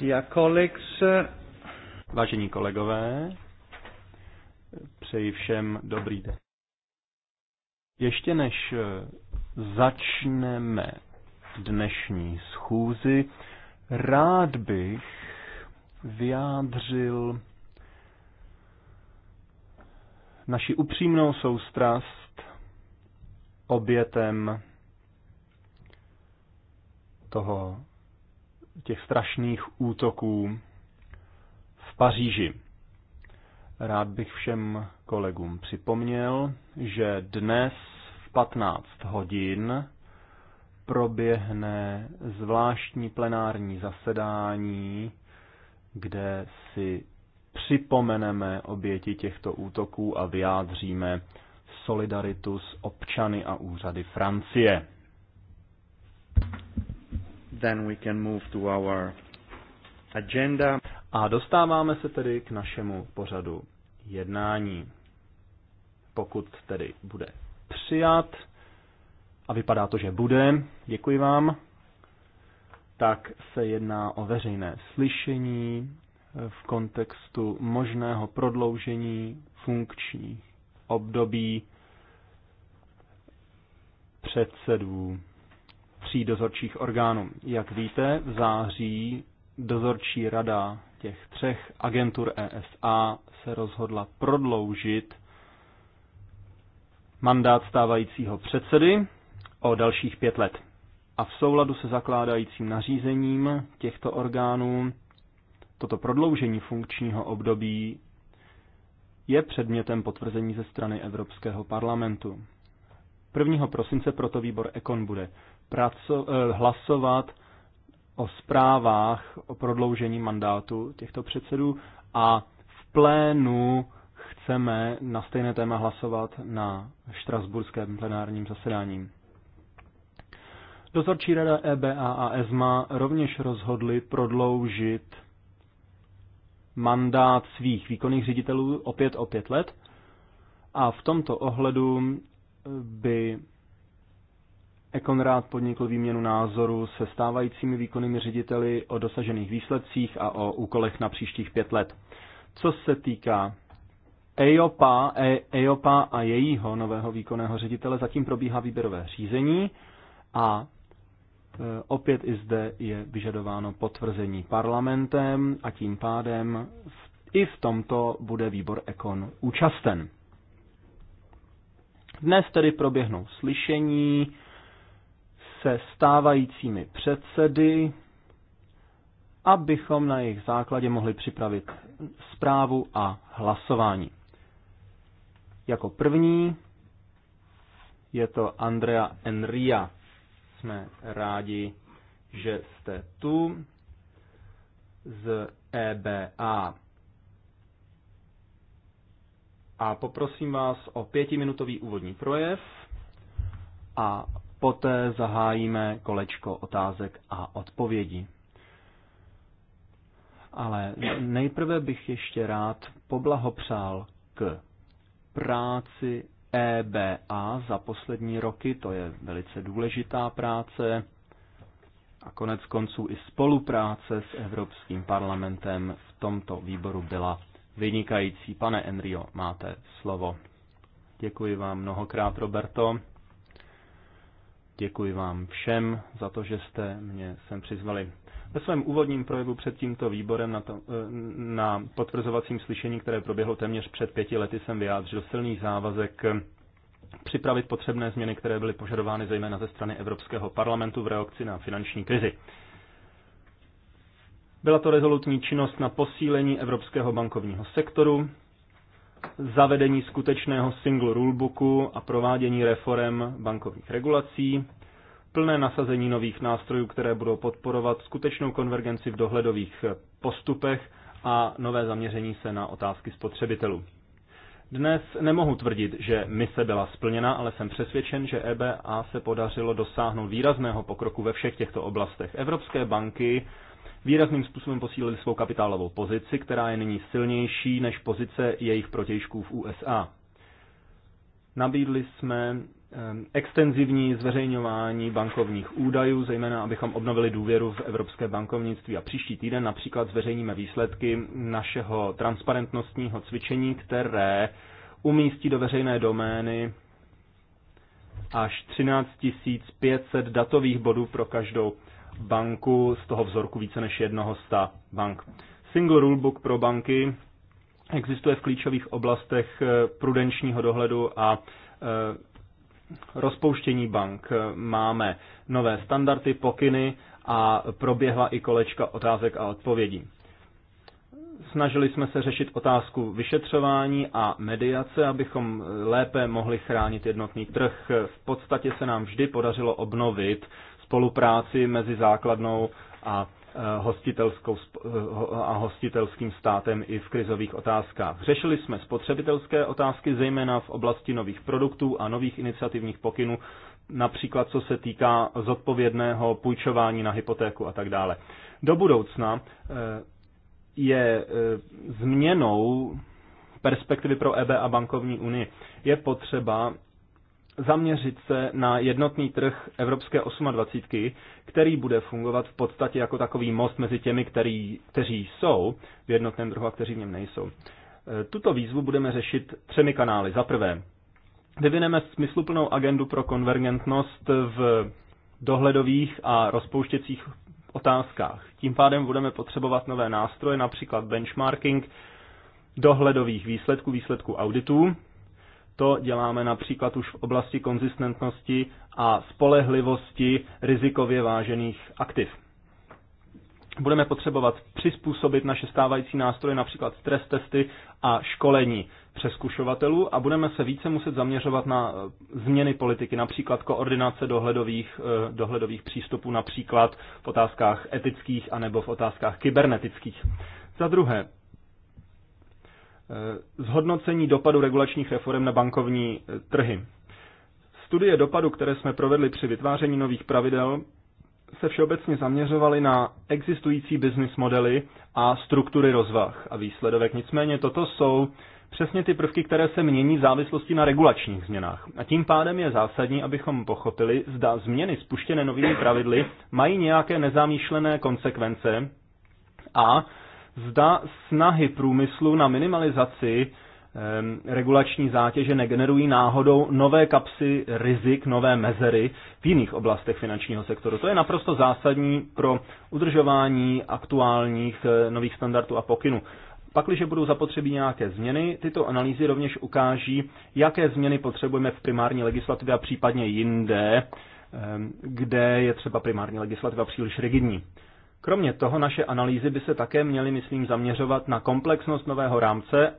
Dear colleagues, Vážení kolegové, přeji všem dobrý den. Ještě než eh, začneme dnešní schůzi, rád bych vyjádřil naši upřímnou soustrast obětem toho těch strašných útoků v Paříži. Rád bych všem kolegům připomněl, že dnes v 15 hodin proběhne zvláštní plenární zasedání, kde si připomeneme oběti těchto útoků a vyjádříme solidaritu s občany a úřady Francie. Then we can move to our agenda. A dostáváme se tedy k našemu pořadu jednání. Pokud tedy bude přijat, a vypadá to, že bude, děkuji vám, tak se jedná o veřejné slyšení v kontextu možného prodloužení funkčních období předsedů tří dozorčích orgánů. Jak víte, v září dozorčí rada těch třech agentur ESA se rozhodla prodloužit mandát stávajícího předsedy o dalších pět let. A v souladu se zakládajícím nařízením těchto orgánů toto prodloužení funkčního období je předmětem potvrzení ze strany Evropského parlamentu. 1. prosince proto výbor Ekon bude praco- eh, hlasovat o zprávách o prodloužení mandátu těchto předsedů a v plénu chceme na stejné téma hlasovat na štrasburském plenárním zasedání. Dozorčí rada EBA a ESMA e rovněž rozhodly prodloužit mandát svých výkonných ředitelů opět o pět let a v tomto ohledu by Ekonrád podnikl výměnu názoru se stávajícími výkonnými řediteli o dosažených výsledcích a o úkolech na příštích pět let. Co se týká EOPA, e, a jejího nového výkonného ředitele, zatím probíhá výběrové řízení a e, opět i zde je vyžadováno potvrzení parlamentem a tím pádem v, i v tomto bude výbor Ekon účasten. Dnes tedy proběhnou slyšení, se stávajícími předsedy, abychom na jejich základě mohli připravit zprávu a hlasování. Jako první je to Andrea Enria. Jsme rádi, že jste tu z EBA. A poprosím vás o pětiminutový úvodní projev a poté zahájíme kolečko otázek a odpovědí. Ale nejprve bych ještě rád poblahopřál k práci EBA za poslední roky, to je velice důležitá práce a konec konců i spolupráce s Evropským parlamentem v tomto výboru byla vynikající. Pane Enrio, máte slovo. Děkuji vám mnohokrát, Roberto. Děkuji vám všem za to, že jste mě sem přizvali. Ve svém úvodním projevu před tímto výborem na, to, eh, na potvrzovacím slyšení, které proběhlo téměř před pěti lety, jsem vyjádřil silný závazek eh, připravit potřebné změny, které byly požadovány zejména ze strany Evropského parlamentu v reakci na finanční krizi. Byla to rezolutní činnost na posílení evropského bankovního sektoru, zavedení skutečného single rulebooku a provádění reform bankovních regulací, plné nasazení nových nástrojů, které budou podporovat skutečnou konvergenci v dohledových postupech a nové zaměření se na otázky spotřebitelů. Dnes nemohu tvrdit, že mise byla splněna, ale jsem přesvědčen, že EBA se podařilo dosáhnout výrazného pokroku ve všech těchto oblastech. Evropské banky výrazným způsobem posílili svou kapitálovou pozici, která je nyní silnější než pozice jejich protějšků v USA. Nabídli jsme ehm, extenzivní zveřejňování bankovních údajů, zejména abychom obnovili důvěru v evropské bankovnictví. A příští týden například zveřejníme výsledky našeho transparentnostního cvičení, které umístí do veřejné domény až 13 500 datových bodů pro každou banku z toho vzorku více než jednoho sta bank. Single rulebook pro banky existuje v klíčových oblastech eh, prudenčního dohledu a eh, rozpouštění bank. Máme nové standardy, pokyny a proběhla i kolečka otázek a odpovědí. Snažili jsme se řešit otázku vyšetřování a mediace, abychom lépe mohli chránit jednotný trh. V podstatě se nám vždy podařilo obnovit spolupráci mezi základnou a eh, hostitelskou eh, a hostitelským státem i v krizových otázkách. Řešili jsme spotřebitelské otázky, zejména v oblasti nových produktů a nových iniciativních pokynů, například co se týká zodpovědného půjčování na hypotéku a tak dále. Do budoucna eh, je změnou perspektivy pro EB a bankovní unii. Je potřeba zaměřit se na jednotný trh Evropské 28, který bude fungovat v podstatě jako takový most mezi těmi, který, kteří jsou v jednotném trhu a kteří v něm nejsou. E, tuto výzvu budeme řešit třemi kanály. Za prvé, vyvineme smysluplnou agendu pro konvergentnost v dohledových a rozpouštěcích otázkách. Tím pádem budeme potřebovat nové nástroje, například benchmarking dohledových výsledků, výsledků auditů, to děláme například už v oblasti konzistentnosti a spolehlivosti rizikově vážených aktiv. Budeme potřebovat přizpůsobit naše stávající nástroje, například stres testy a školení přeskušovatelů a budeme se více muset zaměřovat na e, změny politiky, například koordinace dohledových, e, dohledových přístupů, například v otázkách etických anebo v otázkách kybernetických. Za druhé, Eh, zhodnocení dopadu regulačních reform na bankovní eh, trhy. Studie dopadu, které jsme provedli při vytváření nových pravidel, se všeobecně zaměřovaly na existující business modely a struktury rozvah a výsledovek. Nicméně toto jsou přesně ty prvky, které se mění v závislosti na regulačních změnách. A tím pádem je zásadní, abychom pochopili, zda změny spuštěné novými pravidly mají nějaké nezamýšlené konsekvence a zda snahy průmyslu na minimalizaci regulační zátěže negenerují náhodou nové kapsy rizik, nové mezery v jiných oblastech finančního sektoru. To je naprosto zásadní pro udržování aktuálních eh, nových standardů a pokynů. Pakliže budou zapotřebí nějaké změny, tyto analýzy rovněž ukáží, jaké změny potřebujeme v primární legislativě a případně jinde, kde je třeba primární legislativa příliš rigidní. Kromě toho naše analýzy by se také měly, myslím, zaměřovat na komplexnost nového rámce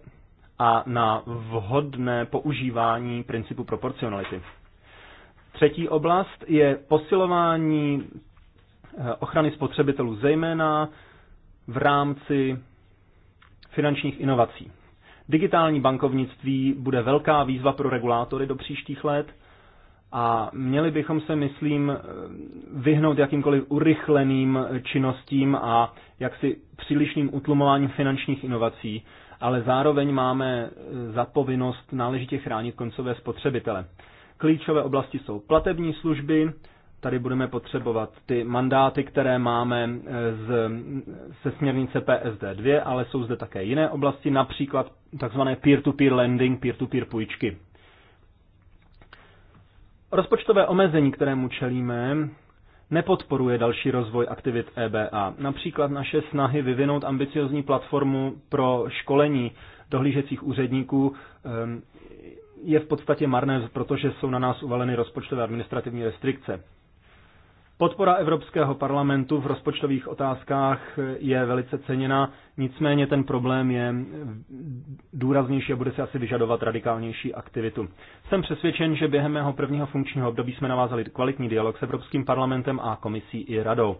a na vhodné používání principu proporcionality. Třetí oblast je posilování eh, ochrany spotřebitelů, zejména v rámci finančních inovací. Digitální bankovnictví bude velká výzva pro regulátory do příštích let – a měli bychom se, myslím, vyhnout jakýmkoliv urychleným činnostím a jaksi přílišným utlumováním finančních inovací, ale zároveň máme eh, zapovinnost náležitě chránit koncové spotřebitele. Klíčové oblasti jsou platební služby, tady budeme potřebovat ty mandáty, které máme eh, z, se směrnice PSD2, ale jsou zde také jiné oblasti, například takzvané peer-to-peer lending, peer-to-peer půjčky. Rozpočtové omezení, kterému čelíme, nepodporuje další rozvoj aktivit EBA. Například naše snahy vyvinout ambiciozní platformu pro školení dohlížecích úředníků ehm, je v podstatě marné, protože jsou na nás uvaleny rozpočtové administrativní restrikce. Podpora Evropského parlamentu v rozpočtových otázkách je velice ceněna, nicméně ten problém je důraznější a bude se asi vyžadovat radikálnější aktivitu. Jsem přesvědčen, že během mého prvního funkčního období jsme navázali kvalitní dialog s Evropským parlamentem a komisí i radou.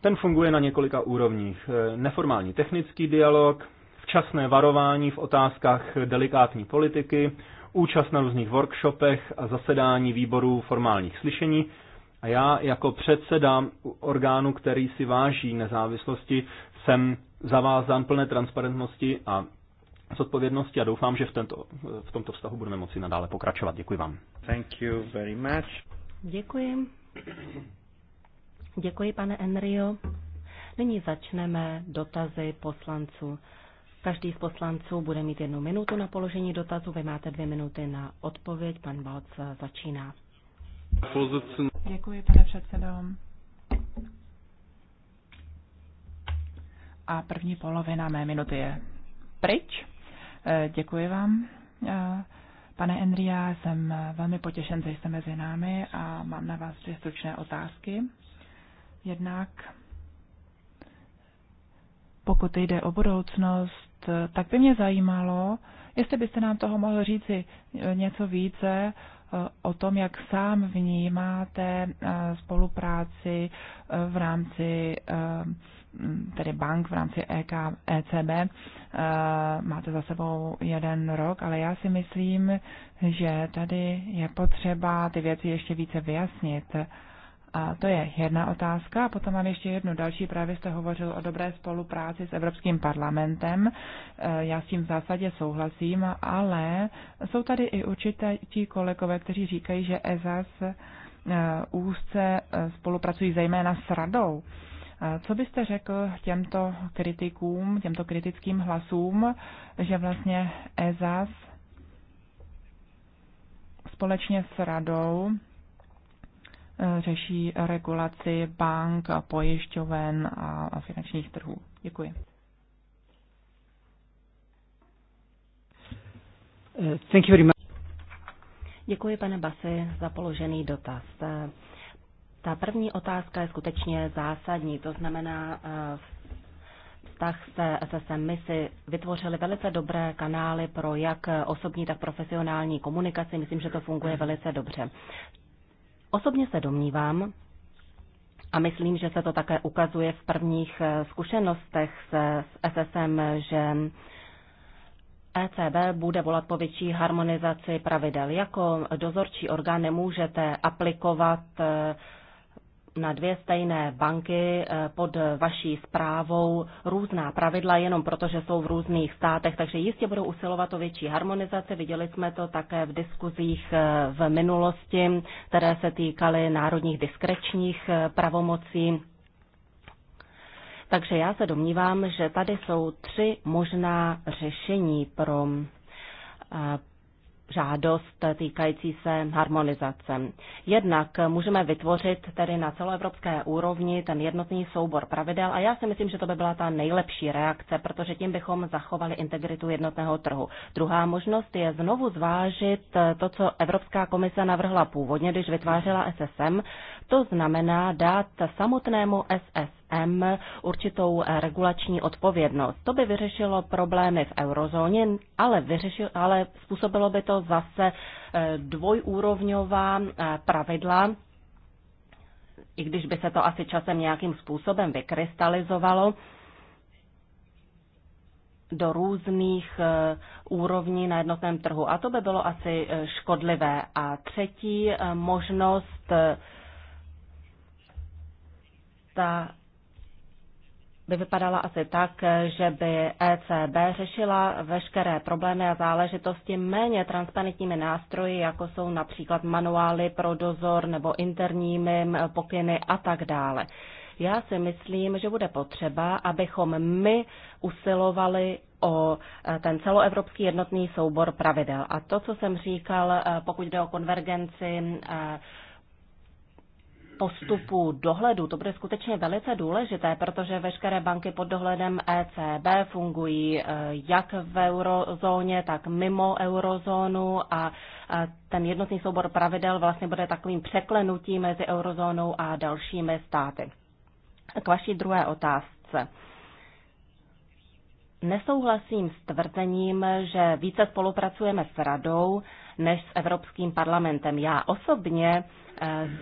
Ten funguje na několika úrovních. Neformální technický dialog, včasné varování v otázkách delikátní politiky, účast na různých workshopech a zasedání výborů formálních slyšení, a já jako předseda orgánu, který si váží nezávislosti, jsem zavázán plné transparentnosti a zodpovědnosti a doufám, že v, tento, v tomto vztahu budeme moci nadále pokračovat. Děkuji vám. Thank you very much. Děkuji. Děkuji, pane Enrio. Nyní začneme dotazy poslanců. Každý z poslanců bude mít jednu minutu na položení dotazu, vy máte dvě minuty na odpověď. Pan Balc začíná. Děkuji, pane předsedo. A první polovina mé minuty je pryč. Eh, děkuji vám. Eh, pane Endria, jsem velmi potěšen, že jste mezi námi a mám na vás dvě stručné otázky. Jednak, pokud jde o budoucnost, eh, tak by mě zajímalo, jestli byste nám toho mohl říci něco více o tom, jak sám vnímáte eh, spolupráci eh, v rámci eh, tedy bank v rámci EK, ECB. Máte za sebou jeden rok, ale já si myslím, že tady je potřeba ty věci ještě více vyjasnit. A to je jedna otázka. A potom mám ještě jednu další. Právě jste hovořil o dobré spolupráci s Evropským parlamentem. E, já s tím v zásadě souhlasím, ale jsou tady i určité ti kolegové, kteří říkají, že EZAS e, úzce e, spolupracují zejména s radou. Co byste řekl těmto kritikům, těmto kritickým hlasům, že vlastně EZAS společně s radou řeší regulaci bank, pojišťoven a finančních trhů. Děkuji. Thank you very much. Děkuji, pane Basy, za položený dotaz. Ta první otázka je skutečně zásadní, to znamená, eh, vztah se SSM. My si vytvořili velice dobré kanály pro jak osobní, tak profesionální komunikaci. Myslím, že to funguje velice dobře. Osobně se domnívám, a myslím, že se to také ukazuje v prvních eh, zkušenostech se, s SSM, že ECB bude volat po větší harmonizaci pravidel. Jako dozorčí orgán nemůžete aplikovat eh, na dvě stejné banky eh, pod vaší zprávou různá pravidla jenom protože jsou v různých státech, takže jistě budou usilovat o větší harmonizaci. Viděli jsme to také v diskuzích eh, v minulosti, které se týkaly národních diskrečních eh, pravomocí. Takže já se domnívám, že tady jsou tři možná řešení pro žádost týkající se harmonizace. Jednak můžeme vytvořit tedy na celoevropské úrovni ten jednotný soubor pravidel a já si myslím, že to by byla ta nejlepší reakce, protože tím bychom zachovali integritu jednotného trhu. Druhá možnost je znovu zvážit to, co Evropská komise navrhla původně, když vytvářela SSM, to znamená dát samotnému SSM m určitou eh, regulační odpovědnost. To by vyřešilo problémy v eurozóně, ale, vyřešil, ale způsobilo by to zase eh, dvojúrovňová eh, pravidla, i když by se to asi časem nějakým způsobem vykrystalizovalo do různých úrovní na jednotném trhu. A to by bylo asi škodlivé. A třetí možnost, ta by vypadala asi tak, že by ECB řešila veškeré problémy a záležitosti méně transparentními nástroji, jako jsou například manuály pro dozor nebo interními pokyny a tak dále. Já si myslím, že bude potřeba, abychom my usilovali o eh, ten celoevropský jednotný soubor pravidel. A to, co jsem říkal, eh, pokud jde o konvergenci eh, postupu dohledu. To bude skutečně velice důležité, protože veškeré banky pod dohledem ECB fungují eh, jak v eurozóně, tak mimo eurozónu a eh, ten jednotný soubor pravidel vlastně bude takovým překlenutím mezi eurozónou a dalšími státy. K vaší druhé otázce. Nesouhlasím s tvrzením, že více spolupracujeme s radou než s Evropským parlamentem. Já osobně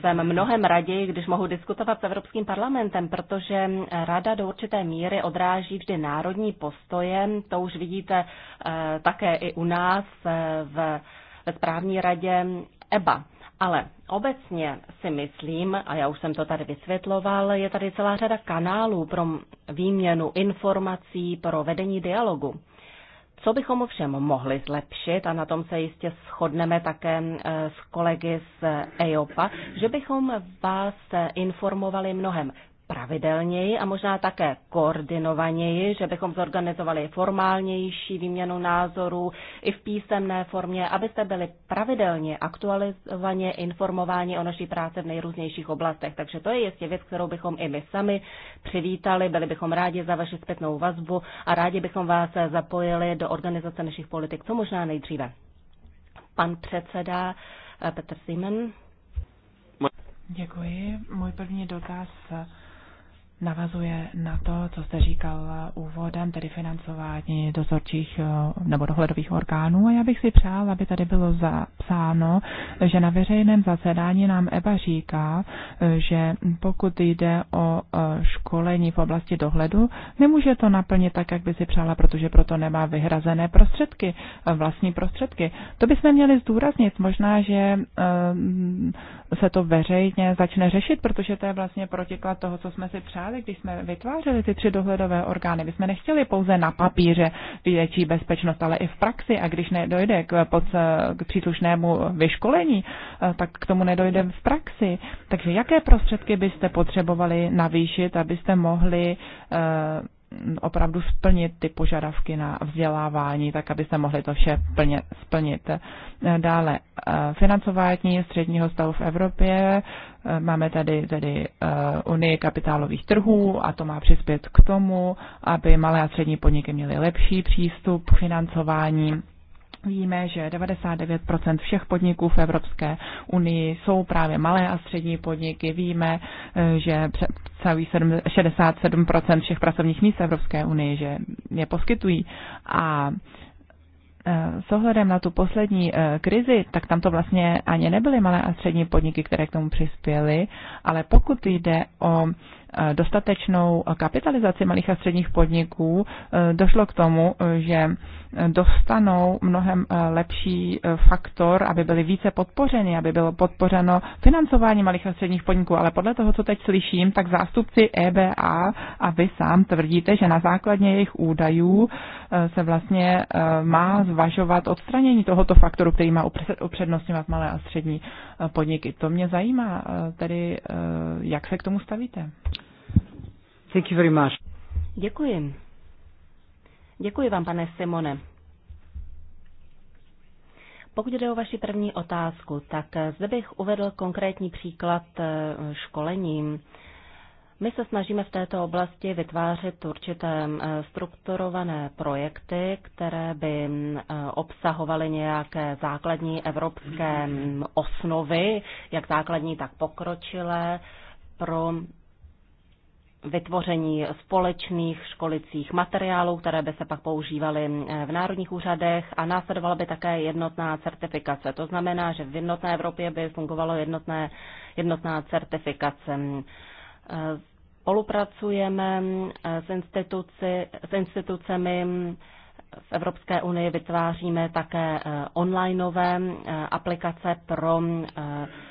jsem mnohem raději, když mohu diskutovat s Evropským parlamentem, protože rada do určité míry odráží vždy národní postoje. To už vidíte eh, také i u nás eh, v správní radě EBA. Ale obecně si myslím, a já už jsem to tady vysvětloval, je tady celá řada kanálů pro výměnu informací, pro vedení dialogu. Co bychom ovšem mohli zlepšit, a na tom se jistě shodneme také eh, s kolegy z EOPA, že bychom vás eh, informovali mnohem pravidelněji a možná také koordinovaněji, že bychom zorganizovali formálnější výměnu názorů i v písemné formě, abyste byli pravidelně aktualizovaně informováni o naší práci v nejrůznějších oblastech. Takže to je jistě věc, kterou bychom i my sami přivítali, byli bychom rádi za vaši zpětnou vazbu a rádi bychom vás zapojili do organizace našich politik, co možná nejdříve. Pan předseda eh, Petr Simon. Děkuji. Můj první dotaz navazuje na to, co jste říkal úvodem, tedy financování dozorčích eh, nebo dohledových orgánů. A já bych si přál, aby tady bylo zapsáno, že na veřejném zasedání nám EBA říká, eh, že pokud jde o eh, školení v oblasti dohledu, nemůže to naplnit tak, jak by si přála, protože proto nemá vyhrazené prostředky, vlastní prostředky. To bychom měli zdůraznit. Možná, že se to veřejně začne řešit, protože to je vlastně protiklad toho, co jsme si přáli právě když jsme vytvářeli ty tři dohledové orgány, my jsme nechtěli pouze na papíře větší bezpečnost, ale i v praxi. A když nedojde k, pod, k příslušnému vyškolení, eh, tak k tomu nedojde v praxi. Takže jaké prostředky byste potřebovali navýšit, abyste mohli uh, opravdu splnit ty požadavky na vzdělávání, tak aby se mohli to vše plně splnit. Dále eh, financování středního stavu v Evropě. Eh, máme tady tedy eh, Unii kapitálových trhů a to má přispět k tomu, aby malé a střední podniky měly lepší přístup k financování Víme, že 99 všech podniků v Evropské unii jsou právě malé a střední podniky. Víme, eh, že celý 67 všech pracovních míst v Evropské unii že je poskytují. A eh, s ohledem na tu poslední eh, krizi, tak tam to vlastně ani nebyly malé a střední podniky, které k tomu přispěly, ale pokud jde o Eh, dostatečnou kapitalizaci malých a středních podniků eh, došlo k tomu, eh, že dostanou mnohem lepší faktor, aby byly více podpořeny, aby bylo podpořeno financování malých a středních podniků. Ale podle toho, co teď slyším, tak zástupci EBA a vy sám tvrdíte, že na základně jejich údajů se vlastně má zvažovat odstranění tohoto faktoru, který má upřednostňovat malé a střední podniky. To mě zajímá, tedy jak se k tomu stavíte? Thank you very much. Děkuji. Děkuji vám, pane Simone. Pokud jde o vaši první otázku, tak zde bych uvedl konkrétní příklad eh, školením. My se snažíme v této oblasti vytvářet určité eh, strukturované projekty, které by eh, obsahovaly nějaké základní evropské mm, osnovy, jak základní, tak pokročilé, pro vytvoření společných školicích materiálů, které by se pak používaly eh, v národních úřadech a následovala by také jednotná certifikace. To znamená, že v jednotné Evropě by fungovalo jednotné, jednotná certifikace. Eh, spolupracujeme eh, s, instituci, s institucemi v Evropské unii vytváříme také onlineové aplikace pro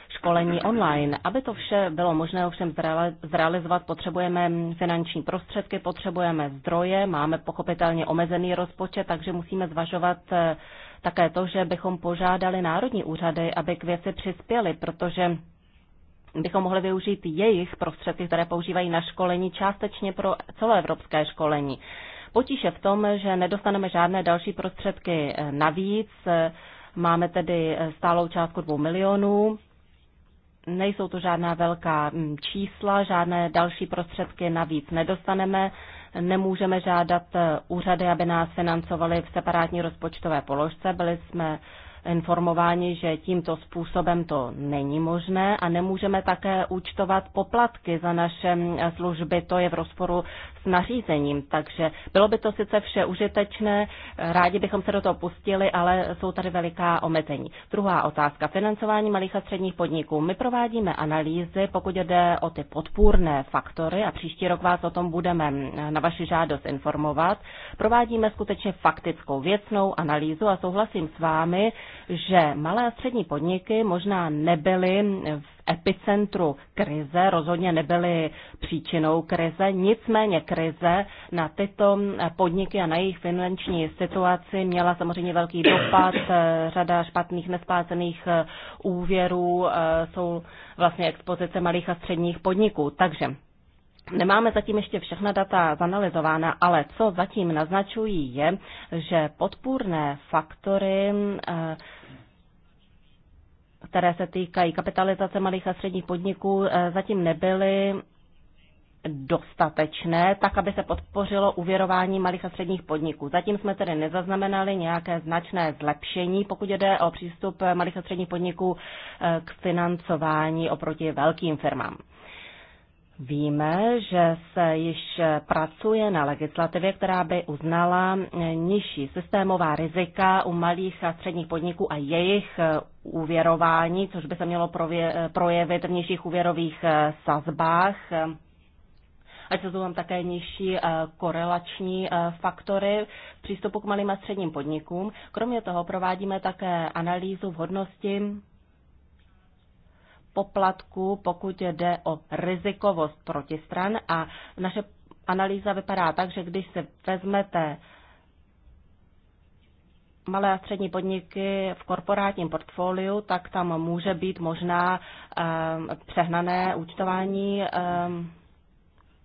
školení online. Aby to vše bylo možné ovšem zrealizovat, potřebujeme finanční prostředky, potřebujeme zdroje, máme pochopitelně omezený rozpočet, takže musíme zvažovat eh, také to, že bychom požádali národní úřady, aby k věci přispěli, protože bychom mohli využít jejich prostředky, které používají na školení, částečně pro celoevropské školení. Potíž je v tom, že nedostaneme žádné další prostředky eh, navíc, eh, máme tedy stálou částku 2 milionů Nejsou to žádná velká mm, čísla, žádné další prostředky navíc nedostaneme. Nemůžeme žádat e, úřady, aby nás financovali v separátní rozpočtové položce. Byli jsme informováni, že tímto způsobem to není možné a nemůžeme také účtovat poplatky za naše mm, služby. To je v rozporu s nařízením, takže bylo by to sice vše užitečné, rádi bychom se do toho pustili, ale jsou tady veliká omezení. Druhá otázka, financování malých a středních podniků. My provádíme analýzy, pokud jde o ty podpůrné faktory a příští rok vás o tom budeme na vaši žádost informovat. Provádíme skutečně faktickou věcnou analýzu a souhlasím s vámi, že malé a střední podniky možná nebyly v epicentru krize, rozhodně nebyly příčinou krize, nicméně krize na tyto podniky a na jejich finanční situaci měla samozřejmě velký dopad, řada špatných nesplácených eh, úvěrů eh, jsou vlastně expozice malých a středních podniků. Takže Nemáme zatím ještě všechna data zanalizována, ale co zatím naznačují je, že podpůrné faktory eh, které se týkají kapitalizace malých a středních podniků, eh, zatím nebyly dostatečné, tak aby se podpořilo uvěrování malých a středních podniků. Zatím jsme tedy nezaznamenali nějaké značné zlepšení, pokud jde o přístup malých a středních podniků eh, k financování oproti velkým firmám. Víme, že se již pracuje na legislativě, která by uznala nižší systémová rizika u malých a středních podniků a jejich úvěrování, což by se mělo projevit v nižších úvěrových sazbách. Ať jsou tam také nižší eh, korelační eh, faktory přístupu k malým a středním podnikům. Kromě toho provádíme také analýzu vhodnosti poplatku, pokud jde o rizikovost protistran. A naše analýza vypadá tak, že když se vezmete malé a střední podniky v korporátním portfoliu, tak tam může být možná ehm, přehnané účtování ehm,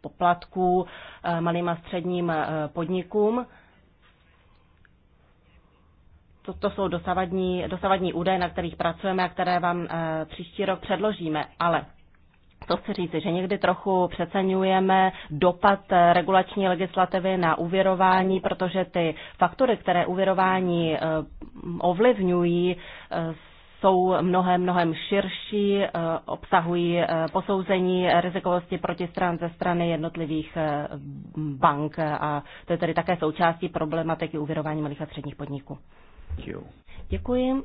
poplatků ehm, malým a středním eh, podnikům to, to jsou dosavadní, dosavadní údaje, na kterých pracujeme a které vám eh, příští rok předložíme. Ale to chci říct, že někdy trochu přeceňujeme dopad eh, regulační legislativy na uvěrování, protože ty faktory, které uvěrování eh, ovlivňují, jsou mnohem, mnohem širší, obsahují posouzení rizikovosti protistran ze strany jednotlivých bank a to je tedy také součástí problematiky uvěrování malých a středních podniků. Děkuji.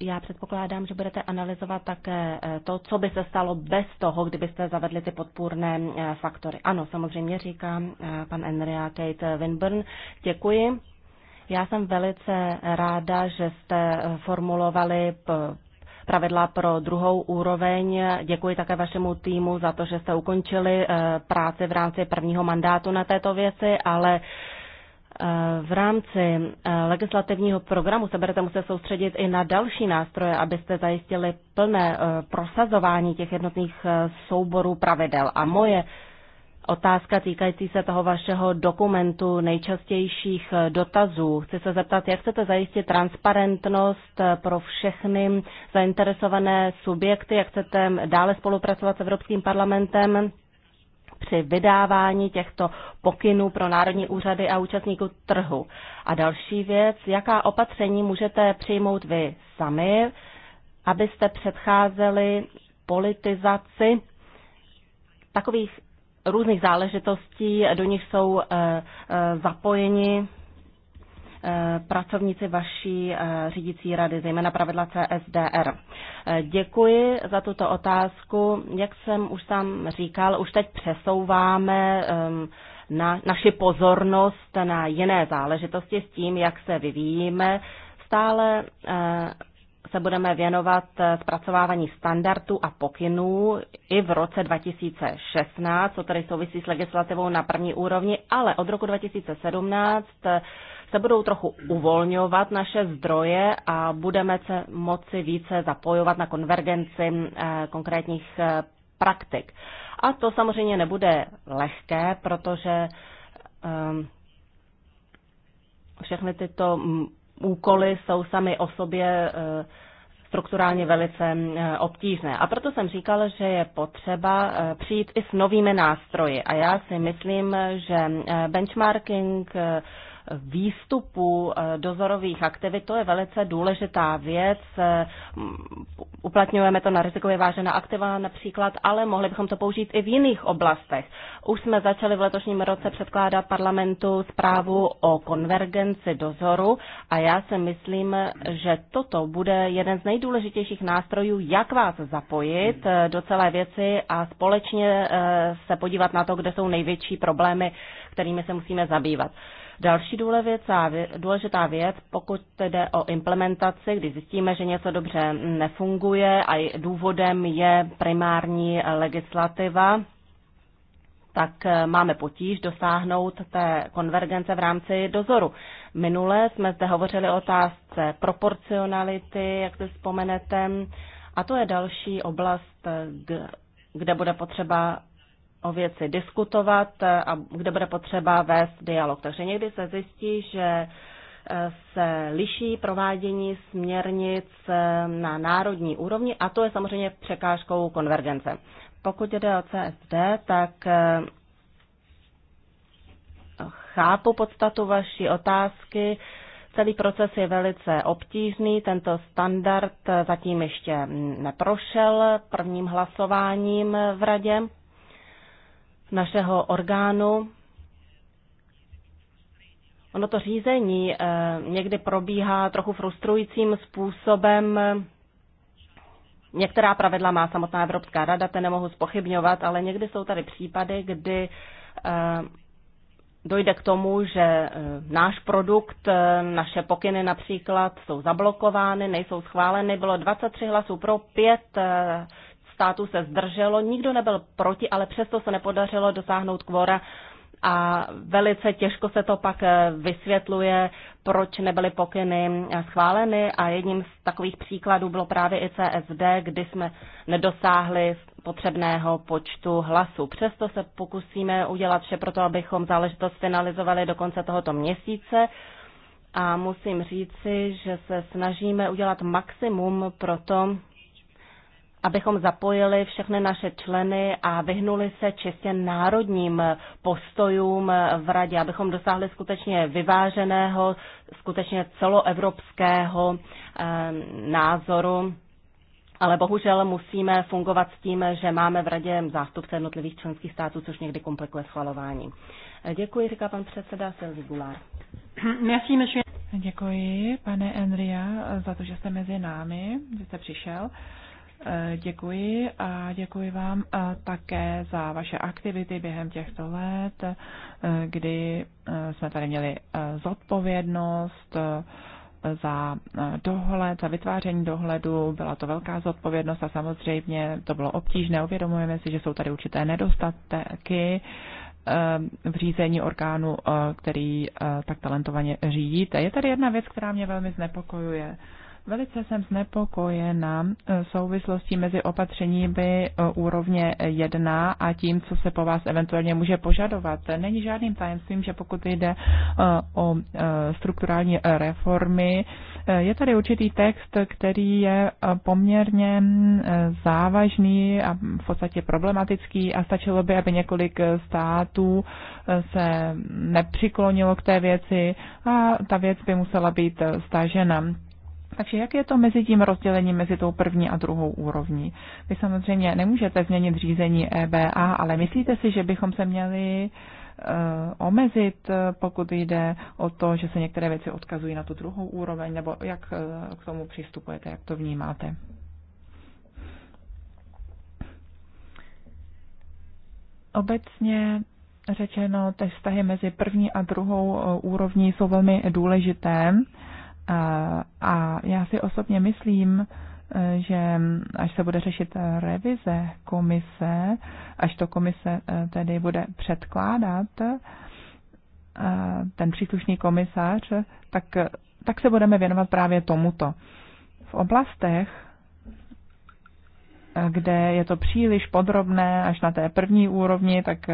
Já předpokládám, že budete analyzovat také eh, to, co by se stalo bez toho, kdybyste zavedli ty podpůrné eh, faktory. Ano, samozřejmě říká eh, pan Enria Kate Winburn. Děkuji. Já jsem velice ráda, že jste formulovali pravidla pro druhou úroveň. Děkuji také vašemu týmu za to, že jste ukončili práci v rámci prvního mandátu na této věci, ale Eh, v rámci eh, legislativního programu se budete muset soustředit i na další nástroje, abyste zajistili plné eh, prosazování těch jednotných souborů pravidel. A moje otázka týkající se toho vašeho dokumentu nejčastějších dotazů. Chci se zeptat, jak chcete zajistit transparentnost pro všechny zainteresované subjekty, jak chcete dále spolupracovat s Evropským parlamentem při vydávání těchto pokynů pro národní úřady a účastníků trhu? A další věc, jaká opatření můžete přijmout vy sami, abyste předcházeli politizaci takových různých záležitostí, do nich jsou eh, eh, zapojeni Eh, pracovníci vaší eh, řídící rady, zejména pravidla CSDR. Eh, děkuji za tuto otázku. Jak jsem už sám říkal, už teď přesouváme ehm, na naši pozornost na jiné záležitosti s tím, jak se vyvíjíme. Stále se budeme věnovat zpracovávání standardů a pokynů i v roce 2016, co tady souvisí s legislativou na první úrovni, ale od roku 2017 se budou trochu uvolňovat naše zdroje a budeme se moci více zapojovat na konvergenci eh, konkrétních eh, praktik. A to samozřejmě nebude lehké, protože ehm, všechny tyto úkoly jsou sami o sobě eh, strukturálně velice obtížné. A proto jsem říkal, že je potřeba přijít i s novými nástroji. A já si myslím, že benchmarking, Výstupu eh, dozorových aktivit, to je velice důležitá věc. Eh, uplatňujeme to na rizikově vážená aktiva například, ale mohli bychom to použít i v jiných oblastech. Už jsme začali v letošním roce předkládat parlamentu zprávu o konvergenci dozoru a já si myslím, že toto bude jeden z nejdůležitějších nástrojů, jak vás zapojit eh, do celé věci a společně se podívat na to, kde jsou největší problémy, kterými se musíme zabývat. Další důležitá věc, pokud jde o implementaci, kdy zjistíme, že něco dobře nefunguje a důvodem je primární legislativa, tak eh, máme potíž dosáhnout té konvergence v rámci dozoru. Minule jsme zde hovořili o otázce proporcionality, jak se vzpomenete, a to je další oblast, eh, kde bude potřeba o věci diskutovat a kde bude potřeba vést dialog. Takže někdy se zjistí, že eh, se liší provádění směrnic eh, na národní úrovni a to je samozřejmě překážkou konvergence. Pokud jde o CSD, tak eh, chápu podstatu vaší otázky. Celý proces je velice obtížný, tento standard zatím ještě neprošel prvním hlasováním v radě našeho orgánu. Ono to řízení eh, někdy probíhá trochu frustrujícím způsobem. Některá pravidla má samotná Evropská rada, to nemohu spochybňovat, ale někdy jsou tady případy, kdy eh, dojde k tomu, že eh, náš produkt, naše pokyny například jsou zablokovány, nejsou schváleny. Bylo 23 hlasů pro, 5 států se zdrželo, nikdo nebyl proti, ale přesto se nepodařilo dosáhnout kvora a velice těžko se to pak eh, vysvětluje, proč nebyly pokyny eh, schváleny a jedním z takových příkladů bylo právě i CSD, kdy jsme nedosáhli potřebného počtu hlasů. Přesto se pokusíme udělat vše pro to, abychom záležitost finalizovali do konce tohoto měsíce a musím říci, že se snažíme udělat maximum pro to, abychom zapojili všechny naše členy a vyhnuli se čistě národním postojům v radě, abychom dosáhli skutečně vyváženého, skutečně celoevropského eh, názoru. Ale bohužel musíme fungovat s tím, že máme v radě zástupce jednotlivých členských států, což někdy komplikuje schvalování. Eh, děkuji, říká pan předseda Silvi Gulár. Děkuji, pane Enria, za to, že jste mezi námi, že jste přišel. E, děkuji a děkuji vám e, také za vaše aktivity během těchto let, e, kdy jsme tady měli zodpovědnost za dohled, za vytváření dohledu. Byla to velká zodpovědnost a samozřejmě to bylo obtížné. Uvědomujeme si, že jsou tady určité nedostatky v řízení orgánu, který tak talentovaně řídíte. Je tady jedna věc, která mě velmi znepokojuje. Velice jsem znepokojena e, souvislostí mezi opatřeními e, úrovně 1 a tím, co se po vás eventuálně může požadovat. Není žádným tajemstvím, že pokud jde e, o strukturální reformy, je tady určitý text, který je poměrně závažný a v podstatě problematický a stačilo by, aby několik států se nepřiklonilo k té věci a ta věc by musela být stažena. Takže jak je to mezi tím rozdělením mezi tou první a druhou úrovní? Vy samozřejmě nemůžete změnit řízení EBA, ale myslíte si, že bychom se měli uh, omezit, eh, pokud jde o to, že se některé věci odkazují na tu druhou úroveň, nebo jak uh, k tomu přistupujete, jak to vnímáte? Obecně řečeno, ty vztahy mezi první a druhou úrovní jsou velmi důležité. Uh, a já si osobně myslím, e, že až se bude řešit revize komise, až to komise e, tedy bude předkládat, e, ten příslušný komisář, tak, tak se budeme věnovat právě tomuto. V oblastech, kde je to příliš podrobné, až na té první úrovni, tak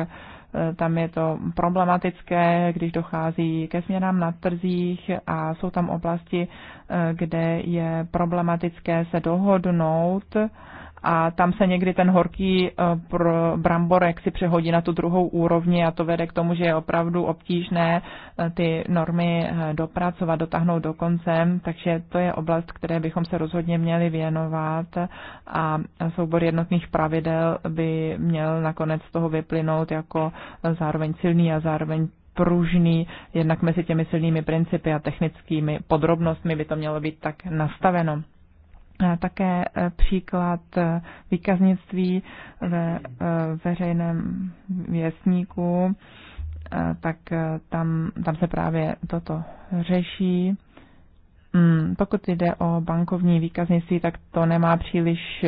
Eh, tam je to problematické, když dochází ke změnám na trzích a jsou tam oblasti, eh, kde je problematické se dohodnout a tam se někdy ten horký eh, bramborek si přehodí na tu druhou úrovni a to vede k tomu, že je opravdu obtížné eh, ty normy eh, dopracovat, dotáhnout do konce, takže to je oblast, které bychom se rozhodně měli věnovat a soubor jednotných pravidel by měl nakonec z toho vyplynout jako zároveň silný a zároveň pružný, jednak mezi těmi silnými principy a technickými podrobnostmi by to mělo být tak nastaveno. Eh, také eh, příklad eh, výkaznictví ve veřejném věstníku, tak tam, tam se právě toto řeší. Mm, pokud jde o bankovní výkaznictví, tak to nemá příliš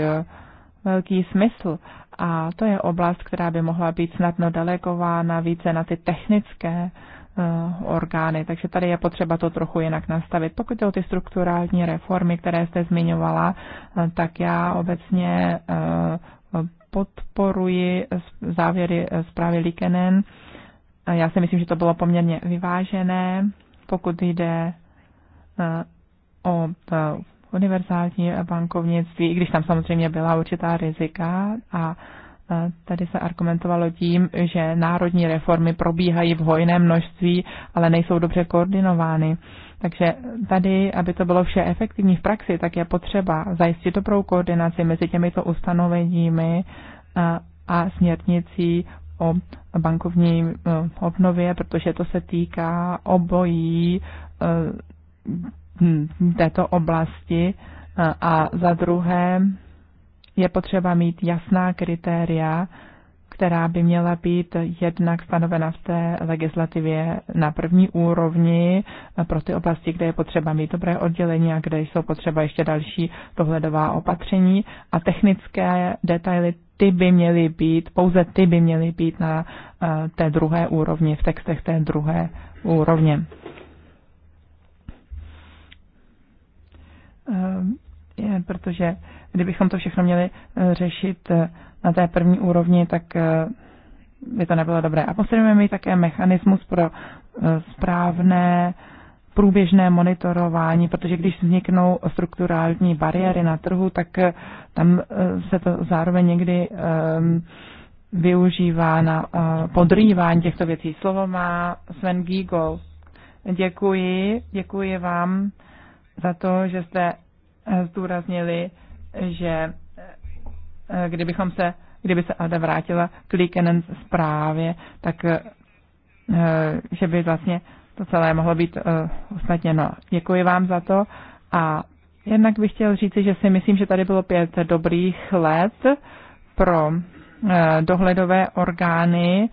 velký smysl. A to je oblast, která by mohla být snadno delegována více na ty technické Eh, orgány. Takže tady je potřeba to trochu jinak nastavit. Pokud jde o ty strukturální reformy, které jste zmiňovala, eh, tak já obecně eh, podporuji závěry zprávy Likenen. Já si myslím, že to bylo poměrně vyvážené, pokud jde o univerzální bankovnictví, i když tam samozřejmě byla určitá rizika a Tady se argumentovalo tím, že národní reformy probíhají v hojné množství, ale nejsou dobře koordinovány. Takže tady, aby to bylo vše efektivní v praxi, tak je potřeba zajistit dobrou koordinaci mezi těmito ustanoveními a, a směrnicí o bankovní eh, obnově, protože to se týká obojí eh, hm, této oblasti. A za druhé, je potřeba mít jasná kritéria, která by měla být jednak stanovena v té legislativě na první úrovni pro ty oblasti, kde je potřeba mít dobré oddělení a kde jsou potřeba ještě další dohledová opatření a technické detaily ty by měly být, pouze ty by měly být na eh, té druhé úrovni, v textech té druhé úrovně. Eh, protože Kdybychom to všechno měli eh, řešit eh, na té první úrovni, tak eh, by to nebylo dobré. A potřebujeme mít také mechanismus pro správné průběžné monitorování, protože když vzniknou strukturální bariéry na trhu, tak tam se to zároveň někdy ehm, využívá na podrývání těchto věcí. Slovo má Sven Giegel. Děkuji, děkuji vám za to, že jste zdůraznili že eh, kdybychom se, kdyby se ada vrátila k Likenens zprávě, tak eh, že by vlastně to celé mohlo být eh, usnadněno. Děkuji vám za to a jednak bych chtěl říci, že si myslím, že tady bylo pět dobrých let pro dohledové orgány,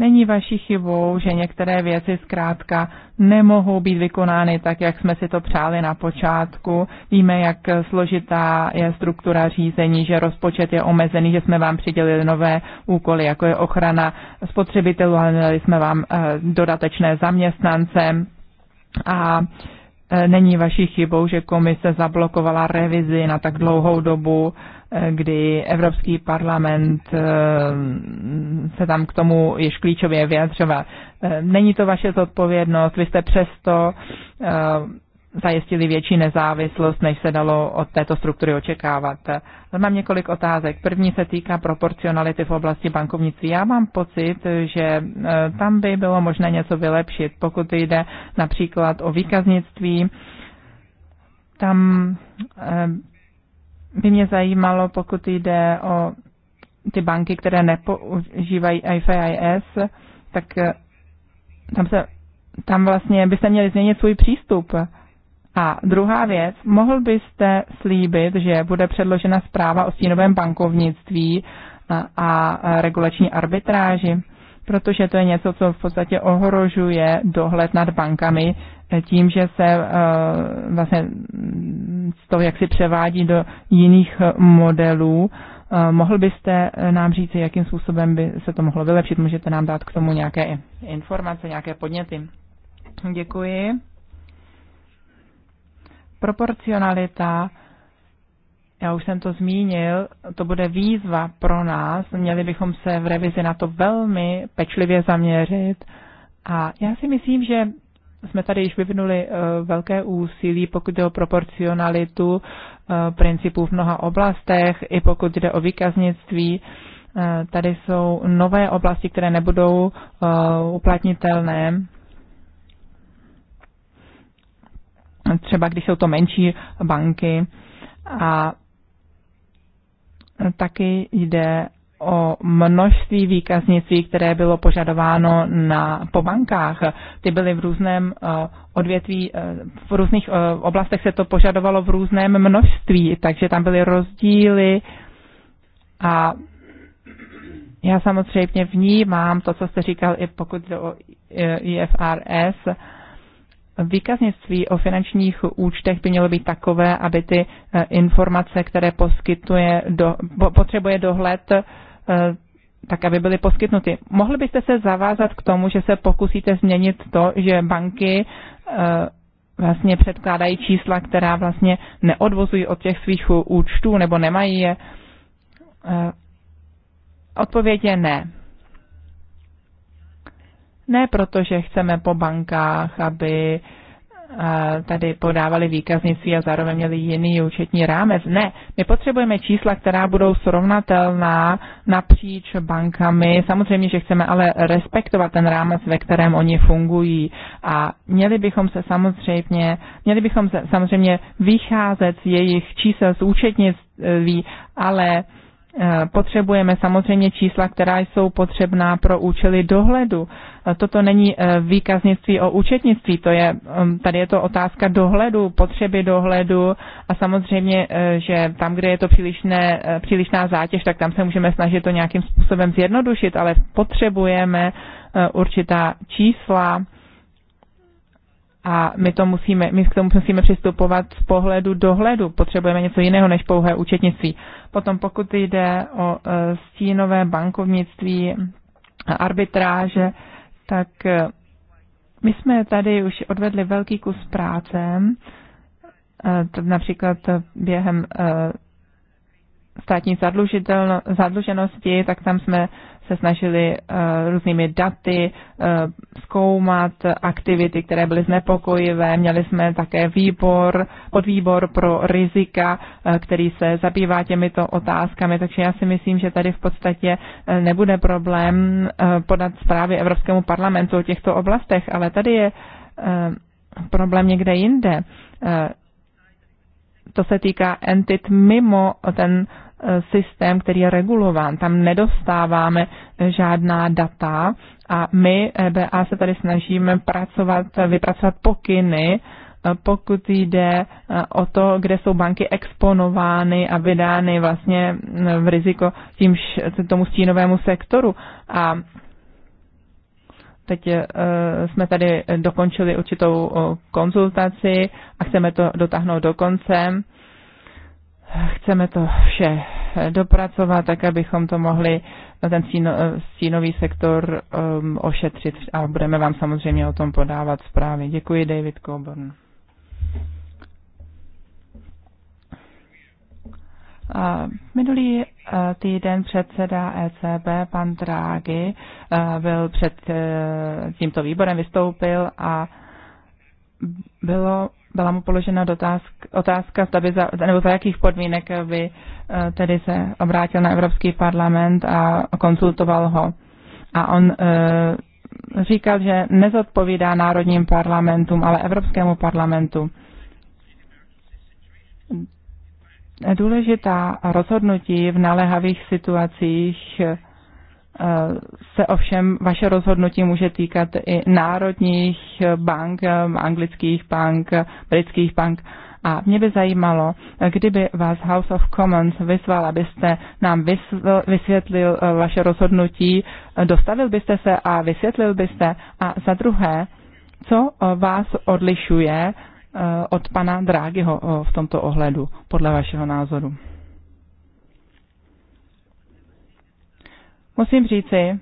Není vaší chybou, že některé věci zkrátka nemohou být vykonány tak, jak jsme si to přáli na počátku. Víme, jak složitá je struktura řízení, že rozpočet je omezený, že jsme vám přidělili nové úkoly, jako je ochrana spotřebitelů, ale dali jsme vám eh, dodatečné zaměstnance. A E, není vaší chybou, že komise zablokovala revizi na tak dlouhou dobu, e, kdy Evropský parlament e, se tam k tomu již klíčově vyjadřoval. Není to vaše zodpovědnost, vy jste přesto zajistili větší nezávislost, než se dalo od této struktury očekávat. Mám několik otázek. První se týká proporcionality v oblasti bankovnictví. Já mám pocit, že e, tam by bylo možné něco vylepšit, pokud jde například o výkaznictví. Tam e, by mě zajímalo, pokud jde o ty banky, které nepoužívají IFIS, tak e, tam se tam vlastně byste měli změnit svůj přístup a druhá věc, mohl byste slíbit, že bude předložena zpráva o stínovém bankovnictví a regulační arbitráži, protože to je něco, co v podstatě ohrožuje dohled nad bankami tím, že se eh, vlastně to, jak si převádí do jiných modelů. Eh, mohl byste nám říct, jakým způsobem by se to mohlo vylepšit? Můžete nám dát k tomu nějaké informace, nějaké podněty? Děkuji. Proporcionalita, já už jsem to zmínil, to bude výzva pro nás. Měli bychom se v revizi na to velmi pečlivě zaměřit. A já si myslím, že jsme tady již vyvinuli eh, velké úsilí, pokud jde o proporcionalitu eh, principů v mnoha oblastech, i pokud jde o výkaznictví. Eh, tady jsou nové oblasti, které nebudou uplatnitelné třeba když jsou to menší banky. A taky jde o množství výkaznictví, které bylo požadováno na, po bankách. Ty byly v různém eh, odvětví, eh, v různých eh, oblastech se to požadovalo v různém množství, takže tam byly rozdíly a já samozřejmě vnímám to, co jste říkal, i pokud jde o IFRS, výkaznictví o finančních účtech by mělo být takové, aby ty eh, informace, které poskytuje do, potřebuje dohled, eh, tak aby byly poskytnuty. Mohli byste se zavázat k tomu, že se pokusíte změnit to, že banky eh, vlastně předkládají čísla, která vlastně neodvozují od těch svých účtů nebo nemají je? Odpověď je ne. Ne proto, že chceme po bankách, aby eh, tady podávali výkaznictví a zároveň měli jiný účetní rámec. Ne, my potřebujeme čísla, která budou srovnatelná napříč bankami. Samozřejmě, že chceme ale respektovat ten rámec, ve kterém oni fungují a měli bychom se samozřejmě, měli bychom se samozřejmě vycházet z jejich čísel z účetnictví, ale eh, potřebujeme samozřejmě čísla, která jsou potřebná pro účely dohledu toto není eh, výkaznictví o účetnictví, to je, mm, tady je to otázka dohledu, potřeby dohledu a samozřejmě, eh, že tam, kde je to přílišné, eh, přílišná zátěž, tak tam se můžeme snažit to nějakým způsobem zjednodušit, ale potřebujeme určitá čísla, a my, to musíme, my k tomu musíme přistupovat z pohledu dohledu. Potřebujeme něco jiného než pouhé účetnictví. Potom pokud jde o stínové bankovnictví, arbitráže, tak eh, my jsme tady už odvedli velký kus práce, eh, například během eh, státní zadluženosti, tak tam jsme se snažili eh, různými daty eh, zkoumat aktivity, které byly znepokojivé. Měli jsme také výbor, podvýbor pro rizika, eh, který se zabývá těmito otázkami, takže já si myslím, že tady v podstatě nebude problém podat zprávy Evropskému parlamentu o těchto oblastech, ale tady je problém někde jinde. To se týká entit mimo ten systém, který je regulován. Tam nedostáváme žádná data a my, EBA, se tady snažíme pracovat, vypracovat pokyny, pokud jde eh, o to, kde jsou banky exponovány a vydány vlastně eh, v riziko tím eh, tomu stínovému sektoru. A teď jsme tady dokončili určitou konzultaci a chceme to dotáhnout do konce chceme to vše dopracovat, tak abychom to mohli na ten stínový sektor um, ošetřit a budeme vám samozřejmě o tom podávat zprávy. Děkuji, David Coburn. Minulý eh, týden předseda ECB, pan Drágy, eh, byl před eh, tímto výborem, vystoupil a bylo, byla mu položena dotázk, otázka, zda by za, nebo za jakých podmínek by eh, tedy se obrátil na Evropský parlament a konzultoval ho. A on eh, říkal, že nezodpovídá národním parlamentům, ale Evropskému parlamentu. Důležitá rozhodnutí v naléhavých situacích eh, Eh, se ovšem vaše rozhodnutí může týkat i národních bank, eh, anglických bank, britských bank. A mě by zajímalo, eh, kdyby vás House of Commons vyzval, abyste nám vysvětlil vaše rozhodnutí, dostavil byste se a vysvětlil byste. A za druhé, co vás odlišuje od pana Drágyho v tomto ohledu, podle vašeho názoru? Musím říci, eh,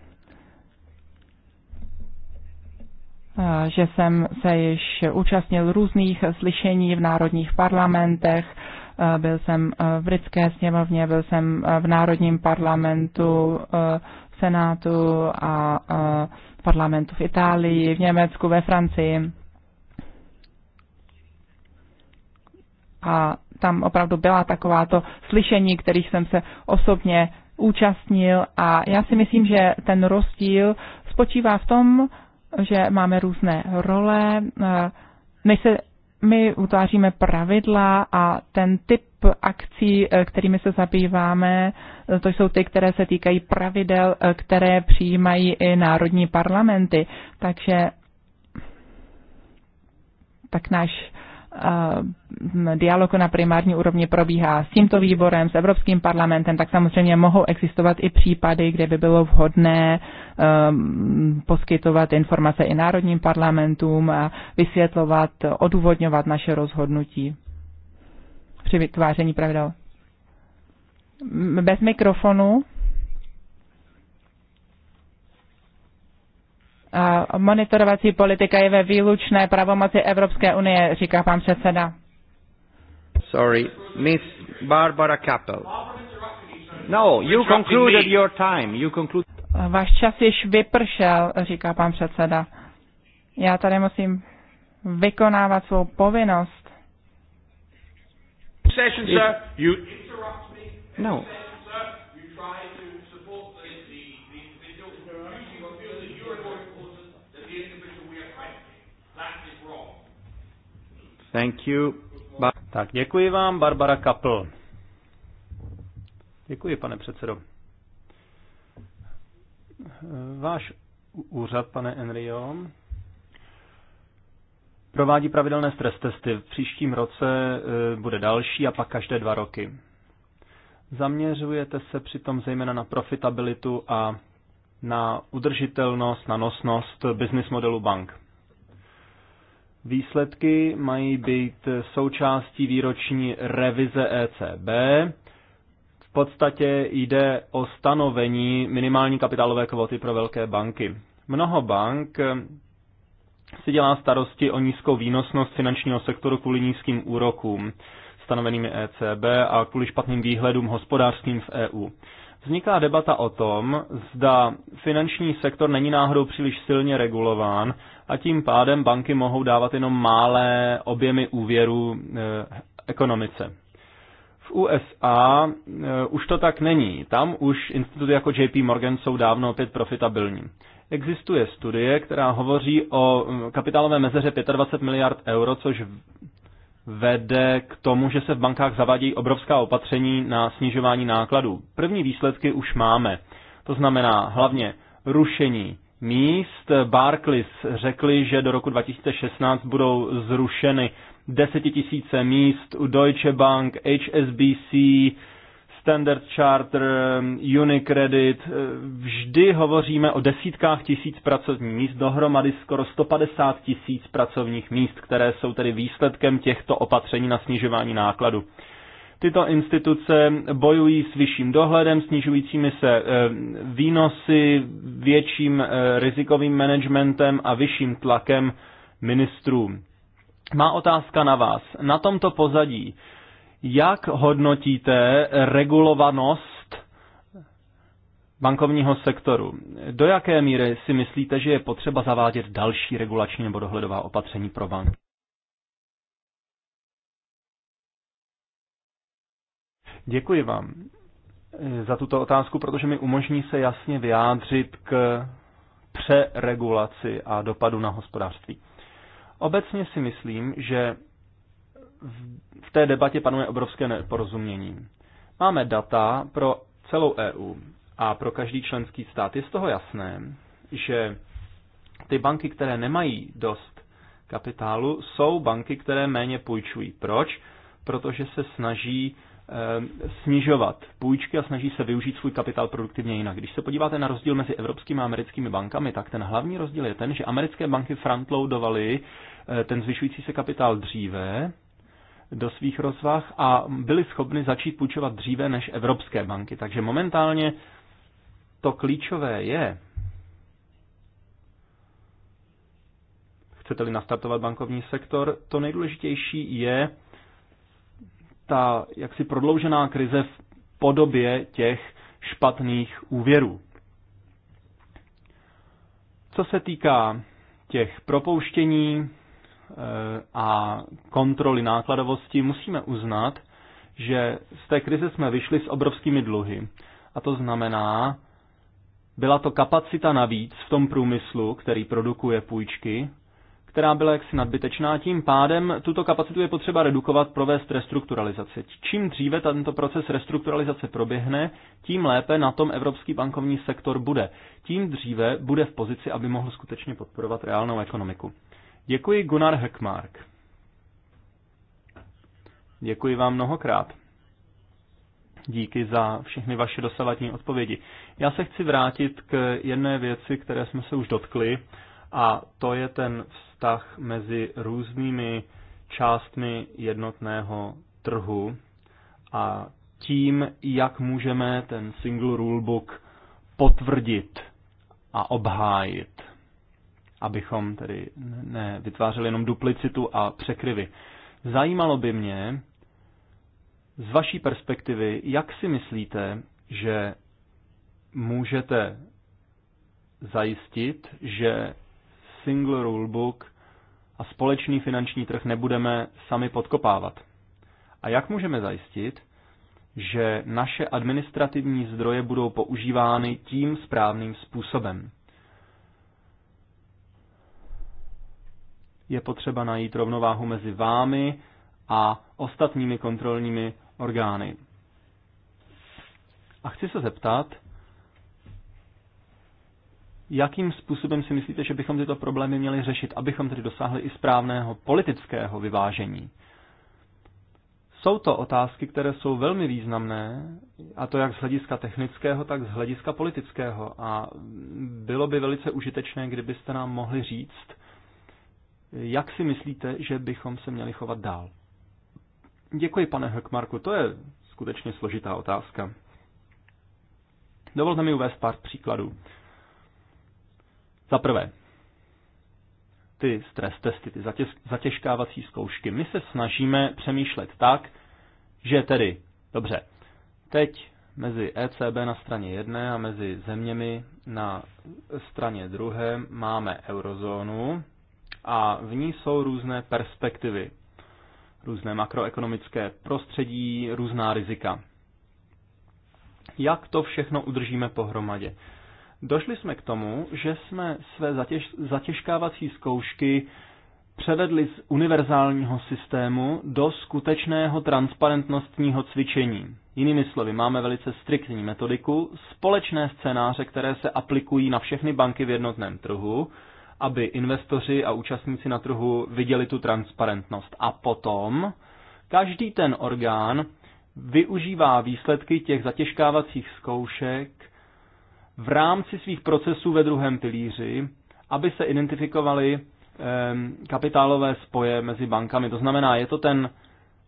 že jsem se již účastnil různých slyšení v národních parlamentech, eh, byl jsem eh, v britské sněmovně, byl jsem v národním parlamentu, v senátu a v parlamentu v Itálii, v Německu, ve Francii. A tam opravdu byla takováto slyšení, kterých jsem se osobně účastnil a já si myslím, že ten rozdíl spočívá v tom, že máme různé role, eh, než se my utváříme pravidla a ten typ akcí, eh, kterými se zabýváme, eh, to jsou ty, které se týkají pravidel, které přijímají i národní parlamenty. Takže tak náš Mm, dialog na primární úrovni probíhá s tímto výborem, s Evropským parlamentem, tak samozřejmě mohou existovat i případy, kde by bylo vhodné um, poskytovat informace i národním parlamentům a vysvětlovat, odůvodňovat naše rozhodnutí při vytváření pravidel. Bez mikrofonu. monitorovací politika je ve výlučné pravomoci Evropské unie, říká pan předseda. Sorry, Miss Barbara Kappel. No, you concluded your time. You conclude... Váš čas již vypršel, říká pan předseda. Já tady musím vykonávat svou povinnost. Session, sir. You... No. Thank you. Ba- tak děkuji vám, Barbara Kapl. Děkuji, pane předsedo. Váš úřad, pane Enrio, provádí pravidelné stres testy. V příštím roce eh, bude další a pak každé dva roky. Zaměřujete se přitom zejména na profitabilitu a na udržitelnost, na nosnost business modelu bank. Výsledky mají být součástí výroční revize ECB. V podstatě jde o stanovení minimální kapitálové kvoty pro velké banky. Mnoho bank si dělá starosti o nízkou výnosnost finančního sektoru kvůli nízkým úrokům stanovenými ECB a kvůli špatným výhledům hospodářským v EU. Vzniká debata o tom, zda finanční sektor není náhodou příliš silně regulován a tím pádem banky mohou dávat jenom malé objemy úvěru eh, ekonomice. V USA eh, už to tak není. Tam už instituty jako JP Morgan jsou dávno opět profitabilní. Existuje studie, která hovoří o hm, kapitálové mezeře 25 miliard euro, což vede k tomu, že se v bankách zavádí obrovská opatření na snižování nákladů. První výsledky už máme. To znamená hlavně rušení míst. Barclays řekli, že do roku 2016 budou zrušeny desetitisíce míst u Deutsche Bank, HSBC, Standard Charter, Unicredit. Vždy hovoříme o desítkách tisíc pracovních míst, dohromady skoro 150 tisíc pracovních míst, které jsou tedy výsledkem těchto opatření na snižování nákladu. Tyto instituce bojují s vyšším dohledem, snižujícími se eh, výnosy, větším eh, rizikovým managementem a vyšším tlakem ministrů. Má otázka na vás. Na tomto pozadí, jak hodnotíte regulovanost bankovního sektoru? Do jaké míry si myslíte, že je potřeba zavádět další regulační nebo dohledová opatření pro banky? Děkuji vám eh, za tuto otázku, protože mi umožní se jasně vyjádřit k přeregulaci a dopadu na hospodářství. Obecně si myslím, že v té debatě panuje obrovské neporozumění. Máme data pro celou EU a pro každý členský stát. Je z toho jasné, že ty banky, které nemají dost kapitálu, jsou banky, které méně půjčují. Proč? Protože se snaží Ehm, snižovat půjčky a snaží se využít svůj kapitál produktivně jinak. Když se podíváte na rozdíl mezi evropskými a americkými bankami, tak ten hlavní rozdíl je ten, že americké banky frontloadovaly eh, ten zvyšující se kapitál dříve do svých rozvah a byly schopny začít půjčovat dříve než evropské banky. Takže momentálně to klíčové je, chcete-li nastartovat bankovní sektor, to nejdůležitější je ta jaksi prodloužená krize v podobě těch špatných úvěrů. Co se týká těch propouštění eh, a kontroly nákladovosti, musíme uznat, že z té krize jsme vyšli s obrovskými dluhy. A to znamená, byla to kapacita navíc v tom průmyslu, který produkuje půjčky, která byla jaksi nadbytečná. Tím pádem tuto kapacitu je potřeba redukovat, provést restrukturalizaci. Čím dříve tento proces restrukturalizace proběhne, tím lépe na tom evropský bankovní sektor bude. Tím dříve bude v pozici, aby mohl skutečně podporovat reálnou ekonomiku. Děkuji Gunnar Heckmark. Děkuji vám mnohokrát. Díky za všechny vaše dosavatní odpovědi. Já se chci vrátit k jedné věci, které jsme se už dotkli, a to je ten vztah mezi různými částmi jednotného trhu a tím, jak můžeme ten single rulebook potvrdit a obhájit, abychom tedy nevytvářeli jenom duplicitu a překryvy. Zajímalo by mě, z vaší perspektivy, jak si myslíte, že můžete zajistit, že single rulebook a společný finanční trh nebudeme sami podkopávat? A jak můžeme zajistit, že naše administrativní zdroje budou používány tím správným způsobem? Je potřeba najít rovnováhu mezi vámi a ostatními kontrolními orgány. A chci se zeptat, jakým způsobem si myslíte, že bychom tyto problémy měli řešit, abychom tedy dosáhli i správného politického vyvážení. Jsou to otázky, které jsou velmi významné, a to jak z hlediska technického, tak z hlediska politického. A bylo by velice užitečné, kdybyste nám mohli říct, jak si myslíte, že bychom se měli chovat dál. Děkuji, pane Hökmarku, to je skutečně složitá otázka. Dovolte mi uvést pár příkladů. Za prvé, ty stres testy, ty zatěžkávací zkoušky, my se snažíme přemýšlet tak, že tedy, dobře, teď mezi ECB na straně jedné a mezi zeměmi na straně druhé máme eurozónu a v ní jsou různé perspektivy, různé makroekonomické prostředí, různá rizika. Jak to všechno udržíme pohromadě? Došli jsme k tomu, že jsme své zatěž, zatěžkávací zkoušky převedli z univerzálního systému do skutečného transparentnostního cvičení. Jinými slovy, máme velice striktní metodiku, společné scénáře, které se aplikují na všechny banky v jednotném trhu, aby investoři a účastníci na trhu viděli tu transparentnost. A potom každý ten orgán využívá výsledky těch zatěžkávacích zkoušek v rámci svých procesů ve druhém pilíři, aby se identifikovaly ehm, kapitálové spoje mezi bankami. To znamená, je to, ten,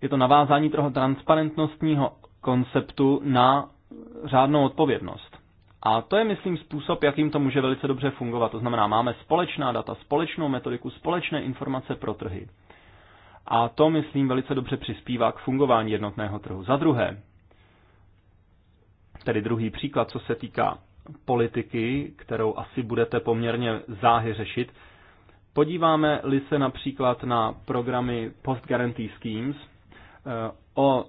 je to navázání toho transparentnostního konceptu na řádnou odpovědnost. A to je, myslím, způsob, jakým to může velice dobře fungovat. To znamená, máme společná data, společnou metodiku, společné informace pro trhy. A to, myslím, velice dobře přispívá k fungování jednotného trhu. Za druhé, tedy druhý příklad, co se týká politiky, kterou asi budete poměrně záhy řešit. Podíváme-li se například na programy Post Guarantee Schemes, eh, o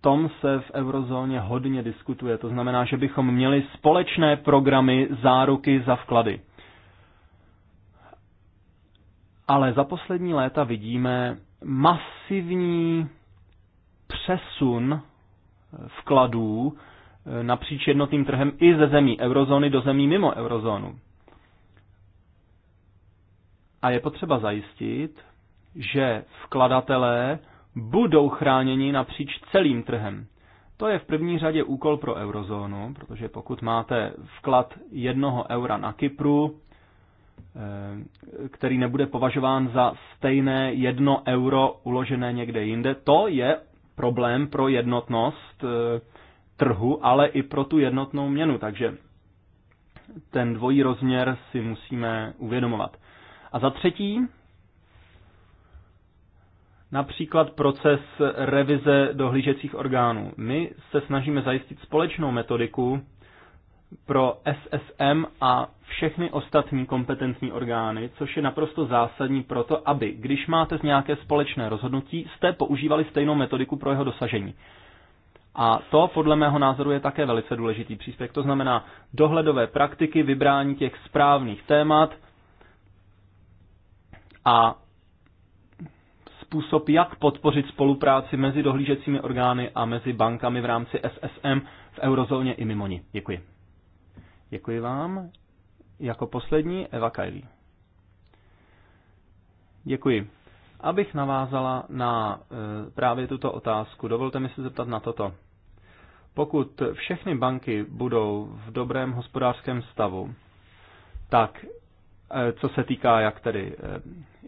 tom se v eurozóně hodně diskutuje. To znamená, že bychom měli společné programy záruky za vklady. Ale za poslední léta vidíme masivní přesun vkladů Eh, napříč jednotným trhem i ze zemí eurozóny do zemí mimo eurozónu. A je potřeba zajistit, že vkladatelé budou chráněni napříč celým trhem. To je v první řadě úkol pro eurozónu, protože pokud máte vklad jednoho eura na Kypru, eh, který nebude považován za stejné jedno euro uložené někde jinde, to je problém pro jednotnost eh, trhu, ale i pro tu jednotnou měnu. Takže ten dvojí rozměr si musíme uvědomovat. A za třetí, například proces revize dohlížecích orgánů. My se snažíme zajistit společnou metodiku pro SSM a všechny ostatní kompetentní orgány, což je naprosto zásadní pro to, aby, když máte z nějaké společné rozhodnutí, jste používali stejnou metodiku pro jeho dosažení. A to podle mého názoru je také velice důležitý příspěvek. To znamená dohledové praktiky, vybrání těch správných témat a způsob, jak podpořit spolupráci mezi dohlížecími orgány a mezi bankami v rámci SSM v eurozóně i mimo ní. Děkuji. Děkuji vám. Jako poslední Eva Kajlí. Děkuji. Abych navázala na e, právě tuto otázku, dovolte mi se zeptat na toto. Pokud všechny banky budou v dobrém hospodářském stavu, tak eh, co se týká jak tedy eh,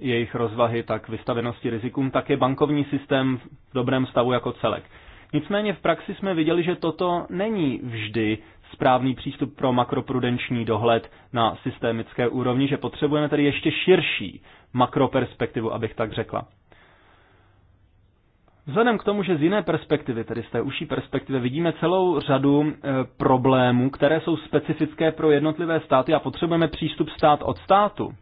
jejich rozvahy, tak vystavenosti rizikům, tak je bankovní systém v dobrém stavu jako celek. Nicméně v praxi jsme viděli, že toto není vždy správný přístup pro makroprudenční dohled na systémické úrovni, že potřebujeme tedy ještě širší makroperspektivu, abych tak řekla. Vzhledem k tomu, že z jiné perspektivy, tedy z té užší perspektivy, vidíme celou řadu e, problémů, které jsou specifické pro jednotlivé státy a potřebujeme přístup stát od státu,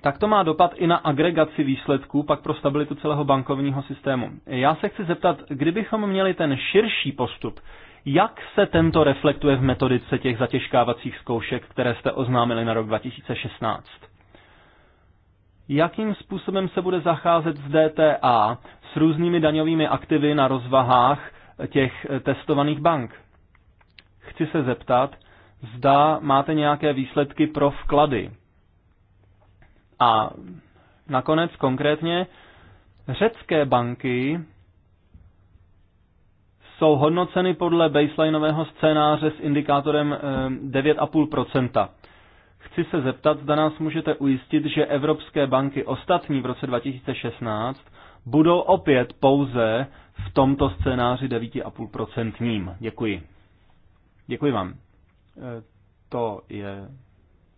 tak to má dopad i na agregaci výsledků pak pro stabilitu celého bankovního systému. Já se chci zeptat, kdybychom měli ten širší postup, jak se tento reflektuje v metodice těch zatěžkávacích zkoušek, které jste oznámili na rok 2016? jakým způsobem se bude zacházet s DTA, s různými daňovými aktivy na rozvahách těch eh, testovaných bank. Chci se zeptat, zda máte nějaké výsledky pro vklady. A nakonec konkrétně, řecké banky jsou hodnoceny podle baselineového scénáře s indikátorem 9,5%. Eh, Chci se zeptat, zda nás můžete ujistit, že evropské banky ostatní v roce 2016 budou opět pouze v tomto scénáři 9,5%. Děkuji. Děkuji vám. E, to je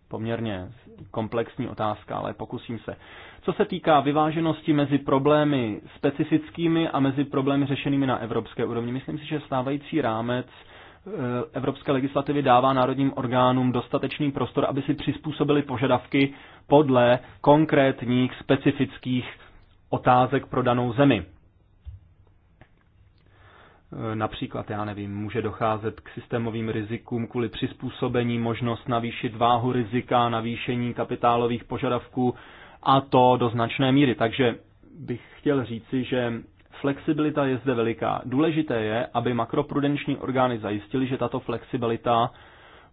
poměrně komplexní otázka, ale pokusím se. Co se týká vyváženosti mezi problémy specifickými a mezi problémy řešenými na evropské úrovni, myslím si, že stávající rámec Eh, evropské legislativy dává národním orgánům dostatečný prostor, aby si přizpůsobili požadavky podle konkrétních specifických otázek pro danou zemi. Eh, například, já nevím, může docházet k systémovým rizikům kvůli přizpůsobení, možnost navýšit váhu rizika, navýšení kapitálových požadavků a to do značné míry. Takže bych chtěl říci, že Flexibilita je zde veliká. Důležité je, aby makroprudenční orgány zajistili, že tato flexibilita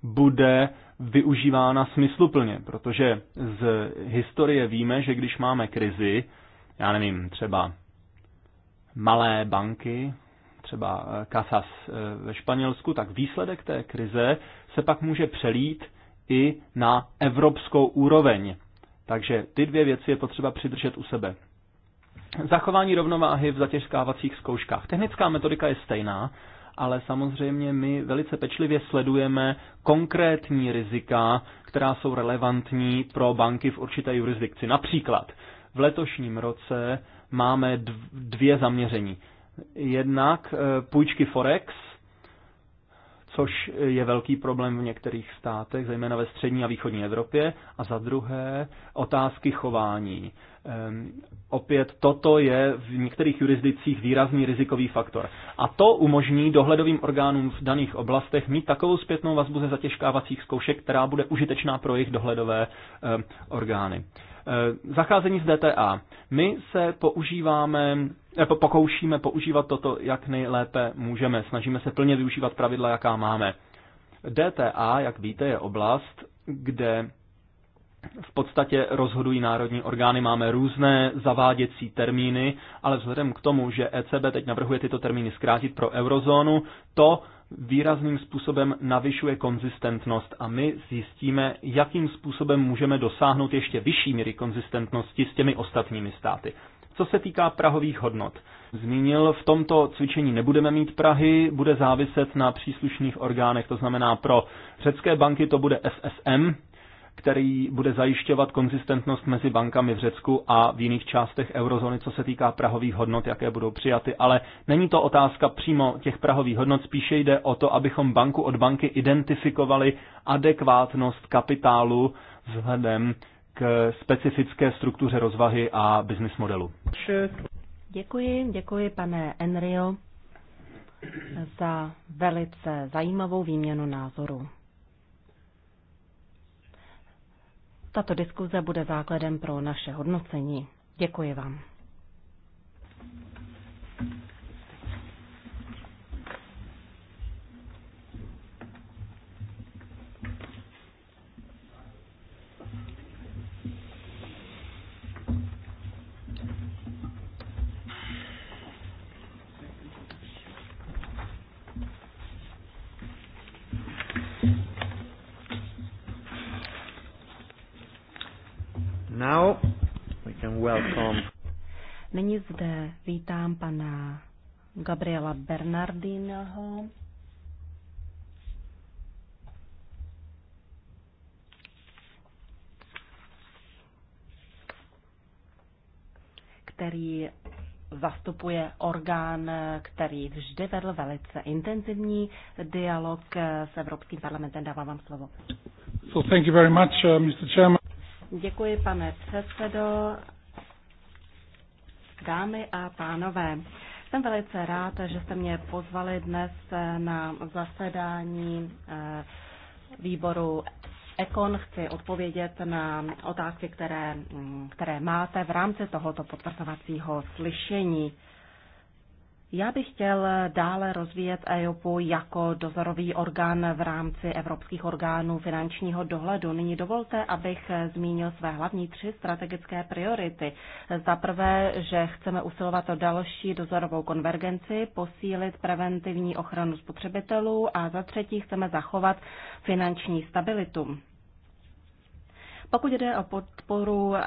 bude využívána smysluplně, protože z historie víme, že když máme krizi, já nevím, třeba malé banky, třeba eh, Casas eh, ve Španělsku, tak výsledek té krize se pak může přelít i na evropskou úroveň. Takže ty dvě věci je potřeba přidržet u sebe. Zachování rovnováhy v zatěžkávacích zkouškách. Technická metodika je stejná, ale samozřejmě my velice pečlivě sledujeme konkrétní rizika, která jsou relevantní pro banky v určité jurisdikci. Například v letošním roce máme dvě zaměření. Jednak eh, půjčky Forex, což je velký problém v některých státech, zejména ve střední a východní Evropě. A za druhé, otázky chování. Ehm, opět, toto je v některých jurisdikcích výrazný rizikový faktor. A to umožní dohledovým orgánům v daných oblastech mít takovou zpětnou vazbu ze zatěžkávacích zkoušek, která bude užitečná pro jejich dohledové ehm, orgány. Eh, zacházení z DTA. My se používáme, eh, pokoušíme používat toto, jak nejlépe můžeme. Snažíme se plně využívat pravidla, jaká máme. DTA, jak víte, je oblast, kde v podstatě rozhodují národní orgány. Máme různé zaváděcí termíny, ale vzhledem k tomu, že ECB teď navrhuje tyto termíny zkrátit pro eurozónu, to výrazným způsobem navyšuje konzistentnost a my zjistíme, jakým způsobem můžeme dosáhnout ještě vyšší míry konzistentnosti s těmi ostatními státy. Co se týká prahových hodnot, zmínil, v tomto cvičení nebudeme mít Prahy, bude záviset na příslušných orgánech, to znamená pro řecké banky to bude SSM, který bude zajišťovat konzistentnost mezi bankami v Řecku a v jiných částech eurozóny, co se týká prahových hodnot, jaké budou přijaty. Ale není to otázka přímo těch prahových hodnot, spíše jde o to, abychom banku od banky identifikovali adekvátnost kapitálu vzhledem k specifické struktuře rozvahy a business modelu. Děkuji, děkuji pane Enrio za velice zajímavou výměnu názoru. Tato diskuze bude základem pro naše hodnocení. Děkuji vám. now we can welcome... Nyní zde vítám pana Gabriela Bernardinaho. který zastupuje orgán, který vždy vedl velice intenzivní dialog s Evropským parlamentem. Dávám vám slovo. So thank you very much, uh, Mr. Chairman. Děkuji, pane předsedo. Dámy a pánové, jsem velice rád, že jste mě pozvali dnes eh, na zasedání eh, výboru Ekon. Chci odpovědět na otázky, které, mm, které máte v rámci tohoto potvrzovacího slyšení. Já bych chtěl dále rozvíjet EIOPu jako dozorový orgán v rámci evropských orgánů finančního dohledu. Nyní dovolte, abych zmínil své hlavní tři strategické priority. Za prvé, že chceme usilovat o další dozorovou konvergenci, posílit preventivní ochranu spotřebitelů a za třetí chceme zachovat finanční stabilitu. Pokud jde o podporu eh,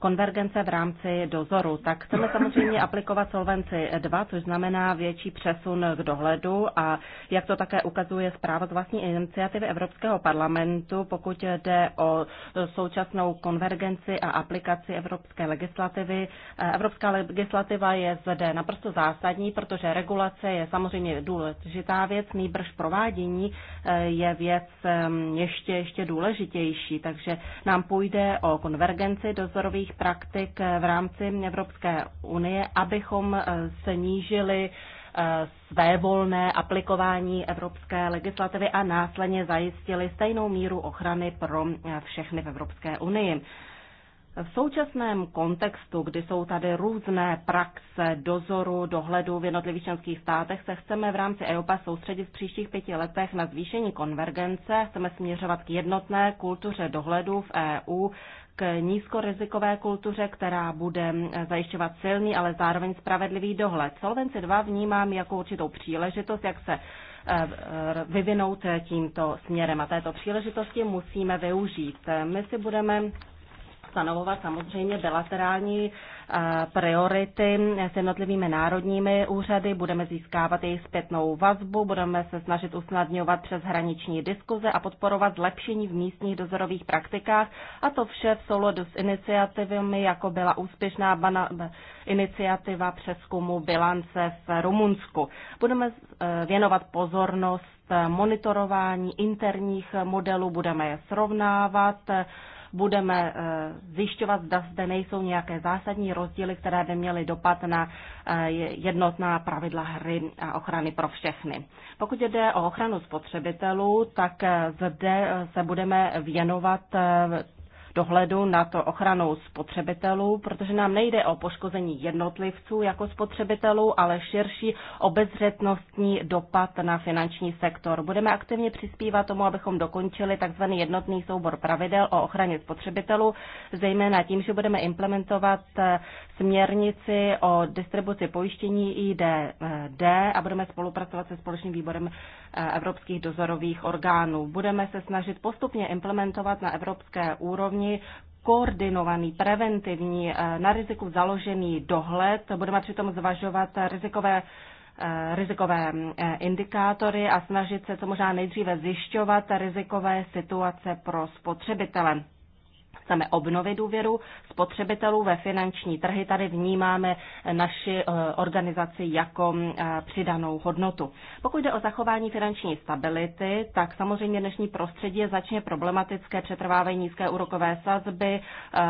konvergence v rámci dozoru, tak chceme samozřejmě aplikovat Solvenci 2, což znamená větší přesun k dohledu a jak to také ukazuje zpráva z vlastní iniciativy Evropského parlamentu, pokud jde o současnou konvergenci a aplikaci evropské legislativy. Eh, Evropská legislativa je zde naprosto zásadní, protože regulace je samozřejmě důležitá věc, nýbrž provádění eh, je věc ehm, ještě, ještě důležitější, takže nám půjde o konvergenci dozorových dobrých praktik eh, v rámci Evropské unie, abychom eh, snížili eh, svévolné aplikování evropské legislativy a následně zajistili stejnou míru ochrany pro všechny v Evropské unii. V současném kontextu, kdy jsou tady různé praxe dozoru, dohledu v jednotlivých členských státech, se chceme v rámci EOPA soustředit v příštích pěti letech na zvýšení konvergence, chceme směřovat k jednotné kultuře dohledu v EU, k nízkorizikové kultuře, která bude eh, zajišťovat silný, ale zároveň spravedlivý dohled. Solvenci 2 vnímám jako určitou příležitost, jak se eh, eh, vyvinout tímto směrem a této příležitosti musíme využít. My si budeme stanovovat samozřejmě bilaterální eh, priority s jednotlivými národními úřady, budeme získávat jejich zpětnou vazbu, budeme se snažit usnadňovat přeshraniční diskuze a podporovat zlepšení v místních dozorových praktikách a to vše v souladu s iniciativami, jako byla úspěšná bana, iniciativa přeskumu bilance v Rumunsku. Budeme eh, věnovat pozornost eh, monitorování interních modelů, budeme je srovnávat, budeme eh, zjišťovat, zda zde nejsou nějaké zásadní rozdíly, které by měly dopad na eh, jednotná pravidla hry a ochrany pro všechny. Pokud jde o ochranu spotřebitelů, tak eh, zde se budeme věnovat dohledu na to ochranou spotřebitelů, protože nám nejde o poškození jednotlivců jako spotřebitelů, ale širší obezřetnostní dopad na finanční sektor. Budeme aktivně přispívat tomu, abychom dokončili tzv. jednotný soubor pravidel o ochraně spotřebitelů, zejména tím, že budeme implementovat eh, směrnici o distribuci pojištění IDD a budeme spolupracovat se Společným výborem eh, evropských dozorových orgánů. Budeme se snažit postupně implementovat na evropské úrovni úrovni koordinovaný, preventivní, eh, na riziku založený dohled. Budeme přitom zvažovat rizikové eh, rizikové eh, indikátory a snažit se co možná nejdříve zjišťovat rizikové situace pro spotřebitele chceme obnovit důvěru spotřebitelů ve finanční trhy, tady vnímáme naši eh, organizaci jako eh, přidanou hodnotu. Pokud jde o zachování finanční stability, tak samozřejmě dnešní prostředí je začně problematické přetrvávají nízké úrokové sazby, eh,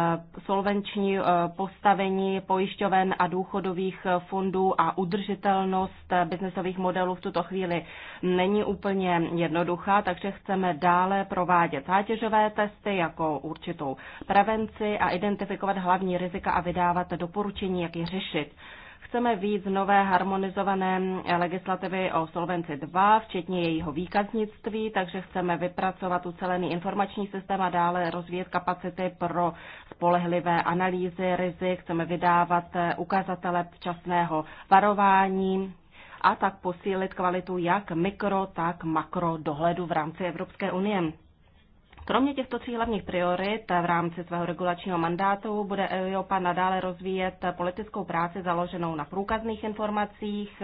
solvenční postavení pojišťoven a důchodových fondů a udržitelnost biznesových modelů v tuto chvíli není úplně jednoduchá, takže chceme dále provádět zátěžové testy jako určitou prevenci a identifikovat hlavní rizika a vydávat doporučení, jak je řešit. Chceme víc nové harmonizované legislativy o Solvenci 2, včetně jejího výkaznictví, takže chceme vypracovat ucelený informační systém a dále rozvíjet kapacity pro spolehlivé analýzy rizik. Chceme vydávat eh, ukazatele včasného varování, a tak posílit kvalitu jak mikro, tak makro dohledu v rámci Evropské unie. Kromě těchto tří hlavních priorit v rámci svého regulačního mandátu bude EIOPA nadále rozvíjet politickou práci založenou na průkazných informacích,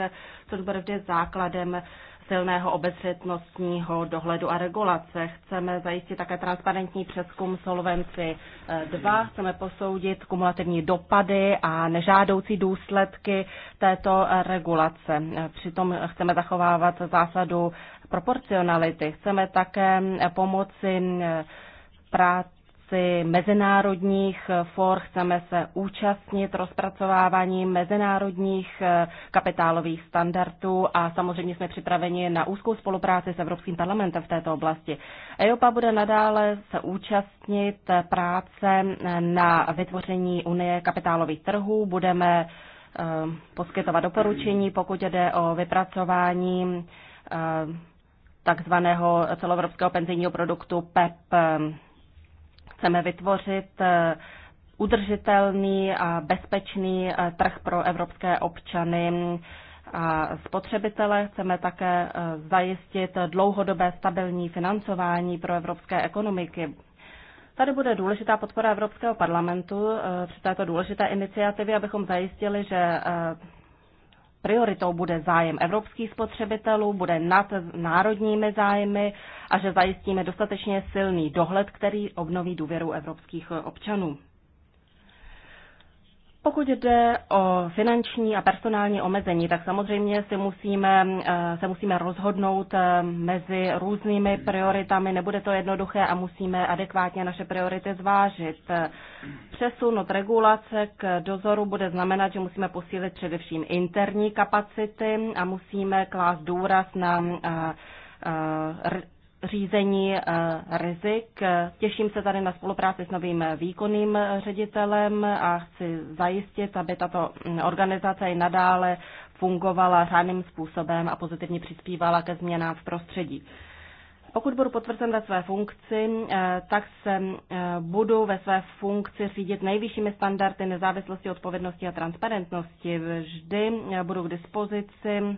což bude vždy základem silného obezřetnostního dohledu a regulace. Chceme zajistit také transparentní přeskum Solvenci 2, chceme posoudit kumulativní dopady a nežádoucí důsledky této regulace. Přitom chceme zachovávat zásadu proporcionality. Chceme také eh, pomoci eh, práci mezinárodních eh, for, chceme se účastnit rozpracovávání mezinárodních kapitálových standardů a samozřejmě jsme připraveni na úzkou spolupráci s Evropským parlamentem v této oblasti. EOPA bude nadále se účastnit práce na vytvoření Unie kapitálových trhů, budeme poskytovat doporučení, pokud jde o vypracování takzvaného celoevropského penzijního produktu PEP. E Chceme vytvořit eh, udržitelný a bezpečný eh, trh pro evropské občany a spotřebitele. Chceme také eh, zajistit dlouhodobé stabilní financování pro evropské ekonomiky. Tady bude důležitá podpora Evropského parlamentu při této důležité iniciativě, abychom zajistili, že prioritou bude zájem evropských spotřebitelů, bude nad národními zájmy a že zajistíme dostatečně silný dohled, který obnoví důvěru evropských občanů. Pokud jde o finanční a personální omezení, tak samozřejmě si musíme, eh, se musíme rozhodnout eh, mezi různými prioritami. Nebude to jednoduché a musíme adekvátně naše priority zvážit. Přesun od regulace k dozoru bude znamenat, že musíme posílit především interní kapacity a musíme klást důraz na eh, řízení eh, rizik. Těším se tady na spolupráci s novým výkonným ředitelem a chci zajistit, aby tato mm, organizace i nadále fungovala řádným způsobem a pozitivně přispívala ke změnám v prostředí. Pokud budu potvrzen ve své funkci, eh, tak se eh, budu ve své funkci řídit nejvyššími standardy nezávislosti, odpovědnosti a transparentnosti. Vždy budu k dispozici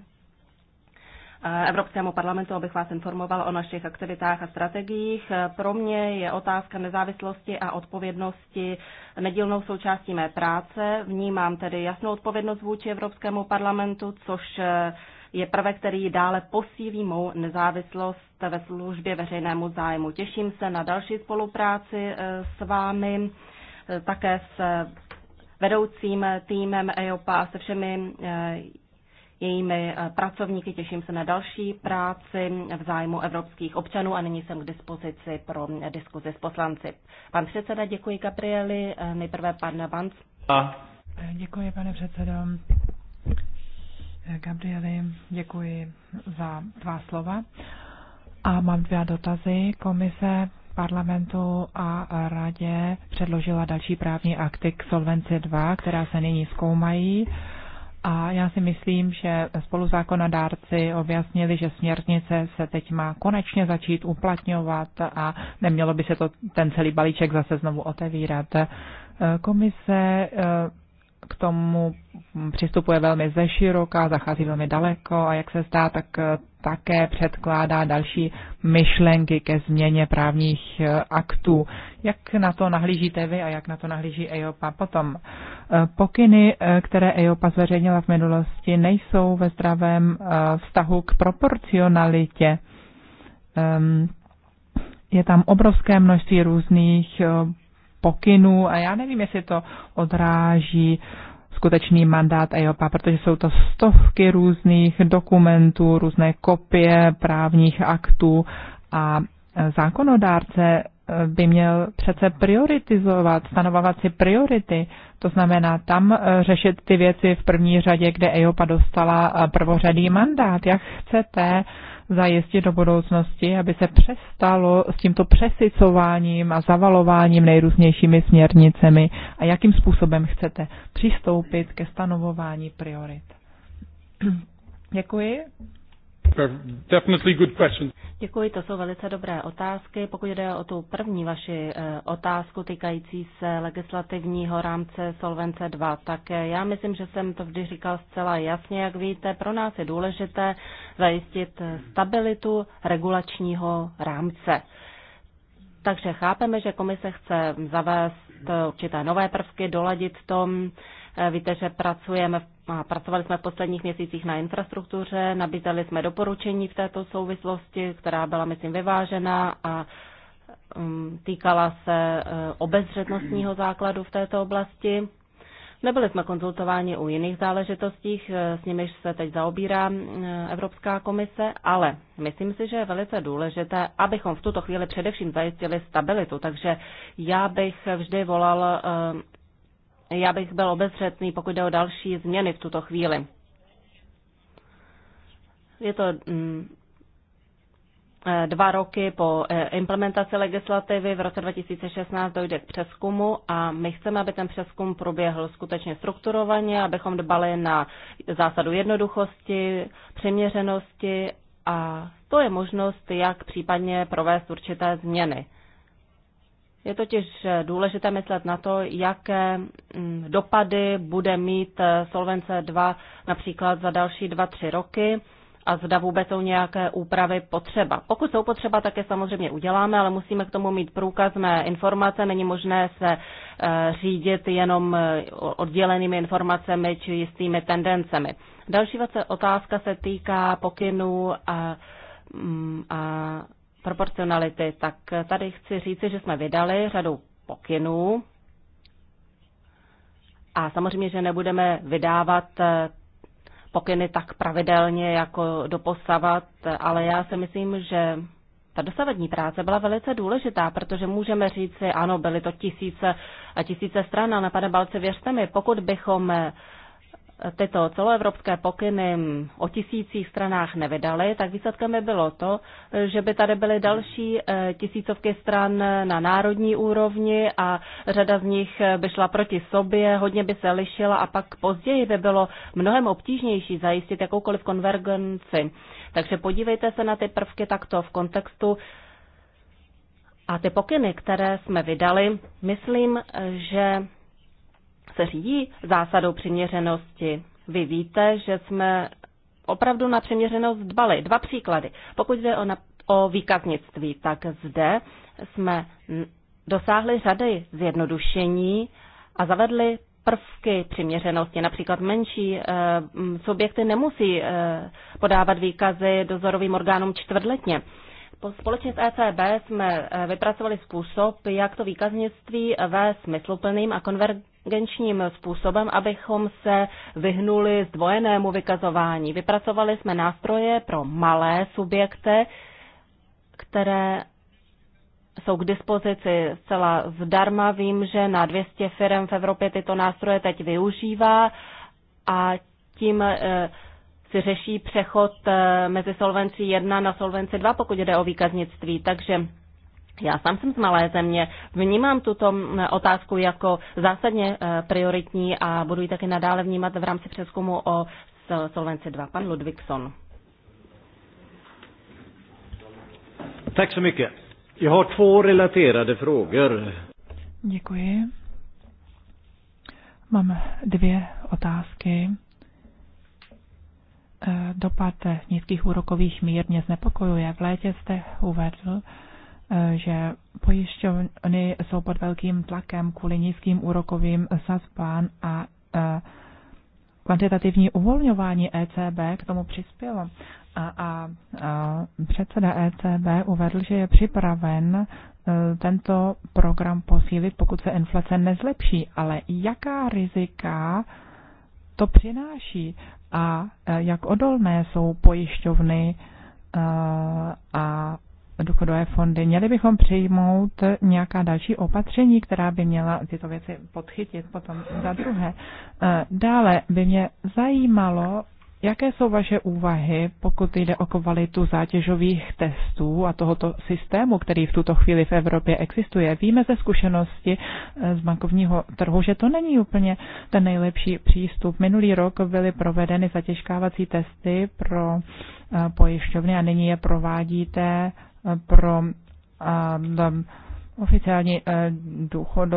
Eh, Evropskému parlamentu, abych vás informoval o našich aktivitách a strategiích. Eh, pro mě je otázka nezávislosti a odpovědnosti nedílnou součástí mé práce. Vnímám tedy jasnou odpovědnost vůči Evropskému parlamentu, což eh, je prvek, který dále posílí mou nezávislost ve službě veřejnému zájmu. Těším se na další spolupráci s vámi, také s vedoucím týmem EOPA a se všemi jejími eh, pracovníky. Těším se na další práci v zájmu evropských občanů a nyní jsem k dispozici pro eh, diskuzi s poslanci. Pan předseda, děkuji Gabrieli, eh, nejprve pan Vans. Děkuji, pane předsedo. Gabrieli, děkuji za tvá slova. A mám dvě dotazy. Komise parlamentu a radě předložila další právní akty k Solvenci 2, která se nyní zkoumají. A já si myslím, že spoluzákonodárci objasnili, že směrnice se teď má konečně začít uplatňovat a nemělo by se to ten celý balíček zase znovu otevírat. E, komise e, k tomu přistupuje velmi ze široka, zachází velmi daleko a jak se zdá, tak e, také předkládá další myšlenky ke změně právních eh, aktů. Jak na to nahlížíte vy a jak na to nahlíží EOPA Potom eh, pokyny, eh, které EOPA zveřejnila v minulosti, nejsou ve zdravém vztahu k proporcionalitě. Ehm, je tam obrovské množství různých pokynů a já nevím, jestli to odráží skutečný mandát EOPA, protože jsou to stovky různých dokumentů, různé kopie právních aktů a e, zákonodárce e, by měl přece prioritizovat, stanovovat si priority, to znamená tam e, řešit ty věci v první řadě, kde EOPA dostala prvořadý mandát. Jak chcete zajistit do budoucnosti, aby se přestalo s tímto přesycováním a zavalováním nejrůznějšími směrnicemi a jakým způsobem chcete přistoupit ke stanovování priorit. Děkuji. Definitely good Děkuji, to jsou velice dobré otázky. Pokud jde o tu první vaši eh, otázku týkající se legislativního rámce Solvence 2, tak eh, já myslím, že jsem to vždy říkal zcela jasně. Jak víte, pro nás je důležité zajistit eh, stabilitu regulačního rámce. Takže chápeme, že komise chce zavést určité nové prvky, doladit tom. Víte, že pracujeme v a pracovali jsme v posledních měsících na infrastruktuře, nabízeli jsme doporučení v této souvislosti, která byla, myslím, vyvážená a um, týkala se eh, obezřetnostního základu v této oblasti. Nebyli jsme konzultováni u jiných záležitostí, eh, s nimiž se teď zaobírá eh, Evropská komise, ale myslím si, že je velice důležité, abychom v tuto chvíli především zajistili stabilitu. Takže já bych vždy volal já bych byl obezřetný, pokud jde o další změny v tuto chvíli. Je to mm, dva roky po eh, implementaci legislativy. V roce 2016 dojde k přeskumu a my chceme, aby ten přeskum proběhl skutečně strukturovaně, abychom dbali na zásadu jednoduchosti, přiměřenosti a to je možnost, jak případně provést určité změny. Je totiž eh, důležité myslet na to, jaké mm, dopady bude mít eh, Solvence 2 například za další 2-3 roky a zda vůbec jsou nějaké úpravy potřeba. Pokud jsou potřeba, tak je samozřejmě uděláme, ale musíme k tomu mít průkazné informace. Není možné se eh, řídit jenom oddělenými informacemi či jistými tendencemi. Další otázka se týká pokynů a, mm, a proporcionality, tak tady chci říci, že jsme vydali řadu pokynů a samozřejmě, že nebudeme vydávat eh, pokyny tak pravidelně jako doposavat, ale já si myslím, že ta dosavadní práce byla velice důležitá, protože můžeme říci, ano, byly to tisíce a tisíce stran, ale pane Balce, věřte mi, pokud bychom eh, tyto celoevropské pokyny o tisících stranách nevydaly, tak výsledkem by bylo to, že by tady byly další eh, tisícovky stran na národní úrovni a řada z nich by šla proti sobě, hodně by se lišila a pak později by bylo mnohem obtížnější zajistit jakoukoliv konvergenci. Takže podívejte se na ty prvky takto v kontextu. A ty pokyny, které jsme vydali, myslím, že se řídí zásadou přiměřenosti. Vy víte, že jsme opravdu na přiměřenost dbali. Dva příklady. Pokud jde o, na, o výkaznictví, tak zde jsme dosáhli řady zjednodušení a zavedli prvky přiměřenosti. Například menší eh, subjekty nemusí eh, podávat výkazy dozorovým orgánům čtvrtletně. Společně s ECB jsme eh, vypracovali způsob, jak to výkaznictví ve smysluplným a konvergenčním způsobem, abychom se vyhnuli zdvojenému vykazování. Vypracovali jsme nástroje pro malé subjekty, které jsou k dispozici zcela zdarma. Vím, že na 200 firm v Evropě tyto nástroje teď využívá a tím eh, se řeší přechod eh, mezi Solvenci 1 na Solvenci 2, pokud jde o výkaznictví. Takže já sám jsem z malé země, vnímám tuto mm, otázku jako zásadně eh, prioritní a budu ji taky nadále vnímat v rámci přeskumu o Solvenci 2. Pan Ludvíkson. Tak se mycket. Jag har två relaterade frågor. Děkuji. Mám dvě otázky. Eh, dopad nízkých úrokových mírně znepokojuje. V létě jste uvedl, eh, že pojišťovny jsou pod velkým tlakem kvůli nízkým úrokovým sazbám a eh, kvantitativní uvolňování ECB k tomu přispělo. A, a, a předseda ECB uvedl, že je připraven tento program posílit, pokud se inflace nezlepší. Ale jaká rizika to přináší? a e, jak odolné jsou pojišťovny e, a důchodové fondy. Měli bychom přijmout nějaká další opatření, která by měla tyto věci podchytit potom za druhé. E, dále by mě zajímalo, Jaké jsou vaše úvahy, pokud jde o kvalitu zátěžových testů a tohoto systému, který v tuto chvíli v Evropě existuje? Víme ze zkušenosti eh, z bankovního trhu, že to není úplně ten nejlepší přístup. Minulý rok byly provedeny zatěžkávací testy pro eh, pojišťovny a nyní je provádíte eh, pro oficiální eh, důchod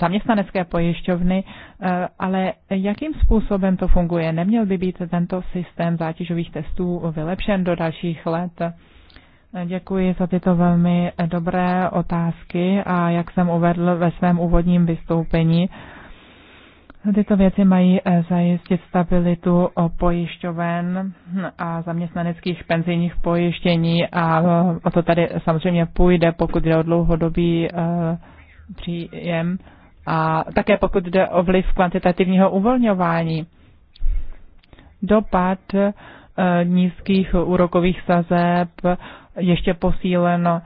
zaměstnanecké pojišťovny, eh, ale jakým způsobem to funguje? Neměl by být tento systém zátěžových testů vylepšen do dalších let? Děkuji za tyto velmi dobré otázky a jak jsem uvedl ve svém úvodním vystoupení, Tyto věci mají eh, zajistit stabilitu pojišťoven a zaměstnaneckých penzijních pojištění a eh, o to tady samozřejmě půjde, pokud jde o dlouhodobý eh, příjem a také pokud jde o vliv kvantitativního uvolňování. Dopad nízkých úrokových sazeb ještě posíleno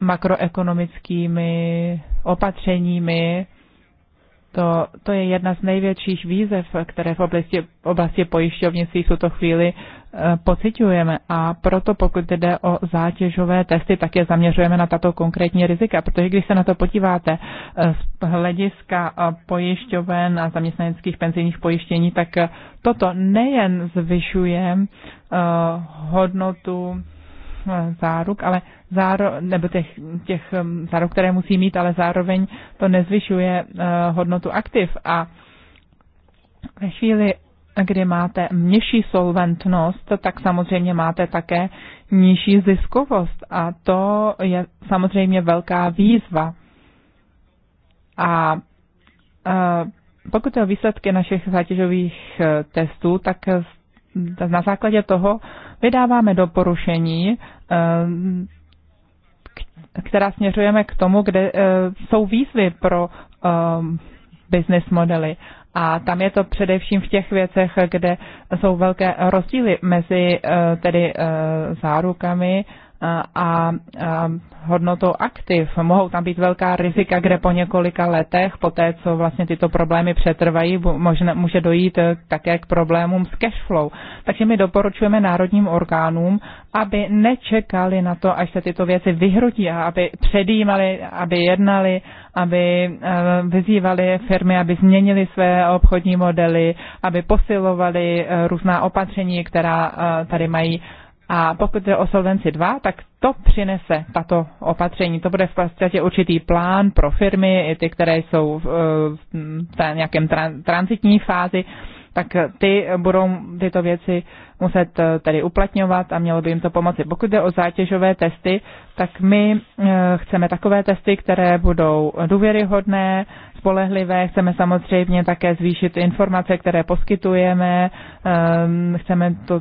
makroekonomickými opatřeními, to, to je jedna z největších výzev, které v oblasti, oblasti pojišťovnictví v tuto chvíli eh, pociťujeme a proto pokud jde o zátěžové testy, tak je zaměřujeme na tato konkrétní rizika, protože když se na to podíváte eh, z hlediska eh, pojišťoven a zaměstnaneckých penzijních pojištění, tak toto nejen zvyšuje hodnotu záruk, ale záro, nebo těch, těch um, záruk, které musí mít, ale zároveň to nezvyšuje uh, hodnotu aktiv. A ve chvíli, kdy máte nižší solventnost, tak samozřejmě máte také nižší ziskovost. A to je samozřejmě velká výzva. A uh, pokud je o výsledky našich zátěžových uh, testů, tak na základě toho vydáváme doporušení Eh, která směřujeme k tomu, kde eh, jsou výzvy pro eh, business modely. A tam je to především v těch věcech, kde jsou velké rozdíly mezi tedy zárukami a hodnotou aktiv. Mohou tam být velká rizika, kde po několika letech, po té, co vlastně tyto problémy přetrvají, možná, může dojít eh, také k problémům s cashflow. Takže my doporučujeme národním orgánům, aby nečekali na to, až se tyto věci vyhrotí a aby předjímali, aby jednali, aby eh, vyzývali firmy, aby změnili své obchodní modely, aby posilovali eh, různá opatření, která tady mají a pokud jde o Solvenci 2, tak to přinese tato opatření. To bude v podstatě určitý plán pro firmy, i ty, které jsou v, e, v nějakém transitní fázi, tak ty budou tyto věci muset e, tedy uplatňovat a mělo by jim to pomoci. Pokud jde o zátěžové testy, tak my e, chceme takové testy, které budou důvěryhodné, spolehlivé. Chceme samozřejmě také zvýšit informace, které poskytujeme. Ehm, chceme to,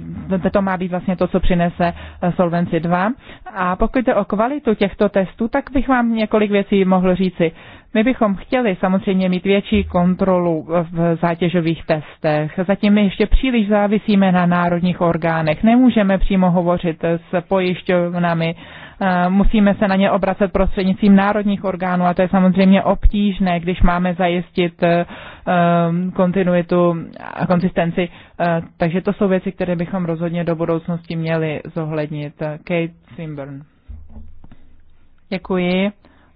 to má být vlastně to, co přinese eh, Solvency 2. A pokud jde o kvalitu těchto testů, tak bych vám několik věcí mohl říci. My bychom chtěli samozřejmě mít větší kontrolu v zátěžových testech. Zatím my ještě příliš závisíme na národních orgánech. Nemůžeme přímo hovořit s pojišťovnami, Eh, musíme se na ně obracet prostřednictvím národních orgánů a to je samozřejmě obtížné, když máme zajistit eh, eh, kontinuitu a konzistenci. Takže to jsou věci, které bychom rozhodně do budoucnosti měli zohlednit. Kate Simburn. Děkuji.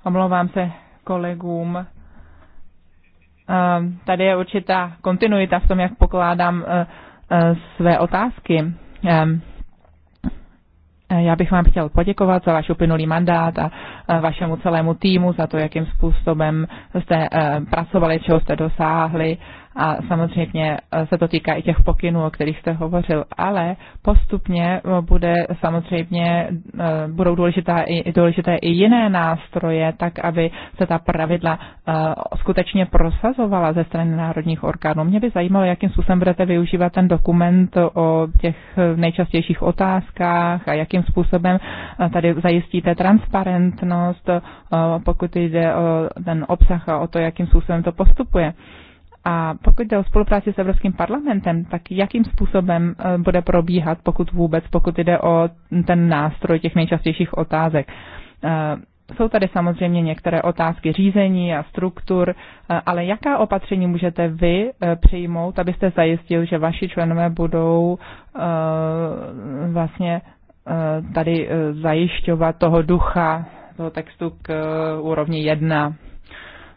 Omlouvám se kolegům. Tady je určitá kontinuita v tom, jak pokládám své otázky. Já bych vám chtěl poděkovat za váš uplynulý mandát a vašemu celému týmu za to, jakým způsobem jste e, pracovali, čeho jste dosáhli a samozřejmě eh, se to týká i těch pokynů, o kterých jste hovořil, ale postupně eh, bude samozřejmě, eh, budou důležité i, důležité i jiné nástroje, tak aby se ta pravidla skutečně prosazovala ze strany národních orgánů. Mě by zajímalo, jakým způsobem budete využívat ten dokument o těch nejčastějších otázkách a jakým způsobem tady zajistíte transparentnost, pokud jde o ten obsah a o to, jakým způsobem to postupuje. A pokud jde o spolupráci s Evropským parlamentem, tak jakým způsobem eh, bude probíhat, pokud vůbec, pokud jde o ten nástroj těch nejčastějších otázek? Eh, jsou tady samozřejmě některé otázky řízení a struktur, eh, ale jaká opatření můžete vy přijmout, abyste zajistil, že vaši členové budou vlastně tady zajišťovat toho ducha, toho textu k úrovni jedna?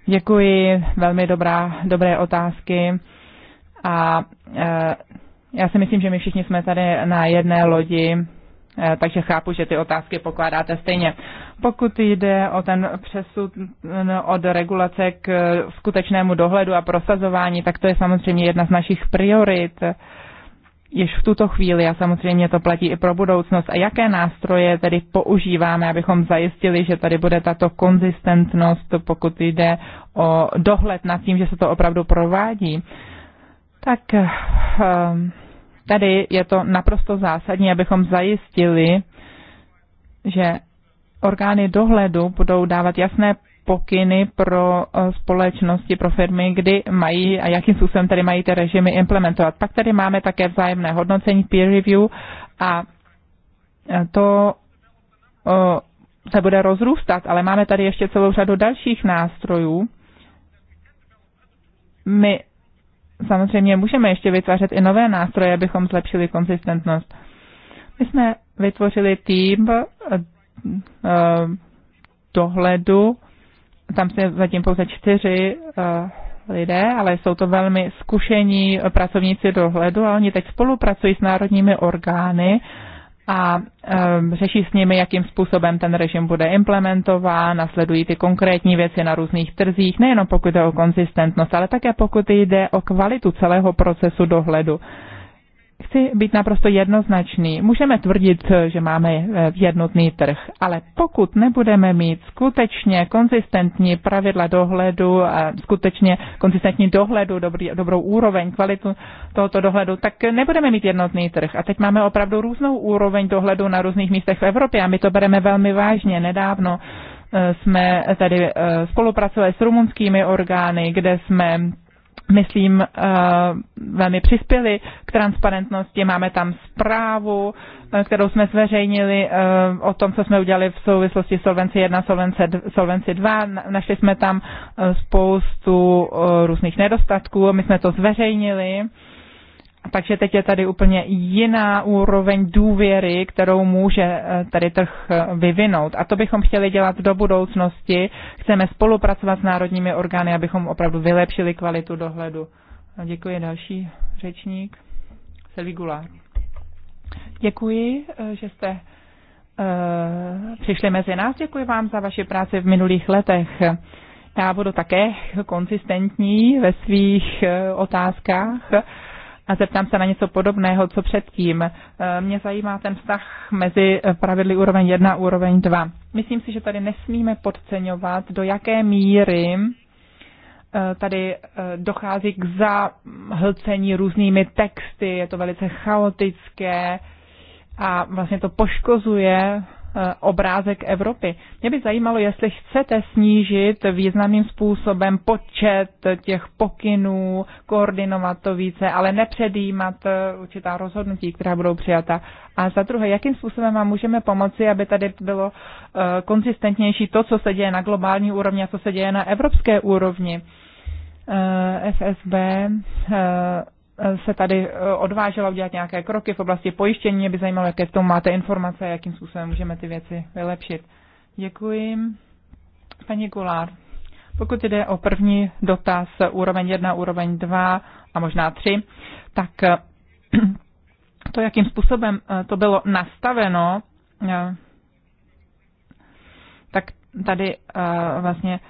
Děkuji, velmi dobrá, dobré otázky. A e, já si myslím, že my všichni jsme tady na jedné lodi, e, takže chápu, že ty otázky pokládáte stejně. Pokud jde o ten přesun od regulace k skutečnému dohledu a prosazování, tak to je samozřejmě jedna z našich priorit již v tuto chvíli a samozřejmě to platí i pro budoucnost. A jaké nástroje tedy používáme, abychom zajistili, že tady bude tato konzistentnost, pokud jde o dohled nad tím, že se to opravdu provádí. Tak ehm, tady je to naprosto zásadní, abychom zajistili, že orgány dohledu budou dávat jasné pokyny pro eh, společnosti, pro firmy, kdy mají a jakým způsobem tady mají ty režimy implementovat. Pak tady máme také vzájemné hodnocení peer review a eh, to eh, se bude rozrůstat, ale máme tady ještě celou řadu dalších nástrojů. My samozřejmě můžeme ještě vytvářet i nové nástroje, abychom zlepšili konzistentnost. My jsme vytvořili tým dohledu tam jsme zatím pouze čtyři eh, lidé, ale jsou to velmi zkušení pracovníci dohledu a oni teď spolupracují s národními orgány a um, řeší s nimi, jakým způsobem ten režim bude implementován, nasledují ty konkrétní věci na různých trzích, nejenom pokud jde o konzistentnost, ale také pokud jde o kvalitu celého procesu dohledu. Uh, chci být naprosto jednoznačný. Můžeme tvrdit, že máme e, jednotný trh, ale pokud nebudeme mít skutečně konzistentní pravidla dohledu a skutečně konzistentní dohledu, dobrý, dobrou úroveň, kvalitu tohoto dohledu, tak nebudeme mít jednotný trh. A teď máme opravdu různou úroveň dohledu na různých místech v Evropě a my to bereme velmi vážně. Nedávno e, jsme tady e, spolupracovali s rumunskými orgány, kde jsme myslím, eh, velmi přispěli k transparentnosti. Máme tam zprávu, eh, kterou jsme zveřejnili eh, o tom, co jsme udělali v souvislosti Solvenci 1, Solvence, Solvenci 2. Našli jsme tam spoustu různých nedostatků, my jsme to zveřejnili takže teď je tady úplně jiná úroveň důvěry, kterou může eh, tady trh eh, vyvinout. A to bychom chtěli dělat do budoucnosti. Chceme spolupracovat s národními orgány, abychom opravdu vylepšili kvalitu dohledu. A děkuji další řečník. Seligulár. Děkuji, eh, že jste přišli mezi nás. Děkuji vám za vaši práci v minulých letech. Já budu také konsistentní ve svých otázkách a zeptám se na něco podobného, co předtím. E, mě zajímá ten vztah mezi e, pravidly úroveň 1 a úroveň 2. Myslím si, že tady nesmíme podceňovat, do jaké míry e, tady dochází k zahlcení různými texty, je to velice chaotické a vlastně to poškozuje Eh, obrázek Evropy. Mě by zajímalo, jestli chcete snížit významným způsobem počet těch pokynů, koordinovat to více, ale nepředjímat eh, určitá rozhodnutí, která budou přijata. A za druhé, jakým způsobem vám můžeme pomoci, aby tady bylo eh, konzistentnější to, co se děje na globální úrovni a co se děje na evropské úrovni. FSB Eh, se tady eh, odvážela udělat nějaké kroky v oblasti pojištění. Mě by zajímalo, jaké v tom máte informace, jakým způsobem můžeme ty věci vylepšit. Děkuji. Paní Gulár, pokud jde o první dotaz, úroveň 1, úroveň 2 a možná 3, tak eh, to, jakým způsobem to bylo nastaveno, tak tady vlastně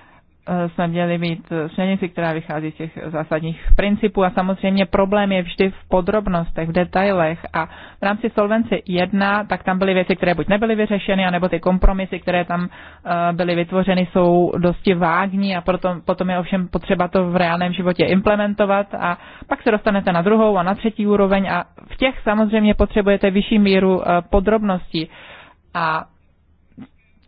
Eh, jsme měli mít směrnici, která vychází z těch zásadních principů a samozřejmě problém je vždy v podrobnostech, v detailech a v rámci Solvenci 1, tak tam byly věci, které buď nebyly vyřešeny, anebo ty kompromisy, které tam eh, byly vytvořeny, jsou dosti vágní a proto, potom je ovšem potřeba to v reálném životě implementovat a pak se dostanete na druhou a na třetí úroveň a v těch samozřejmě potřebujete vyšší míru eh, podrobností. A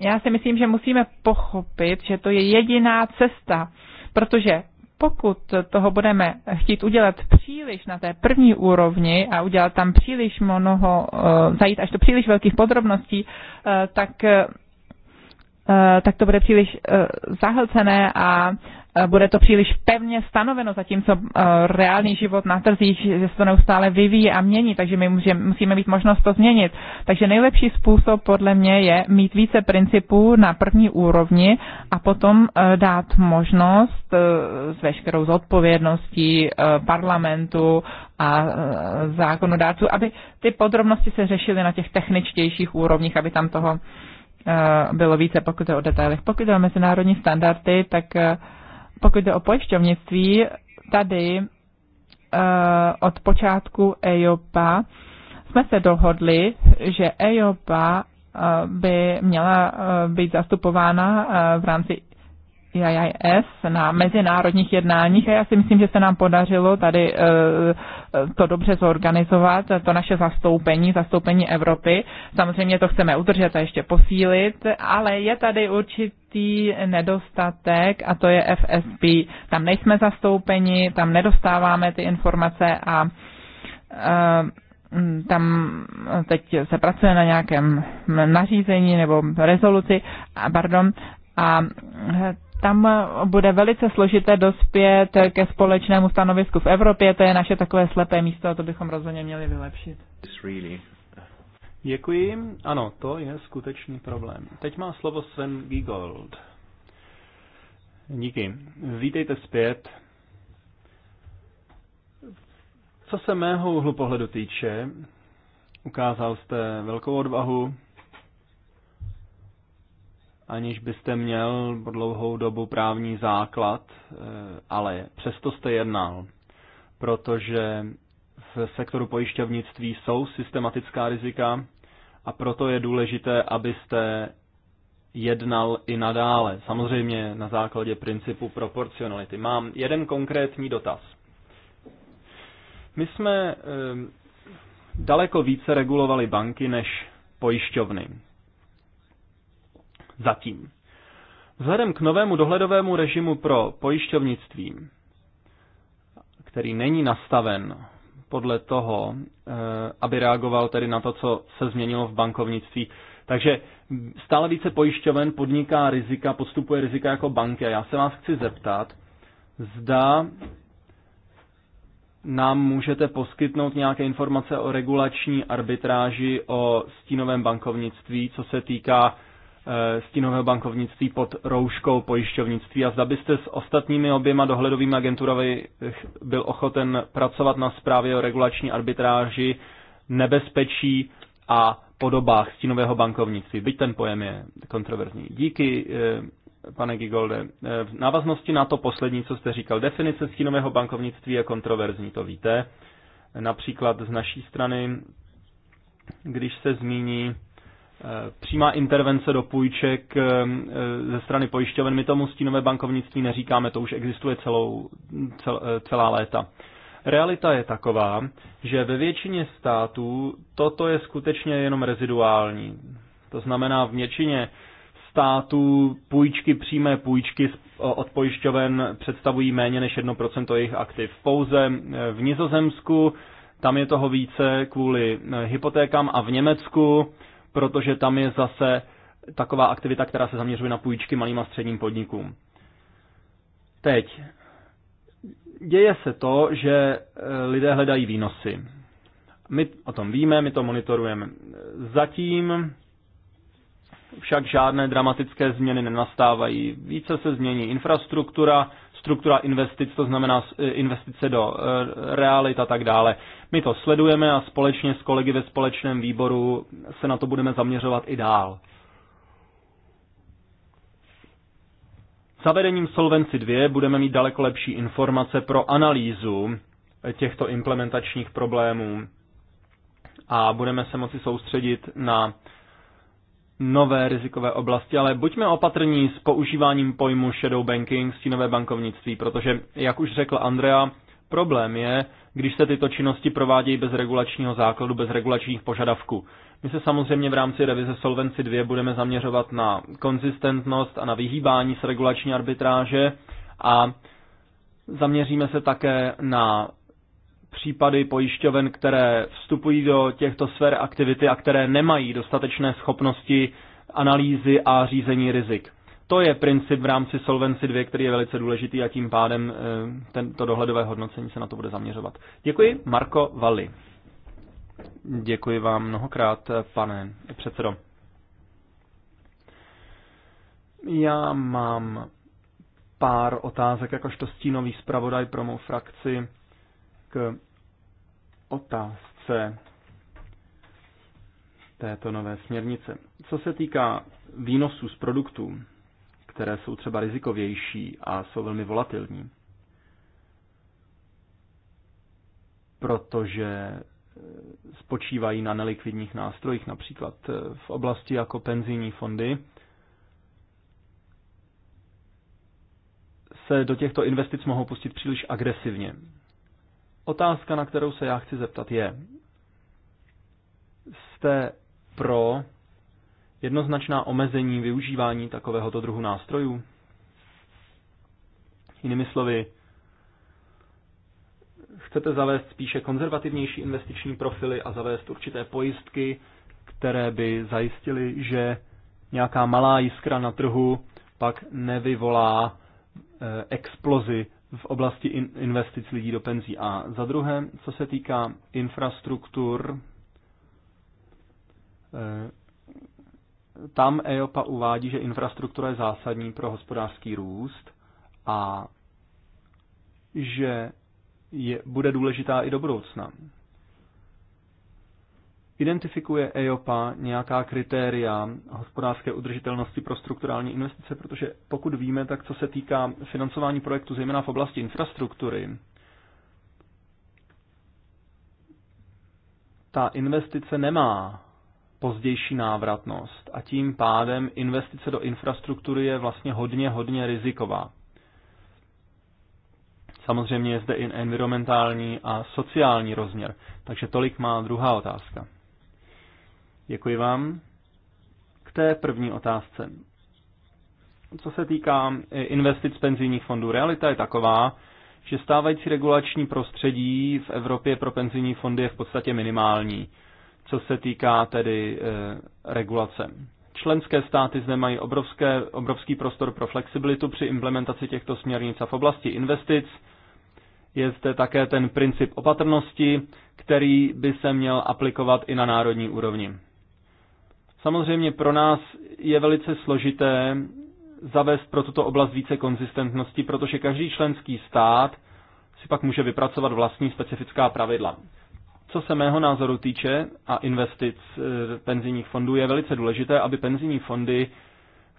já si myslím, že musíme pochopit, že to je jediná cesta, protože pokud toho budeme chtít udělat příliš na té první úrovni a udělat tam příliš mnoho, eh, zajít až do příliš velkých podrobností, eh, tak eh, tak to bude příliš zahlcené a Eh, bude to příliš pevně stanoveno, zatímco eh, reálný život na trzích že se to neustále vyvíjí a mění, takže my můžeme, musíme mít možnost to změnit. Takže nejlepší způsob podle mě je mít více principů na první úrovni a potom eh, dát možnost s veškerou zodpovědností parlamentu a zákonodárců, aby ty podrobnosti se řešily na těch techničtějších úrovních, aby tam toho bylo více, pokud je o detailech. Pokud je o mezinárodní standardy, tak uh, pokud jde o pojišťovnictví, tady eh, od počátku EIOPA jsme se dohodli, že EIOPA eh, by měla eh, být zastupována v rámci e IIS na mezinárodních jednáních a já si myslím, že se nám podařilo tady to dobře zorganizovat, to naše zastoupení, zastoupení Evropy. Samozřejmě to chceme udržet a ještě posílit, ale je tady určitě určitý nedostatek a to je FSB. Tam nejsme zastoupeni, tam nedostáváme ty informace a e, tam teď se pracuje na nějakém nařízení nebo rezoluci, a pardon, a e, tam bude velice složité dospět ke společnému stanovisku v Evropě, to je naše takové slepé místo a to bychom rozhodně měli vylepšit. Děkuji. Ano, to je skutečný problém. Teď má slovo Sven Giegold. Díky. Vítejte zpět. Co se mého úhlu pohledu týče, ukázal jste velkou odvahu, aniž byste měl dlouhou dobu právní základ, eh, ale přesto jste jednal, protože v sektoru pojišťovnictví jsou systematická rizika, a proto je důležité, abyste jednal i nadále, samozřejmě na základě principu proporcionality. Mám jeden konkrétní dotaz. My jsme e, daleko více regulovali banky než pojišťovny. Zatím. Vzhledem k novému dohledovému režimu pro pojišťovnictví, který není nastaven podle toho, eh, aby reagoval tedy na to, co se změnilo v bankovnictví. Takže stále více pojišťoven podniká rizika, postupuje rizika jako banky. A já se vás chci zeptat, zda nám můžete poskytnout nějaké informace o regulační arbitráži, o stínovém bankovnictví, co se týká Eh, stínového bankovnictví pod rouškou pojišťovnictví a zda byste s ostatními oběma dohledovými agenturami eh, byl ochoten pracovat na zprávě o regulační arbitráži, nebezpečí a podobách stínového bankovnictví. Byť ten pojem je kontroverzní. Díky, eh, pane Gigolde. V návaznosti na to poslední, co jste říkal, definice stínového bankovnictví je kontroverzní, to víte. Například z naší strany, když se zmíní Eh, přímá intervence do půjček eh, eh, ze strany pojišťoven. My tomu stínové bankovnictví neříkáme, to už existuje celou, cel, celá léta. Realita je taková, že ve většině států toto je skutečně jenom reziduální. To znamená, v většině států půjčky, přímé půjčky od pojišťoven představují méně než 1% jejich aktiv. Pouze v Nizozemsku tam je toho více kvůli hypotékám a v Německu protože tam je zase taková aktivita, která se zaměřuje na půjčky malým a středním podnikům. Teď. Děje se to, že e, lidé hledají výnosy. My o tom víme, my to monitorujeme. Zatím však žádné dramatické změny nenastávají. Více se změní infrastruktura, struktura investic, to znamená eh, investice do eh, realit a tak dále. My to sledujeme a společně s kolegy ve společném výboru se na to budeme zaměřovat i dál. Zavedením Solvency 2 budeme mít daleko lepší informace pro analýzu eh, těchto implementačních problémů a budeme se moci soustředit na nové rizikové oblasti, ale buďme opatrní s používáním pojmu shadow banking, stínové bankovnictví, protože, jak už řekl Andrea, problém je, když se tyto činnosti provádějí bez regulačního základu, bez regulačních požadavků. My se samozřejmě v rámci revize Solvency 2 budeme zaměřovat na konzistentnost a na vyhýbání se regulační arbitráže a zaměříme se také na případy pojišťoven, které vstupují do těchto sfér aktivity a které nemají dostatečné schopnosti analýzy a řízení rizik. To je princip v rámci Solvency 2, který je velice důležitý a tím pádem eh, tento dohledové hodnocení se na to bude zaměřovat. Děkuji, Marko Valli. Děkuji vám mnohokrát, pane předsedo. Já mám pár otázek jakožto stínový zpravodaj pro mou frakci k otázce této nové směrnice. Co se týká výnosů z produktů, které jsou třeba rizikovější a jsou velmi volatilní, protože spočívají na nelikvidních nástrojích, například v oblasti jako penzijní fondy, se do těchto investic mohou pustit příliš agresivně. Otázka, na kterou se já chci zeptat, je, jste pro jednoznačná omezení využívání takovéhoto druhu nástrojů? Jinými slovy, chcete zavést spíše konzervativnější investiční profily a zavést určité pojistky, které by zajistily, že nějaká malá jiskra na trhu pak nevyvolá eh, explozi v oblasti investic lidí do penzí. A za druhé, co se týká infrastruktur, eh, tam EOPA uvádí, že infrastruktura je zásadní pro hospodářský růst a že je, bude důležitá i do budoucna. Identifikuje EOPA nějaká kritéria hospodářské udržitelnosti pro strukturální investice, protože pokud víme, tak co se týká financování projektu, zejména v oblasti infrastruktury, ta investice nemá pozdější návratnost a tím pádem investice do infrastruktury je vlastně hodně, hodně riziková. Samozřejmě je zde i environmentální a sociální rozměr. Takže tolik má druhá otázka. Děkuji vám. K té první otázce. Co se týká eh, investic penzijních fondů, realita je taková, že stávající regulační prostředí v Evropě pro penzijní fondy je v podstatě minimální, co se týká tedy e, regulace. Členské státy zde mají obrovské, obrovský prostor pro flexibilitu při implementaci těchto směrnic a v oblasti investic je zde také ten princip opatrnosti, který by se měl aplikovat i na národní úrovni. Samozřejmě pro nás je velice složité zavést pro tuto oblast více konzistentnosti, protože každý členský stát si pak může vypracovat vlastní specifická pravidla. Co se mého názoru týče a investic eh, penzijních fondů, je velice důležité, aby penzijní fondy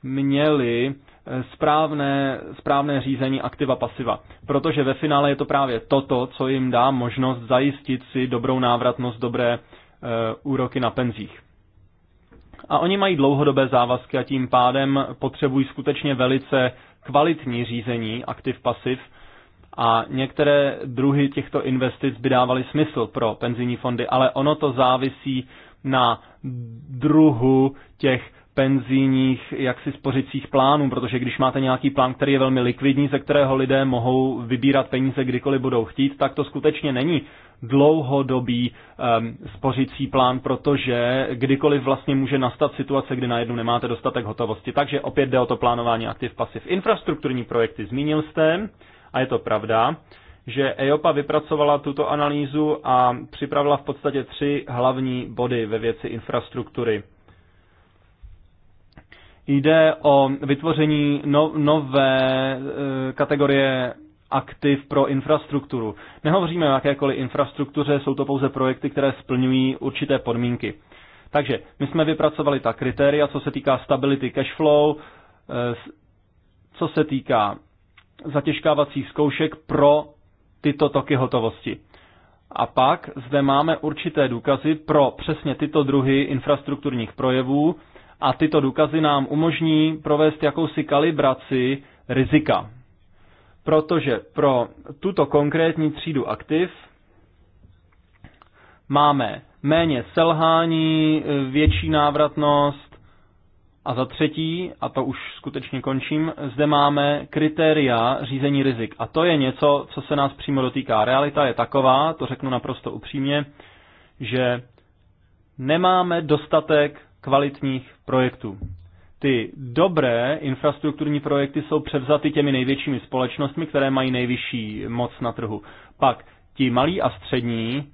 měly eh, správné, správné řízení aktiva pasiva. Protože ve finále je to právě toto, co jim dá možnost zajistit si dobrou návratnost, dobré e, úroky na penzích. A oni mají dlouhodobé závazky a tím pádem potřebují skutečně velice kvalitní řízení aktiv pasiv a některé druhy těchto investic by dávaly smysl pro penzijní fondy, ale ono to závisí na druhu těch penzijních jaksi spořicích plánů, protože když máte nějaký plán, který je velmi likvidní, ze kterého lidé mohou vybírat peníze kdykoliv budou chtít, tak to skutečně není dlouhodobý um, spořicí plán, protože kdykoliv vlastně může nastat situace, kdy najednou nemáte dostatek hotovosti. Takže opět jde o to plánování aktiv pasiv. Infrastrukturní projekty zmínil jste, a je to pravda, že EOPA vypracovala tuto analýzu a připravila v podstatě tři hlavní body ve věci infrastruktury. Jde o vytvoření no, nové e, kategorie aktiv pro infrastrukturu. Nehovoříme o jakékoliv infrastruktuře, jsou to pouze projekty, které splňují určité podmínky. Takže my jsme vypracovali ta kritéria, co se týká stability cash flow, eh, co se týká zatěžkávacích zkoušek pro tyto toky hotovosti. A pak zde máme určité důkazy pro přesně tyto druhy infrastrukturních projevů a tyto důkazy nám umožní provést jakousi kalibraci rizika protože pro tuto konkrétní třídu aktiv máme méně selhání, větší návratnost a za třetí, a to už skutečně končím, zde máme kritéria řízení rizik. A to je něco, co se nás přímo dotýká. Realita je taková, to řeknu naprosto upřímně, že nemáme dostatek kvalitních projektů ty dobré infrastrukturní projekty jsou převzaty těmi největšími společnostmi, které mají nejvyšší moc na trhu. Pak ti malí a střední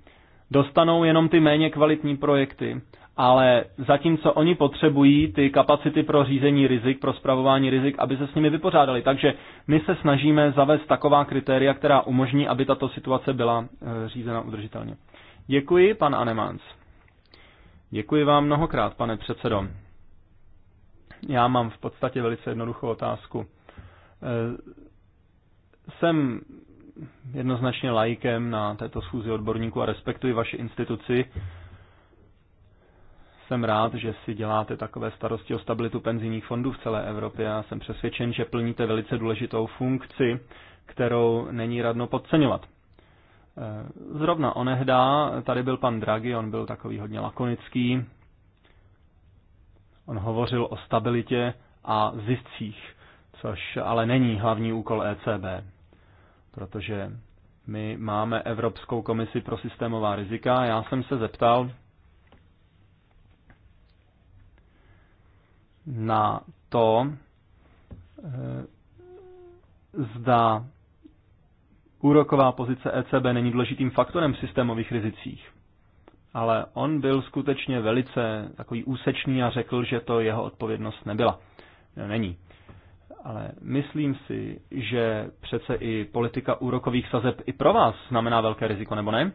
dostanou jenom ty méně kvalitní projekty, ale zatímco oni potřebují ty kapacity pro řízení rizik, pro zpravování rizik, aby se s nimi vypořádali. Takže my se snažíme zavést taková kritéria, která umožní, aby tato situace byla eh, řízena udržitelně. Děkuji, pan Anemans. Děkuji vám mnohokrát, pane předsedo. Já mám v podstatě velice jednoduchou otázku. E, jsem jednoznačně lajkem na této schůzi odborníků a respektuji vaši instituci. Jsem rád, že si děláte takové starosti o stabilitu penzijních fondů v celé Evropě a jsem přesvědčen, že plníte velice důležitou funkci, kterou není radno podceňovat. E, zrovna onehdá, tady byl pan Draghi, on byl takový hodně lakonický, On hovořil o stabilitě a ziscích, což ale není hlavní úkol ECB, protože my máme Evropskou komisi pro systémová rizika. Já jsem se zeptal na to, eh, zda úroková pozice ECB není důležitým faktorem v systémových rizicích ale on byl skutečně velice takový úsečný a řekl, že to jeho odpovědnost nebyla. Není. Ale myslím si, že přece i politika úrokových sazeb i pro vás znamená velké riziko, nebo ne?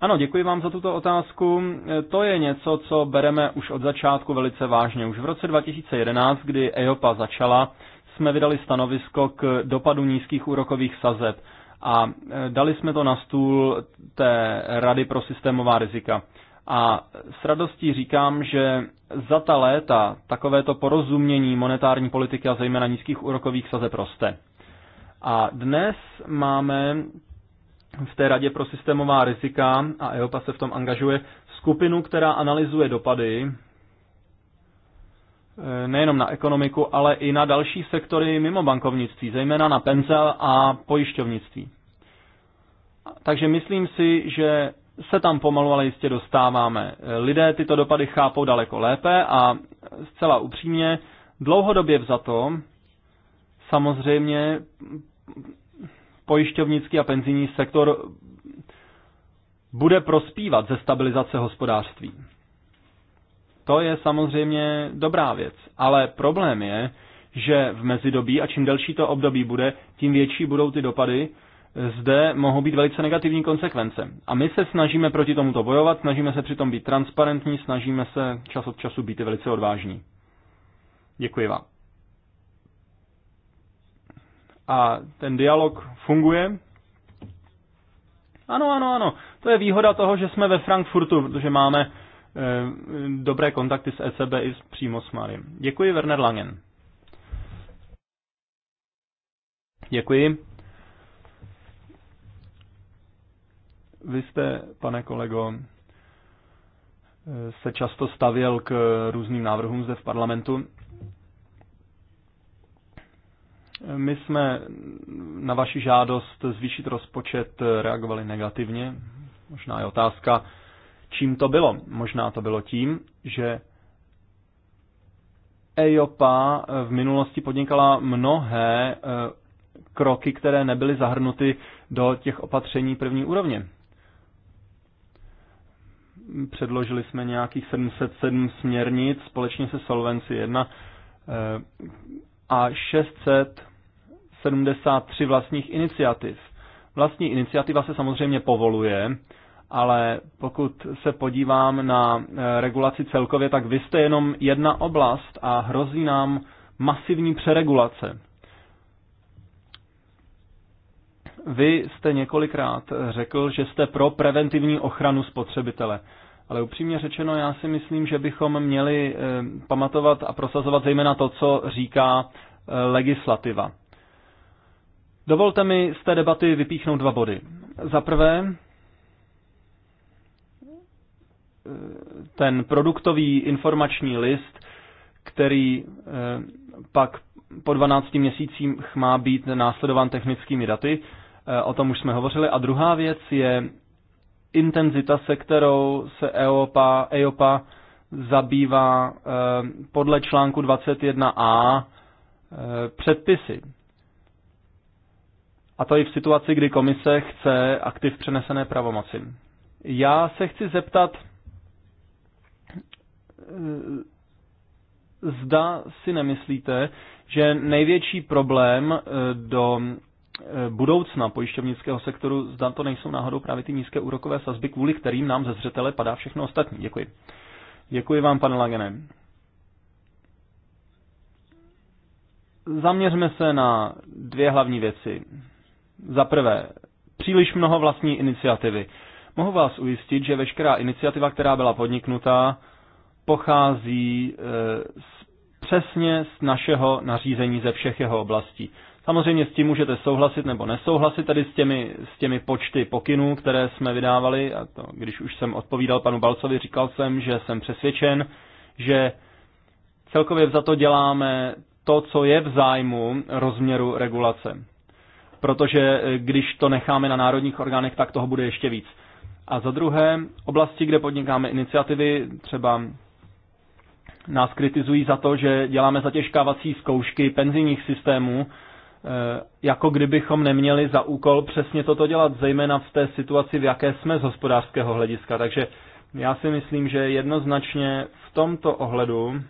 Ano, děkuji vám za tuto otázku. To je něco, co bereme už od začátku velice vážně. Už v roce 2011, kdy EOPA začala, jsme vydali stanovisko k dopadu nízkých úrokových sazeb a e, dali jsme to na stůl té Rady pro systémová rizika. A s radostí říkám, že za ta léta takovéto porozumění monetární politiky a zejména nízkých úrokových sazeb proste. A dnes máme v té Radě pro systémová rizika, a EOPA se v tom angažuje, skupinu, která analyzuje dopady eh, nejenom na ekonomiku, ale i na další sektory mimo bankovnictví, zejména na penzel a pojišťovnictví. Takže myslím si, že se tam pomalu, ale jistě dostáváme. Lidé tyto dopady chápou daleko lépe a zcela upřímně, dlouhodobě vzato, samozřejmě pojišťovnický a penzijní sektor bude prospívat ze stabilizace hospodářství. To je samozřejmě dobrá věc, ale problém je, že v mezidobí a čím delší to období bude, tím větší budou ty dopady zde mohou být velice negativní konsekvence. A my se snažíme proti tomuto bojovat, snažíme se přitom být transparentní, snažíme se čas od času být velice odvážní. Děkuji vám. A ten dialog funguje? Ano, ano, ano. To je výhoda toho, že jsme ve Frankfurtu, protože máme e, dobré kontakty s ECB i přímo s Marim. Děkuji, Werner Langen. Děkuji. Vy jste, pane kolego, eh, se často stavěl k různým návrhům zde v parlamentu. My jsme na vaši žádost zvýšit rozpočet reagovali negativně. Možná je otázka, čím to bylo. Možná to bylo tím, že EIOPA v minulosti podnikala mnohé eh, kroky, které nebyly zahrnuty do těch opatření první úrovně. Předložili jsme nějakých 707 směrnic společně se Solvency 1 eh, a 673 vlastních iniciativ. Vlastní iniciativa se samozřejmě povoluje, ale pokud se podívám na eh, regulaci celkově, tak vy jste jenom jedna oblast a hrozí nám masivní přeregulace. Vy jste několikrát řekl, že jste pro preventivní ochranu spotřebitele. Ale upřímně řečeno, já si myslím, že bychom měli eh, pamatovat a prosazovat zejména to, co říká eh, legislativa. Dovolte mi z té debaty vypíchnout dva body. Za prvé, eh, ten produktový informační list, který pak po 12 měsících má být následován technickými daty, o tom už jsme hovořili. A druhá věc je intenzita, se kterou se EOPA, EOPA zabývá eh, podle článku 21a eh, předpisy. A to i v situaci, kdy komise chce aktiv přenesené pravomoci. Já se chci zeptat, eh, zda si nemyslíte, že největší problém do Eh, budoucna pojišťovnického sektoru, zda to nejsou náhodou právě ty nízké úrokové sazby, kvůli kterým nám ze zřetele padá všechno ostatní. Děkuji. Děkuji vám, pane Lagene. Zaměřme se na dvě hlavní věci. Za prvé, příliš mnoho vlastní iniciativy. Mohu vás ujistit, že veškerá iniciativa, která byla podniknutá, pochází eh, z, přesně z našeho nařízení ze všech jeho oblastí. Samozřejmě s tím můžete souhlasit nebo nesouhlasit tady s těmi, s těmi počty pokynů, které jsme vydávali. A to, když už jsem odpovídal panu Balcovi, říkal jsem, že jsem přesvědčen, že celkově za to děláme to, co je v zájmu rozměru regulace. Protože eh, když to necháme na národních orgánech, tak toho bude ještě víc. A za druhé, oblasti, kde podnikáme iniciativy, třeba nás kritizují za to, že děláme zatěžkávací zkoušky penzijních systémů, Eh, jako kdybychom neměli za úkol přesně toto dělat, zejména v té situaci, v jaké jsme z hospodářského hlediska. Takže já si myslím, že jednoznačně v tomto ohledu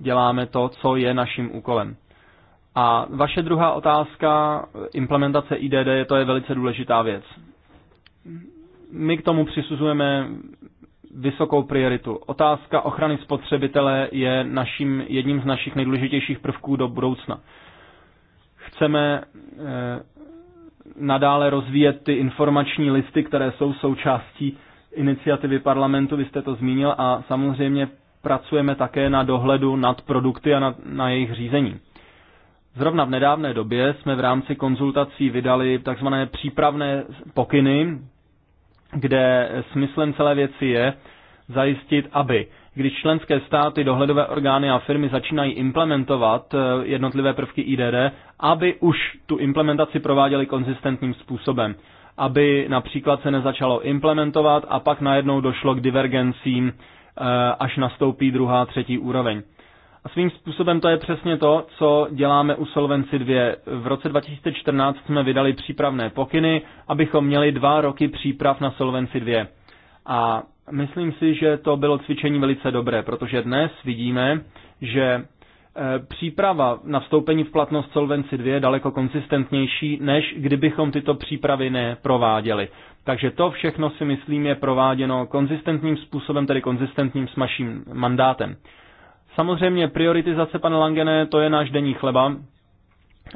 děláme to, co je naším úkolem. A vaše druhá otázka, implementace IDD, to je velice důležitá věc. My k tomu přisuzujeme vysokou prioritu. Otázka ochrany spotřebitele je naším, jedním z našich nejdůležitějších prvků do budoucna. Chceme eh, nadále rozvíjet ty informační listy, které jsou součástí iniciativy parlamentu, vy jste to zmínil, a samozřejmě pracujeme také na dohledu nad produkty a na, na jejich řízení. Zrovna v nedávné době jsme v rámci konzultací vydali tzv. přípravné pokyny kde smyslem celé věci je zajistit, aby když členské státy, dohledové orgány a firmy začínají implementovat eh, jednotlivé prvky IDD, aby už tu implementaci prováděli konzistentním způsobem. Aby například se nezačalo implementovat a pak najednou došlo k divergencím, eh, až nastoupí druhá, třetí úroveň svým způsobem to je přesně to, co děláme u Solvency 2. V roce 2014 jsme vydali přípravné pokyny, abychom měli dva roky příprav na Solvency 2. A myslím si, že to bylo cvičení velice dobré, protože dnes vidíme, že e, příprava na vstoupení v platnost Solvency 2 je daleko konsistentnější, než kdybychom tyto přípravy neprováděli. Takže to všechno si myslím je prováděno konzistentním způsobem, tedy konzistentním s naším mandátem. Samozřejmě prioritizace, pane Langene, to je náš denní chleba.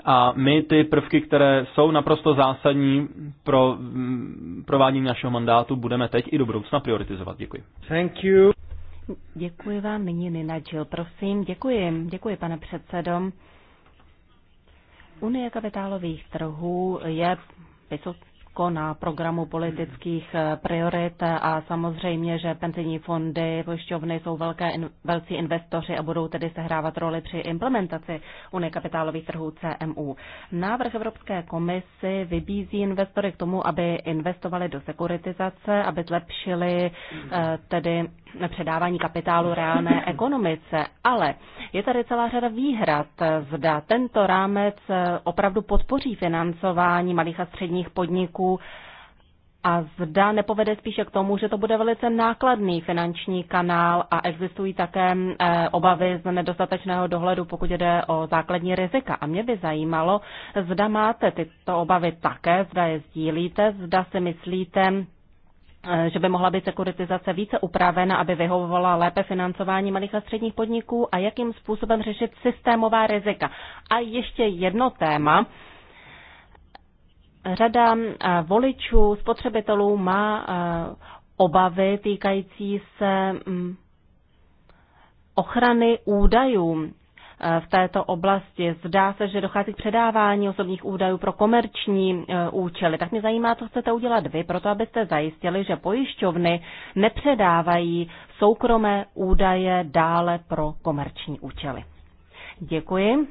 A my ty prvky, které jsou naprosto zásadní pro mm, provádění našeho mandátu, budeme teď i do budoucna prioritizovat. Děkuji. Thank you. Děkuji vám. Nyní Nina Jill, prosím. Děkuji. Děkuji, pane předsedo. Unie kapitálových trhů je vysoce na programu politických eh, priorit a samozřejmě, že penzijní fondy, pojišťovny jsou velké, velcí investoři a budou tedy sehrávat roli při implementaci Unie kapitálových trhů CMU. Návrh Evropské komisy vybízí investory k tomu, aby investovali do sekuritizace, aby zlepšili eh, tedy předávání kapitálu reálné ekonomice, ale je tady celá řada výhrad, eh, zda tento rámec opravdu podpoří financování malých a středních podniků podniků a zda nepovede spíše k tomu, že to bude velice nákladný finanční kanál a existují také eh, obavy z nedostatečného dohledu, pokud jde o základní rizika. A mě by zajímalo, zda máte tyto obavy také, zda je sdílíte, zda si myslíte, eh, že by mohla být sekuritizace více upravena, aby vyhovovala lépe financování malých a středních podniků a jakým způsobem řešit systémová rizika. A ještě jedno téma, řada eh, voličů, spotřebitelů má eh, obavy týkající se mm, ochrany údajů eh, v této oblasti. Zdá se, že dochází k předávání osobních údajů pro komerční účely. Tak mě zajímá, co chcete udělat vy, proto abyste zajistili, že pojišťovny nepředávají soukromé údaje dále pro komerční účely. Děkuji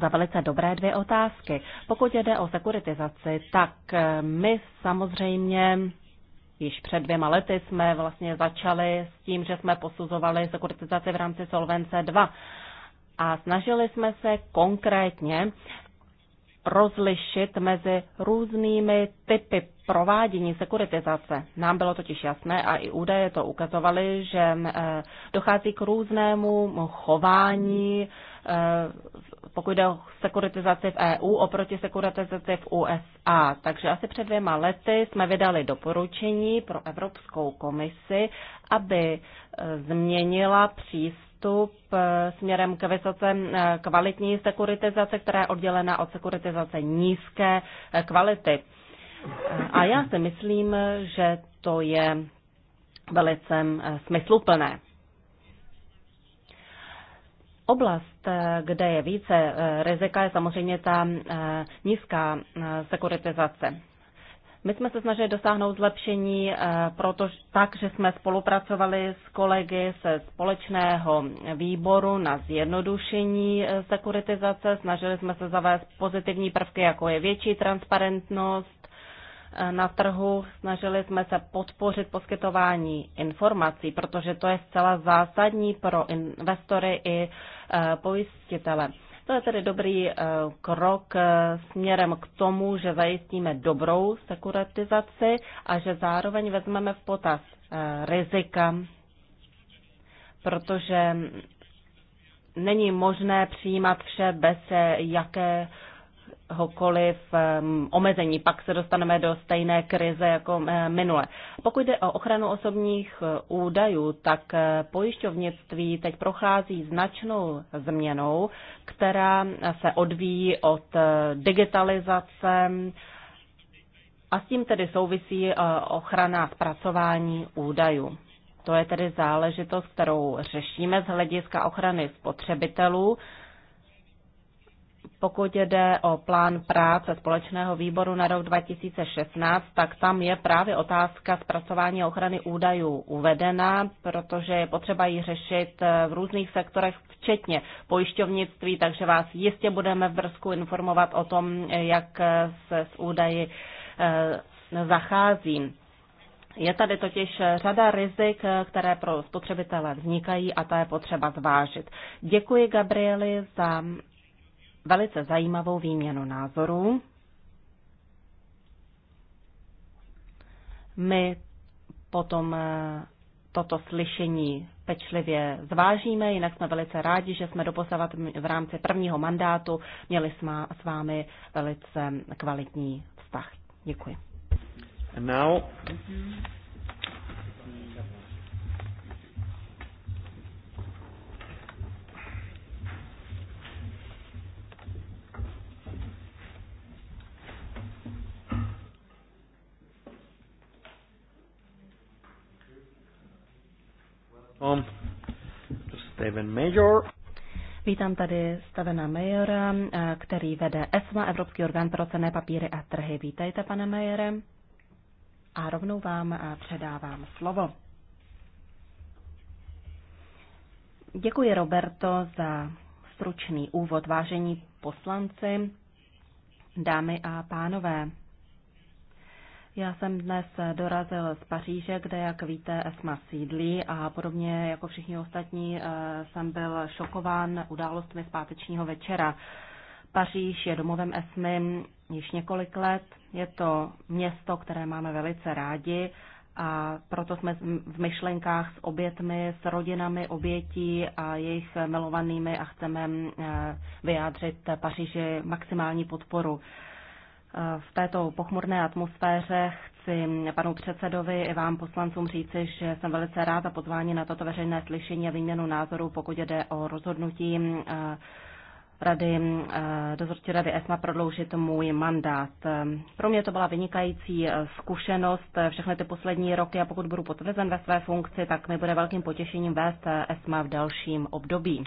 za velice dobré dvě otázky. Pokud jde o sekuritizaci, tak eh, my samozřejmě Již před dvěma lety jsme vlastně začali s tím, že jsme posuzovali sekuritizaci v rámci Solvence 2 a snažili jsme se konkrétně rozlišit mezi různými typy provádění sekuritizace. Nám bylo totiž jasné a i údaje to ukazovaly, že eh, dochází k různému chování eh, pokud jde o sekuritizaci v EU oproti sekuritizaci v USA. Takže asi před dvěma lety jsme vydali doporučení pro Evropskou komisi, aby e, změnila přístup e, směrem k vysoce e, kvalitní sekuritizaci, která je oddělena od sekuritizace nízké kvality. A já si myslím, že to je velice smysluplné. Oblast, eh, kde je více eh, rizika, je samozřejmě ta eh, nízká sekuritizace. My jsme se snažili dosáhnout zlepšení proto, tak, že jsme spolupracovali s kolegy se společného výboru na zjednodušení sekuritizace. Snažili jsme se zavést pozitivní prvky, jako je větší transparentnost, Eh, na trhu. Snažili jsme se podpořit poskytování informací, protože to je zcela zásadní pro investory i eh, pojistitele. To je tedy dobrý eh, krok směrem k tomu, že zajistíme dobrou sekuratizaci a že zároveň vezmeme v potaz rizika, protože není možné přijímat vše bez jaké jakéhokoliv omezení. Pak se dostaneme do stejné krize jako minule. Pokud jde o ochranu osobních e, údajů, tak e, pojišťovnictví teď prochází značnou změnou, která se odvíjí od e, digitalizace a s tím tedy souvisí ochrana zpracování údajů. To je tedy záležitost, kterou řešíme z hlediska ochrany spotřebitelů. Pokud jde o plán práce společného výboru na rok 2016, tak tam je právě otázka zpracování ochrany údajů uvedena, protože je potřeba ji řešit eh, v různých sektorech, včetně pojišťovnictví, takže vás jistě budeme v Brzku informovat o tom, eh, jak eh, se s údaji zachází. Je tady totiž řada rizik, které pro spotřebitele vznikají a ta je potřeba zvážit. Děkuji Gabrieli za velice zajímavou výměnu názorů. My potom eh, toto slyšení pečlivě zvážíme, jinak jsme velice rádi, že jsme doposavat v rámci prvního mandátu měli s vámi velice kvalitní vztah. Děkuji. And now, Um, Steven Major. Vítám tady Stavena Majora, eh, který vede ESMA, Evropský orgán pro cené papíry a trhy. Vítejte, pane Majere. A rovnou vám eh, předávám slovo. Děkuji, Roberto, za stručný úvod. Vážení poslanci, dámy a pánové, já jsem dnes dorazil z Paříže, kde, jak víte, ESMA sídlí a podobně jako všichni ostatní eh, jsem byl šokován událostmi z pátečního večera. Paříž je domovem ESMY již několik let, je to město, které máme velice rádi a proto jsme v myšlenkách s obětmi, s rodinami obětí a jejich milovanými a chceme eh, vyjádřit Paříži maximální podporu v této pochmurné atmosféře chci panu předsedovi i vám poslancům říci, že jsem velice rád za pozvání na toto veřejné slyšení a výměnu názorů, pokud jde o rozhodnutí eh, rady, eh, dozorčí rady ESMA prodloužit můj mandát. Pro mě to byla vynikající eh, zkušenost všechny ty poslední roky a pokud budu potvrzen ve své funkci, tak mi bude velkým potěšením vést ESMA v dalším období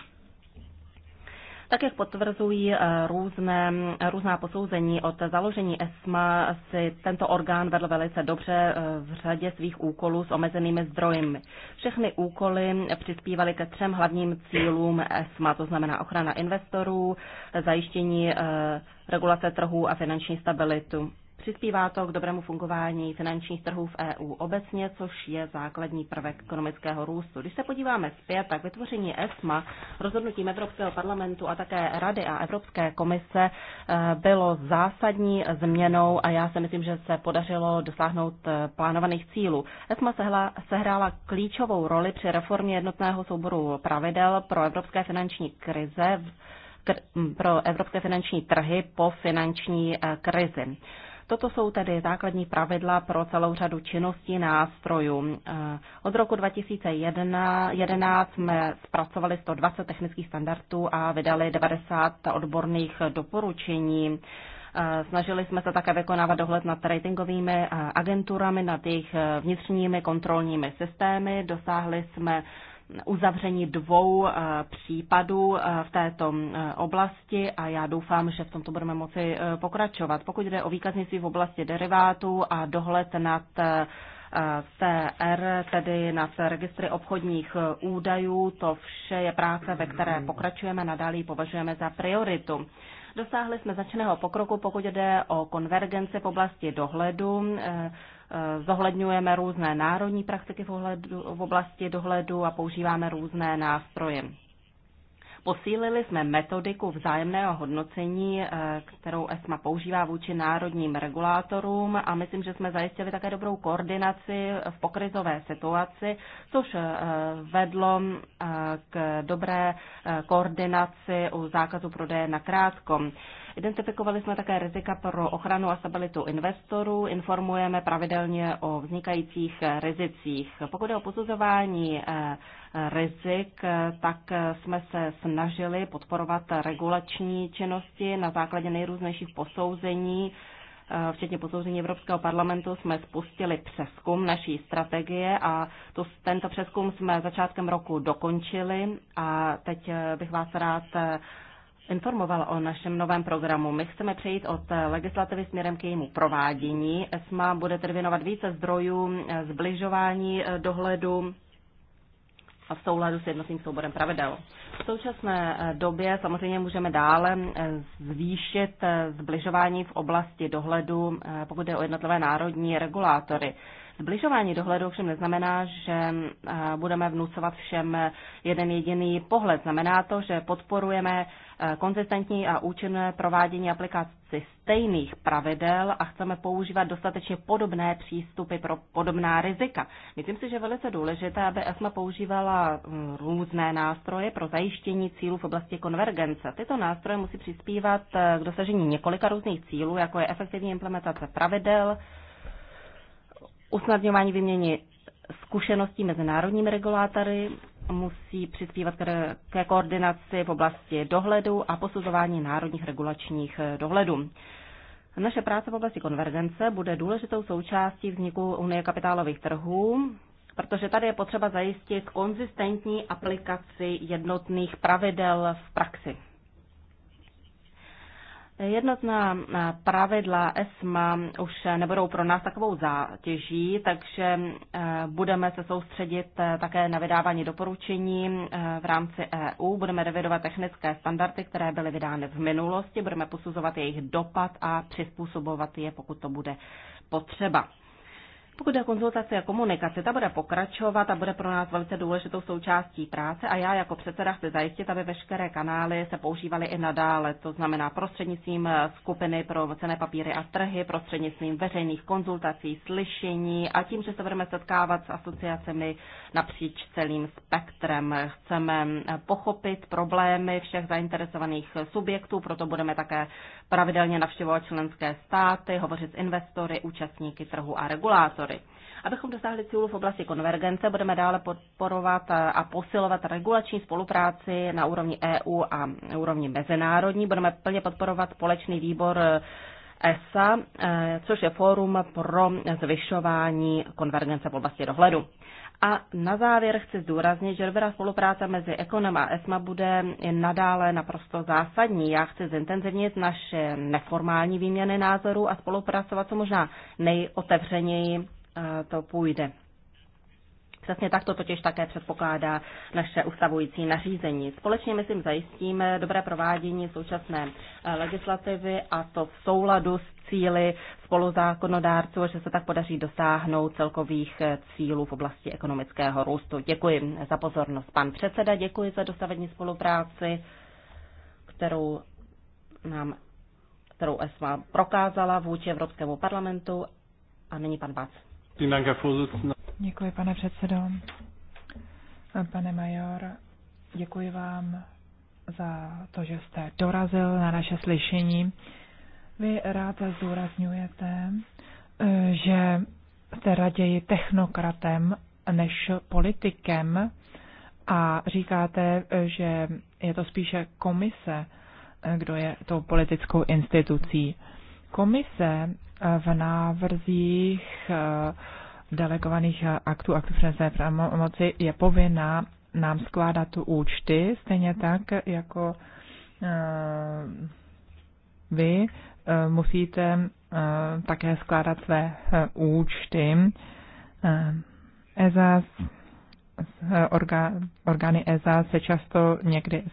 tak jak potvrzují eh, různé, eh, různá posouzení od založení ESMA, si tento orgán vedl velice dobře eh, v řadě svých úkolů s omezenými zdroji. Všechny úkoly přispívaly ke třem hlavním cílům ESMA, to znamená ochrana investorů, zajištění regulace trhů a finanční stabilitu. Přispívá to k dobrému fungování finančních trhů v EU obecně, což je základní prvek ekonomického růstu. Když se podíváme zpět, tak vytvoření ESMA rozhodnutím Evropského parlamentu a také Rady a Evropské komise eh, bylo zásadní změnou a já si myslím, že se podařilo dosáhnout eh, plánovaných cílů. ESMA sehrála klíčovou roli při reformě jednotného souboru pravidel pro evropské finanční krize pro evropské finanční trhy po finanční eh, krizi. Toto jsou tedy základní pravidla pro celou řadu činností nástrojů. Eh, od roku 2011 jsme zpracovali 120 technických standardů a vydali 90 odborných doporučení. Eh, snažili jsme se také vykonávat dohled nad ratingovými eh, agenturami, nad jejich vnitřními kontrolními systémy. Dosáhli jsme uzavření dvou eh, případů eh, v této eh, oblasti a já doufám, že v tomto budeme moci pokračovat. Pokud jde o výkaznictví v oblasti derivátů a dohled nad CR, tedy nad registry obchodních údajů, to vše je práce, ve které pokračujeme, nadále považujeme za prioritu. Dosáhli jsme značného pokroku, pokud jde o konvergenci v oblasti dohledu. Eh, zohledňujeme různé národní praktiky v, ohledu, v oblasti dohledu a používáme různé nástroje. Posílili jsme metodiku vzájemného hodnocení, eh, kterou ESMA používá vůči národním regulátorům a myslím, že jsme zajistili také dobrou koordinaci v pokrizové situaci, což eh, vedlo k dobré koordinaci u zákazu prodeje na krátkom. Identifikovali jsme také rizika pro ochranu a stabilitu investorů, informujeme pravidelně o vznikajících rizicích. Pokud je o posuzování eh, rizik, eh, tak eh, jsme se snažili podporovat regulační činnosti na základě nejrůznějších posouzení, včetně posouzení Evropského parlamentu, jsme spustili přeskum naší strategie a to, tento přeskum jsme začátkem roku dokončili a teď bych vás rád informoval o našem novém programu. My chceme přejít od legislativy směrem k jejímu provádění. ESMA bude tedy věnovat více zdrojů eh, zbližování eh, dohledu a v souladu s jednotným souborem pravidel. V současné eh, době samozřejmě můžeme dále zvýšit zbližování v oblasti dohledu, pokud je o jednotlivé národní regulátory. Zbližování dohledu ovšem neznamená, že eh, budeme vnucovat všem jeden jediný pohled. Znamená to, že podporujeme eh, konzistentní a účinné provádění aplikaci stejných pravidel a chceme používat dostatečně podobné přístupy pro podobná rizika. Myslím si, že je velice důležité, aby ESMA používala mm, různé nástroje pro zajištění cílů v oblasti konvergence. Tyto nástroje musí přispívat eh, k dosažení několika různých cílů, jako je efektivní implementace pravidel, usnadňování vyměny zkušeností mezi národními regulátory musí přispívat ke koordinaci v oblasti dohledu a posuzování národních regulačních eh, dohledů. Naše práce v oblasti konvergence bude důležitou součástí vzniku Unie kapitálových trhů, protože tady je potřeba zajistit konzistentní aplikaci jednotných pravidel v praxi. Jednotná eh, pravidla ESMA už eh, nebudou pro nás takovou zátěží, takže eh, budeme se soustředit také na vydávání doporučení v rámci EU. Budeme revidovat technické standardy, které byly vydány v minulosti, budeme posuzovat jejich dopad a přizpůsobovat je, pokud to bude potřeba. Pokud je konzultace a komunikace, ta bude pokračovat a bude pro nás velice důležitou součástí práce a já jako předseda chci zajistit, aby veškeré kanály se používaly i nadále, to znamená prostřednictvím eh, skupiny pro cené papíry a trhy, prostřednictvím veřejných konzultací, slyšení a tím, že se budeme setkávat s asociacemi napříč celým spektrem. Chceme eh, pochopit problémy všech zainteresovaných subjektů, proto budeme také pravidelně navštěvovat členské státy, hovořit s investory, účastníky trhu a regulátory. Abychom dosáhli cílů v oblasti konvergence, budeme dále podporovat eh, a posilovat regulační spolupráci na úrovni EU a úrovni mezinárodní. Budeme plně podporovat společný výbor eh, ESA, eh, což je Fórum pro zvyšování konvergence v oblasti dohledu. A na závěr chci zdůraznit, že dobrá spolupráce mezi Ekonem a ESMA bude nadále naprosto zásadní. Já chci zintenzivnit naše neformální výměny názorů a spolupracovat co možná nejotevřeněji eh, to půjde. Přesně tak to totiž také předpokládá naše ustavující nařízení. Společně my si zajistíme dobré provádění současné eh, legislativy a to v souladu s cíly spoluzákonodárců, že se tak podaří dosáhnout celkových eh, cílů v oblasti ekonomického růstu. Děkuji za pozornost, pan předseda, děkuji za dostavení spolupráci, kterou nám kterou ESMA prokázala vůči Evropskému parlamentu. A nyní pan Bác. Děkuji, pane předsedo. Pane major, děkuji vám za to, že jste dorazil na naše slyšení. Vy rád zdůrazňujete, že jste raději technokratem než politikem a říkáte, že je to spíše komise, kdo je tou politickou institucí. Komise v návrzích delegovaných aktů, aktů přenesené pravomoci, je povinná nám skládat tu účty, stejně tak jako eh, vy eh, musíte eh, také skládat své účty. ESAS, orgány EZA se často někdy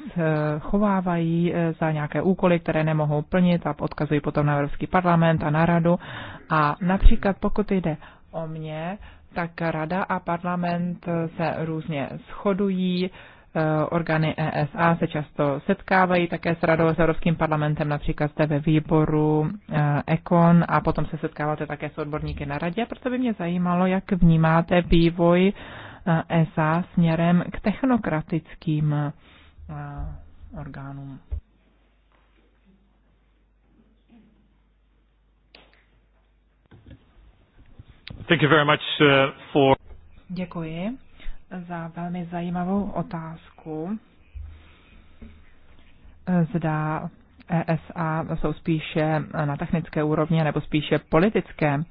chovávají za nějaké úkoly, které nemohou plnit a odkazují potom na Evropský parlament a na radu. A například pokud jde o mě, tak rada a parlament se různě shodují, eh, orgány ESA se často setkávají také s radou s Evropským parlamentem, například jste ve výboru eh, ECON a potom se setkáváte také s odborníky na radě. Proto by mě zajímalo, jak vnímáte vývoj ESA eh, e směrem k technokratickým orgánům. Thank you very much uh, for... Děkuji za velmi zajímavou otázku. Zda ESA jsou spíše na technické úrovni nebo spíše politické.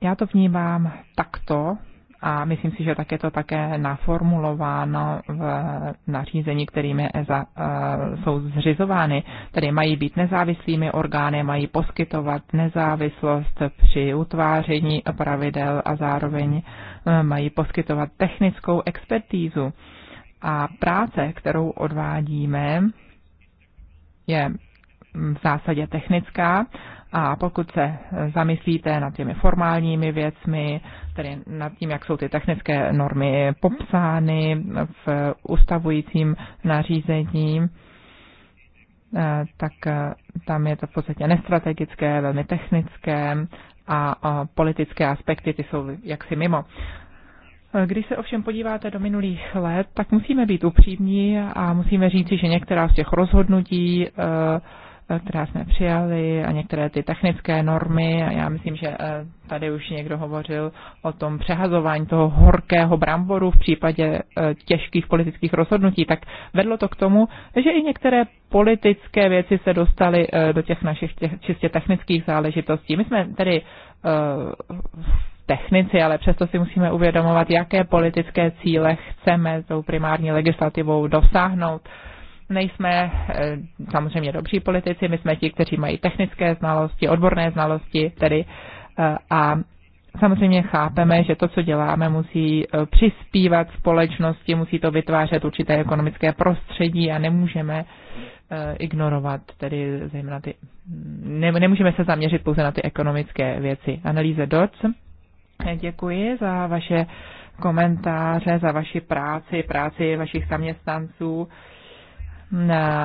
Já to vnímám takto, a myslím si, že tak je to také naformulováno v nařízení, kterými ESA eh, jsou zřizovány. Tedy mají být nezávislými orgány, mají poskytovat nezávislost při utváření pravidel a zároveň eh, mají poskytovat technickou expertízu. A práce, kterou odvádíme, je v zásadě technická a pokud se eh, zamyslíte nad těmi formálními věcmi, tedy nad tím, jak jsou ty technické normy popsány v ustavujícím nařízení, eh, tak eh, tam je to v podstatě nestrategické, velmi technické a politické aspekty, ty jsou jaksi mimo. Když se ovšem podíváte do minulých let, tak musíme být upřímní a musíme říci, že některá z těch rozhodnutí která jsme přijali a některé ty technické normy. A já myslím, že eh, tady už někdo hovořil o tom přehazování toho horkého bramboru v případě eh, těžkých politických rozhodnutí, tak vedlo to k tomu, že i některé politické věci se dostaly eh, do těch našich těch čistě technických záležitostí. My jsme tedy technici, ale přesto si musíme uvědomovat, jaké politické cíle chceme tou primární legislativou dosáhnout nejsme eh, samozřejmě dobří politici, my jsme ti, kteří mají technické znalosti, odborné znalosti, tedy eh, a Samozřejmě chápeme, že to, co děláme, musí eh, přispívat společnosti, musí to vytvářet určité ekonomické prostředí a nemůžeme ignorovat, tedy zejména ty, ne, nemůžeme se zaměřit pouze na ty ekonomické věci. Analýze DOC, děkuji za vaše komentáře, za vaši práci, práci vašich zaměstnanců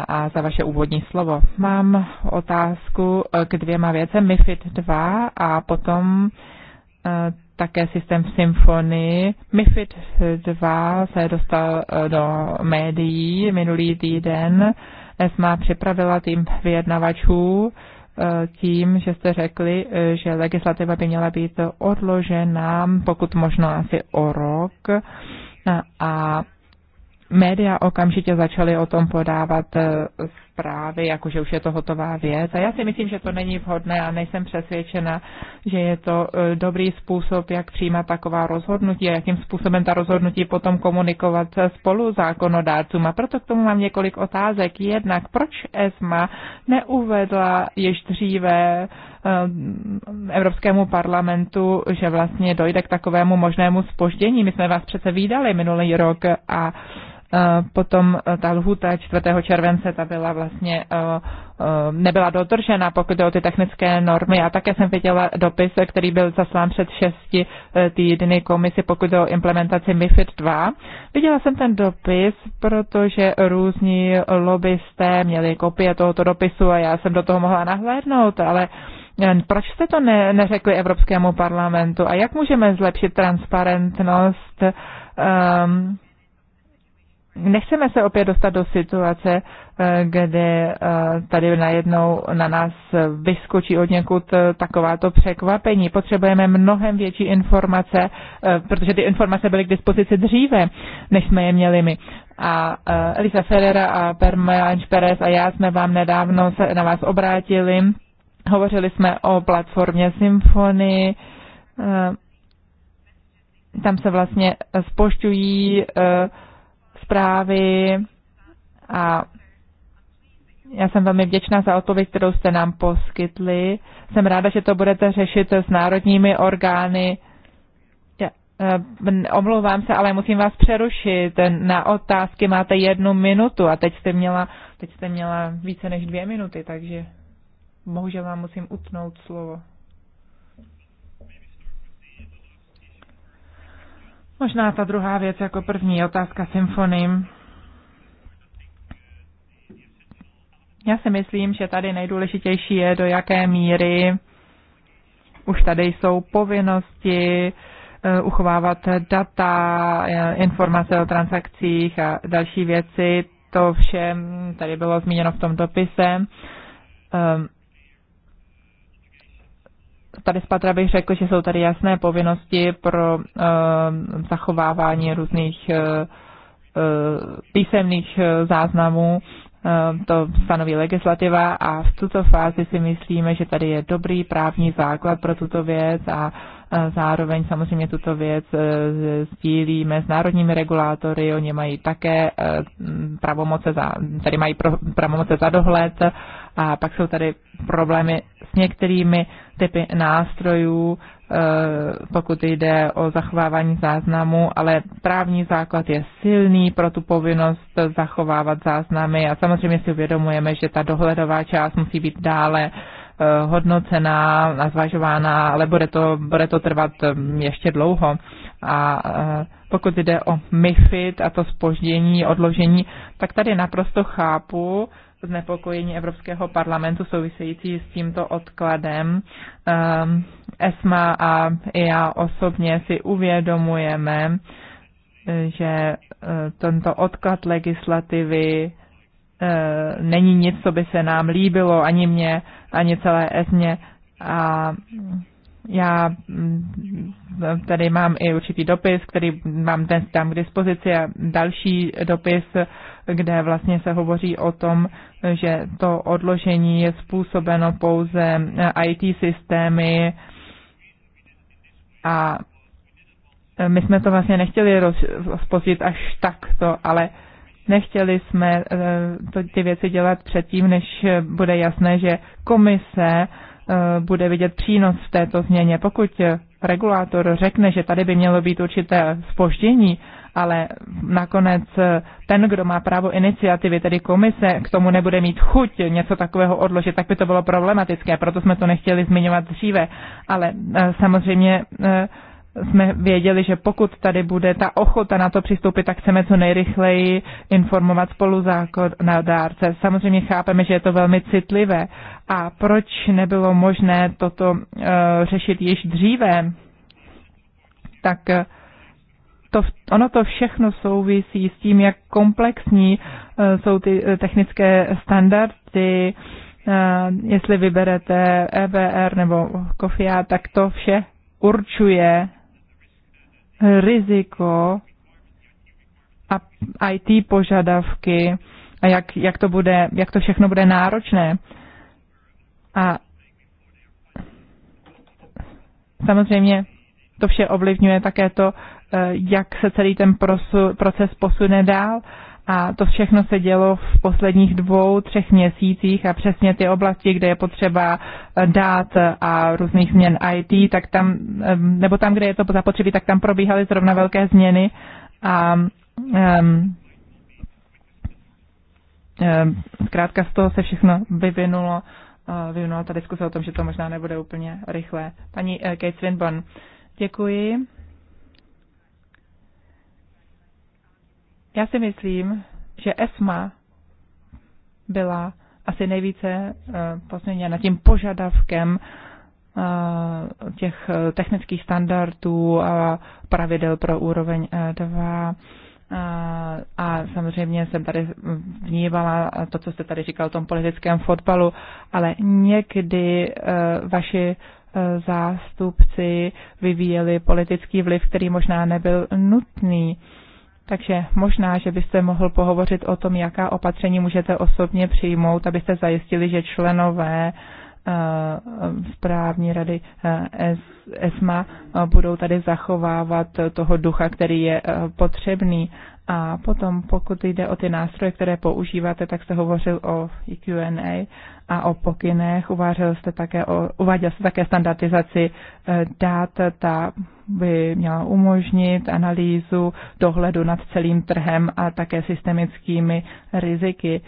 a za vaše úvodní slovo. Mám otázku eh, k dvěma věcem, MIFID 2 a potom eh, také systém Symfony. MIFID 2 se dostal eh, do médií minulý týden. ESMA připravila tým vyjednavačů tím, že jste řekli, že legislativa by měla být odložena pokud možno asi o rok a média okamžitě začaly o tom podávat eh, zprávy, jakože už je to hotová věc. A já si myslím, že to není vhodné a nejsem přesvědčena, že je to eh, dobrý způsob, jak přijímat taková rozhodnutí a jakým způsobem ta rozhodnutí potom komunikovat eh, spolu zákonodárcům. A proto k tomu mám několik otázek. Jednak, proč ESMA neuvedla již dříve Evropskému parlamentu, že vlastně dojde k takovému možnému spoždění. My jsme vás přece výdali minulý rok a potom e, ta lhuta 4. července ta byla vlastně e, e, nebyla dodržena, pokud jde o ty technické normy. A také jsem viděla dopis, který byl zaslán před šesti týdny komisi, pokud jde o implementaci MIFID 2. Viděla jsem ten dopis, protože různí lobbysté měli kopie tohoto dopisu a já jsem do toho mohla nahlédnout, ale proč jste to ne, neřekli Evropskému parlamentu a jak můžeme zlepšit transparentnost um, nechceme se opět dostat do situace, eh, kde eh, tady najednou na nás vyskočí od někud eh, takováto překvapení. Potřebujeme mnohem větší informace, protože ty informace byly k dispozici dříve, než jsme je měli my. A Elisa Ferrera a Permeanč Perez a já jsme vám nedávno se na vás obrátili. Hovořili jsme o platformě Symfony, tam se vlastně spošťují zprávy a já jsem velmi vděčná za odpověď, kterou jste nám poskytli. Jsem ráda, že to budete řešit s národními orgány. Eh, omlouvám se, ale musím vás přerušit. Na otázky máte jednu minutu a teď jste měla, teď jste měla více než dvě minuty, takže bohužel vám musím utnout slovo. Možná ta druhá věc jako první otázka symfoním. Já si myslím, že tady nejdůležitější je, do jaké míry už tady jsou povinnosti eh, uchovávat data, eh, informace o transakcích a další věci. To vše tady bylo zmíněno v tom dopise. Ehm, tady Patra bych řekl, že jsou tady jasné povinnosti pro eh, zachovávání různých eh, eh, písemných záznamů, to stanoví legislativa a v tuto fázi si myslíme, že tady je dobrý právní základ pro tuto věc a zároveň samozřejmě tuto věc sdílíme s národními regulátory, oni mají také pravomoce za, tady mají pravomoce za dohled a pak jsou tady problémy s některými typy nástrojů, e, pokud jde o zachovávání záznamů, ale právní základ je silný pro tu povinnost zachovávat záznamy a samozřejmě si uvědomujeme, že ta dohledová část musí být dále e, hodnocená a zvažována, ale bude to, bude to trvat e, ještě dlouho. A pokud jde o MIFID a to spoždění, odložení, tak tady naprosto chápu, znepokojení Evropského parlamentu související s tímto odkladem. Ehm, ESMA a i já osobně si uvědomujeme, že e, tento odklad legislativy e, není nic, co by se nám líbilo, ani mě, ani celé ESMě. A já mm, tady mám i určitý dopis, který mám ten tam k dispozici a další dopis, kde vlastně se hovoří o tom, že to odložení je způsobeno pouze IT systémy a my jsme to vlastně nechtěli rozpozit až takto, ale nechtěli jsme eh, to, ty věci dělat předtím, než bude jasné, že komise Eh, bude vidět přínos v této změně. Pokud eh, regulátor řekne, že tady by mělo být určité spoždění, ale nakonec eh, ten, kdo má právo iniciativy, tedy komise, k tomu nebude mít chuť něco takového odložit, tak by to bylo problematické, proto jsme to nechtěli zmiňovat dříve. Ale samozřejmě jsme věděli, že pokud tady bude ta ochota na to přistoupit, tak chceme co nejrychleji informovat spolu dárce. Samozřejmě chápeme, že je to velmi citlivé a proč nebylo možné toto eh, řešit již dříve, tak eh, to, ono to všechno souvisí s tím, jak komplexní eh, jsou ty technické standardy, jestli vyberete EBR nebo kofia, tak to vše určuje riziko a IT požadavky a jak, jak, to bude, jak to všechno bude náročné. A samozřejmě to vše ovlivňuje také to, eh, jak se celý ten proces posune dál. A to všechno se dělo v posledních dvou, třech měsících a přesně ty oblasti, kde je potřeba eh, dát eh, a různých změn IT, tak tam, nebo tam, kde je to zapotřebí, tak tam probíhaly zrovna velké změny a um, zkrátka z toho se všechno vyvinulo vyvinula ta diskuse o tom, že to možná nebude úplně rychlé. Paní eh, Kate Swinburn, děkuji. Já si myslím, že ESMA byla asi nejvíce eh, pozměněna tím požadavkem eh, těch technických standardů a pravidel pro úroveň 2 a samozřejmě jsem tady vnívala to, co jste tady říkal o tom politickém fotbalu, ale někdy eh, vaši eh, zástupci vyvíjeli politický vliv, který možná nebyl nutný. Takže možná, že byste mohl pohovořit o tom, jaká opatření můžete osobně přijmout, abyste zajistili, že členové správní eh, rady eh, ESMA eh, budou tady zachovávat toho ducha, který je potřebný. A potom, pokud jde o ty nástroje, které používáte, tak jste hovořil o Q&A a o pokynech. Uvážel jste také o, uváděl jste také standardizaci dát, ta by měla umožnit analýzu dohledu nad celým trhem a také systemickými riziky.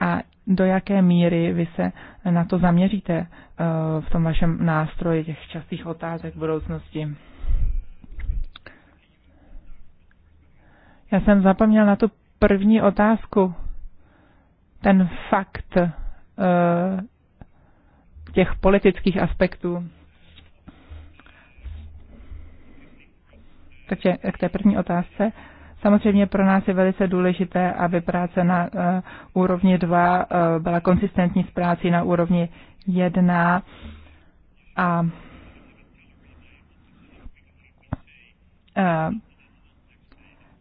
A do jaké míry vy se na to zaměříte eh, v tom vašem nástroji těch častých otázek v budoucnosti? Já jsem zapomněl na tu první otázku. Ten fakt eh, těch politických aspektů. Takže k té první otázce. Samozřejmě pro nás je velice důležité, aby práce na eh, úrovni 2 eh, byla konsistentní s práci na úrovni 1 a eh,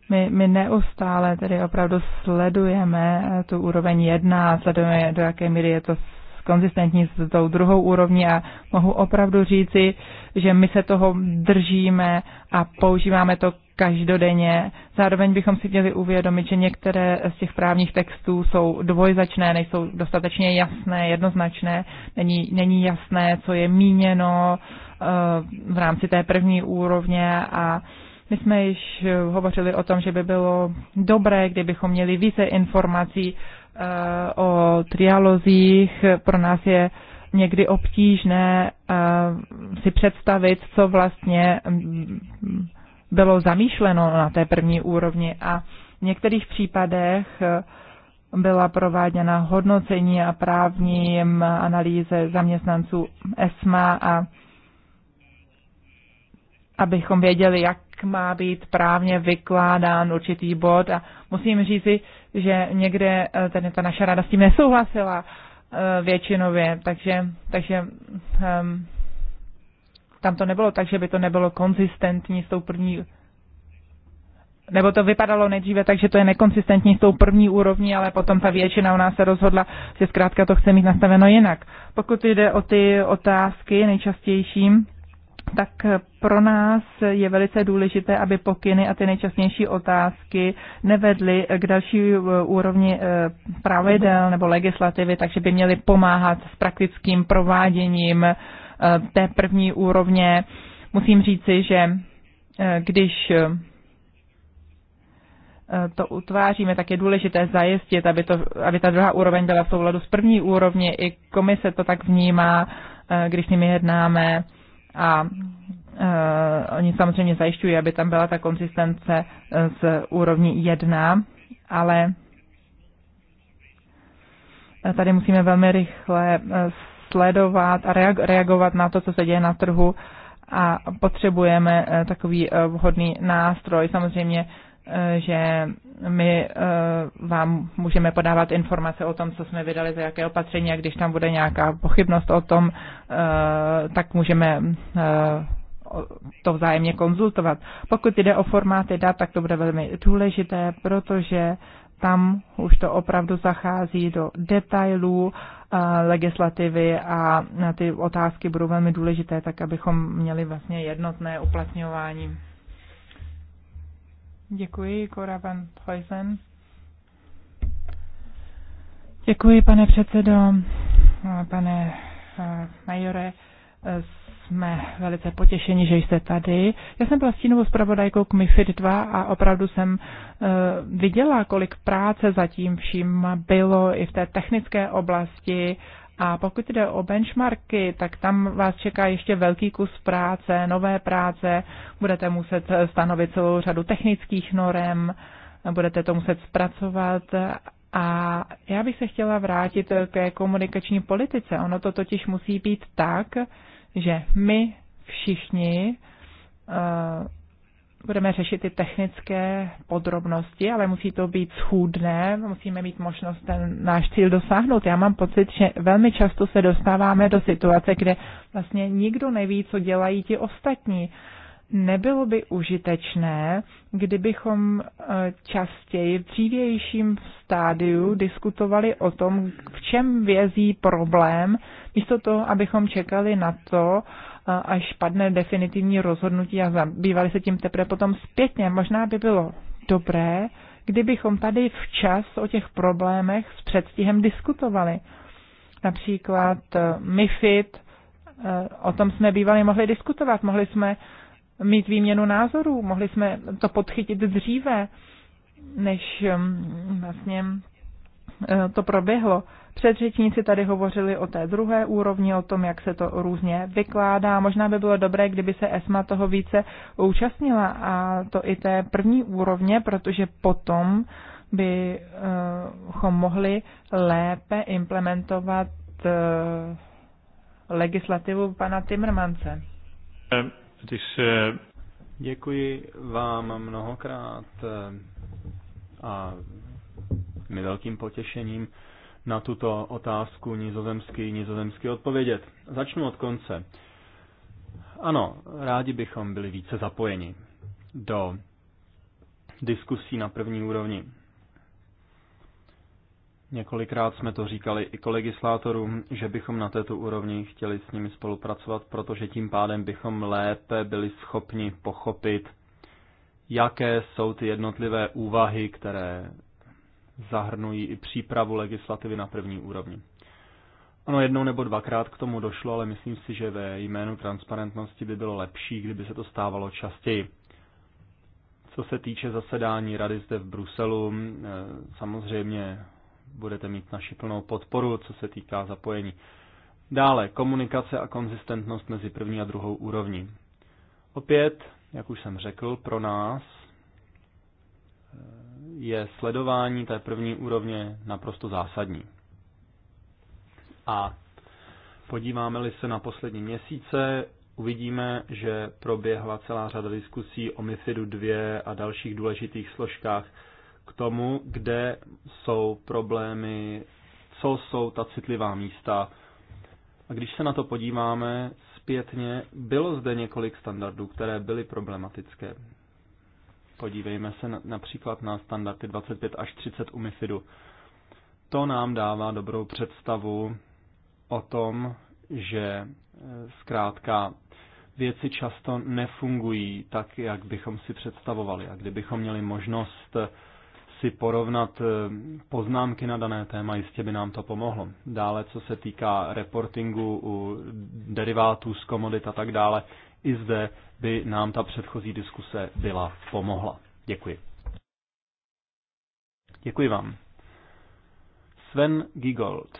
my, my neustále tedy opravdu sledujeme tu úroveň jedna, sledujeme, do jaké míry je to konzistentní s tou druhou úrovní a mohu opravdu říci, že my se toho držíme a používáme to každodenně. Zároveň bychom si měli uvědomit, že některé z těch právních textů jsou dvojzačné, nejsou dostatečně jasné, jednoznačné, není, není jasné, co je míněno eh, v rámci té první úrovně a my jsme již hovořili o tom, že by bylo dobré, kdybychom měli více informací eh, o trialozích. Pro nás je někdy obtížné eh, si představit, co vlastně mm, bylo zamýšleno na té první úrovni a v některých případech eh, byla prováděna hodnocení a právní analýze zaměstnanců ESMA a abychom věděli, jak má být právně vykládán určitý bod a musím říci, že někde eh, tady ta naše rada s tím nesouhlasila eh, většinově, takže, takže um, tam to nebylo tak, že by to nebylo konzistentní s tou první nebo to vypadalo nejdříve tak, že to je nekonsistentní s tou první úrovní, ale potom ta většina u nás se rozhodla, že zkrátka to chce mít nastaveno jinak. Pokud jde o ty otázky nejčastějším, tak pro nás je velice důležité, aby pokyny a ty nejčastnější otázky nevedly k další eh, úrovni eh, pravidel nebo legislativy, takže by měly pomáhat s praktickým prováděním Eh, té první úrovně. Musím říci, že eh, když eh, to utváříme, tak je důležité zajistit, aby, to, aby ta druhá úroveň byla v souladu s první úrovně I komise to tak vnímá, když s nimi jednáme a oni samozřejmě zajišťují, aby tam byla ta konzistence z úrovní 1, ale tady musíme velmi rychle sledovat a reagovat na to, co se děje na trhu a potřebujeme eh, takový eh, vhodný nástroj. Samozřejmě, eh, že my vám můžeme podávat informace o tom, co jsme vydali za jaké opatření a když tam bude nějaká pochybnost o tom, tak můžeme to vzájemně konzultovat. Pokud jde o formáty dat, tak to bude velmi důležité, protože tam už to opravdu zachází do detailů eh, legislativy a ty otázky budou velmi důležité, tak abychom měli vlastně jednotné uplatňování. Děkuji, Kora van Huysen. Děkuji, pane předsedo, pane eh, majore. Eh, jsme velice potěšeni, že jste tady. Já jsem byla stínovou zpravodajkou k MIFID 2 a opravdu jsem uh, viděla, kolik práce zatím vším bylo i v té technické oblasti. A pokud jde o benchmarky, tak tam vás čeká ještě velký kus práce, nové práce, budete muset stanovit celou řadu technických norem, budete to muset zpracovat a já bych se chtěla vrátit ke komunikační politice. Ono to totiž musí být tak, že my všichni uh, budeme řešit ty technické podrobnosti, ale musí to být schůdné, musíme mít možnost ten náš cíl dosáhnout. Já mám pocit, že velmi často se dostáváme do situace, kde vlastně nikdo neví, co dělají ti ostatní. Nebylo by užitečné, kdybychom eh, častěji v dřívějším stádiu diskutovali o tom, v čem vězí problém, Místo toho, abychom čekali na to, až padne definitivní rozhodnutí a zabývali se tím teprve potom zpětně, možná by bylo dobré, kdybychom tady včas o těch problémech s předstihem diskutovali. Například e, MIFID, e, o tom jsme bývali mohli diskutovat, mohli jsme mít výměnu názorů, mohli jsme to podchytit dříve, než mm, vlastně Eh, to proběhlo. Předřečníci tady hovořili o té druhé úrovni, o tom, jak se to různě vykládá. Možná by bylo dobré, kdyby se ESMA toho více účastnila a to i té první úrovně, protože potom bychom eh, mohli lépe implementovat eh, legislativu pana Timmermance. Děkuji vám mnohokrát a mi velkým potěšením na tuto otázku nizozemsky, nizozemsky odpovědět. Začnu od konce. Ano, rádi bychom byli více zapojeni do diskusí na první úrovni. Několikrát jsme to říkali i kolegislátorům, že bychom na této úrovni chtěli s nimi spolupracovat, protože tím pádem bychom lépe byli schopni pochopit, jaké jsou ty jednotlivé úvahy, které zahrnují i přípravu legislativy na první úrovni. Ano, jednou nebo dvakrát k tomu došlo, ale myslím si, že ve jménu transparentnosti by bylo lepší, kdyby se to stávalo častěji. Co se týče zasedání rady zde v Bruselu, eh, samozřejmě budete mít naši plnou podporu, co se týká zapojení. Dále, komunikace a konzistentnost mezi první a druhou úrovní. Opět, jak už jsem řekl, pro nás eh, je sledování té první úrovně naprosto zásadní. A podíváme-li se na poslední měsíce, uvidíme, že proběhla celá řada diskusí o MIFIDu 2 a dalších důležitých složkách k tomu, kde jsou problémy, co jsou ta citlivá místa. A když se na to podíváme zpětně, bylo zde několik standardů, které byly problematické. Podívejme se na, například na standardy 25 až 30 u MIFIDu. To nám dává dobrou představu o tom, že eh, zkrátka věci často nefungují tak, jak bychom si představovali. A kdybychom měli možnost eh, si porovnat eh, poznámky na dané téma, jistě by nám to pomohlo. Dále, co se týká reportingu u derivátů z komodit a tak dále, i zde by nám ta předchozí diskuse byla pomohla. Děkuji. Děkuji vám. Sven Gigold.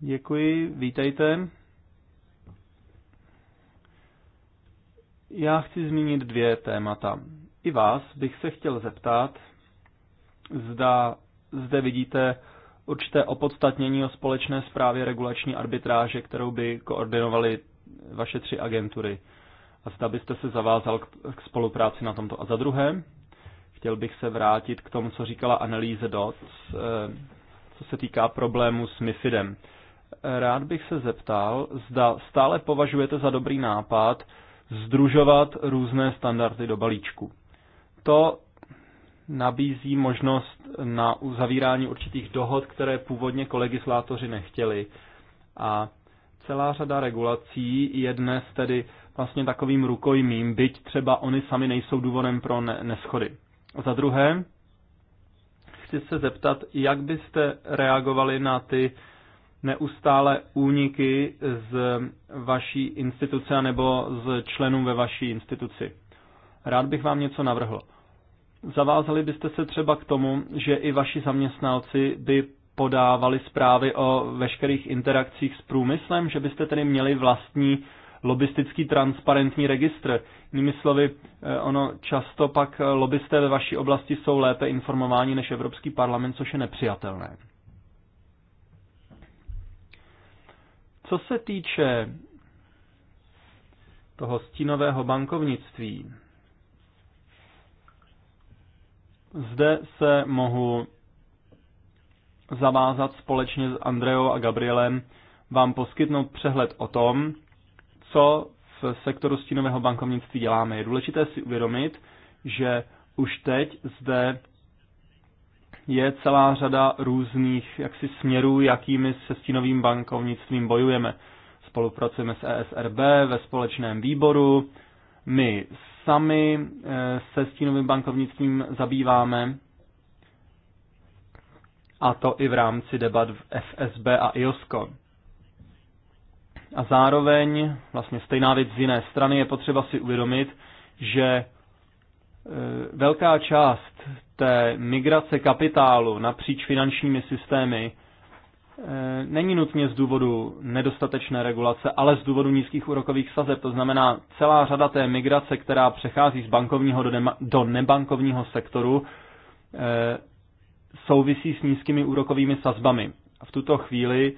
Děkuji, vítejte. Já chci zmínit dvě témata. I vás bych se chtěl zeptat, zda zde vidíte určité opodstatnění o společné zprávě regulační arbitráže, kterou by koordinovali vaše tři agentury a zda byste se zavázal k spolupráci na tomto. A za druhé, chtěl bych se vrátit k tomu, co říkala Annelise Dodds, eh, co se týká problému s MIFIDem. Eh, rád bych se zeptal, zda stále považujete za dobrý nápad združovat různé standardy do balíčku. To nabízí možnost na uzavírání určitých dohod, které původně kolegislátoři nechtěli. A Celá řada regulací je dnes tedy vlastně takovým rukojmím, byť třeba oni sami nejsou důvodem pro ne- neschody. Za druhé, chci se zeptat, jak byste reagovali na ty neustále úniky z vaší instituce nebo z členů ve vaší instituci. Rád bych vám něco navrhl. Zavázali byste se třeba k tomu, že i vaši zaměstnanci by podávali zprávy o veškerých interakcích s průmyslem, že byste tedy měli vlastní lobistický transparentní registr. Jinými slovy, eh, ono často pak eh, lobbysté ve vaší oblasti jsou lépe informováni než Evropský parlament, což je nepřijatelné. Co se týče toho stínového bankovnictví, zde se mohu zavázat společně s Andreou a Gabrielem vám poskytnout přehled o tom, co v sektoru stínového bankovnictví děláme. Je důležité si uvědomit, že už teď zde je celá řada různých jaksi směrů, jakými se stínovým bankovnictvím bojujeme. Spolupracujeme s ESRB ve společném výboru, my sami eh, se stínovým bankovnictvím zabýváme a to i v rámci debat v FSB a IOSCO. A zároveň, vlastně stejná věc z jiné strany, je potřeba si uvědomit, že e, velká část té migrace kapitálu napříč finančními systémy e, není nutně z důvodu nedostatečné regulace, ale z důvodu nízkých úrokových sazeb. To znamená, celá řada té migrace, která přechází z bankovního do, do nebankovního sektoru, e, souvisí s nízkými úrokovými sazbami. V tuto chvíli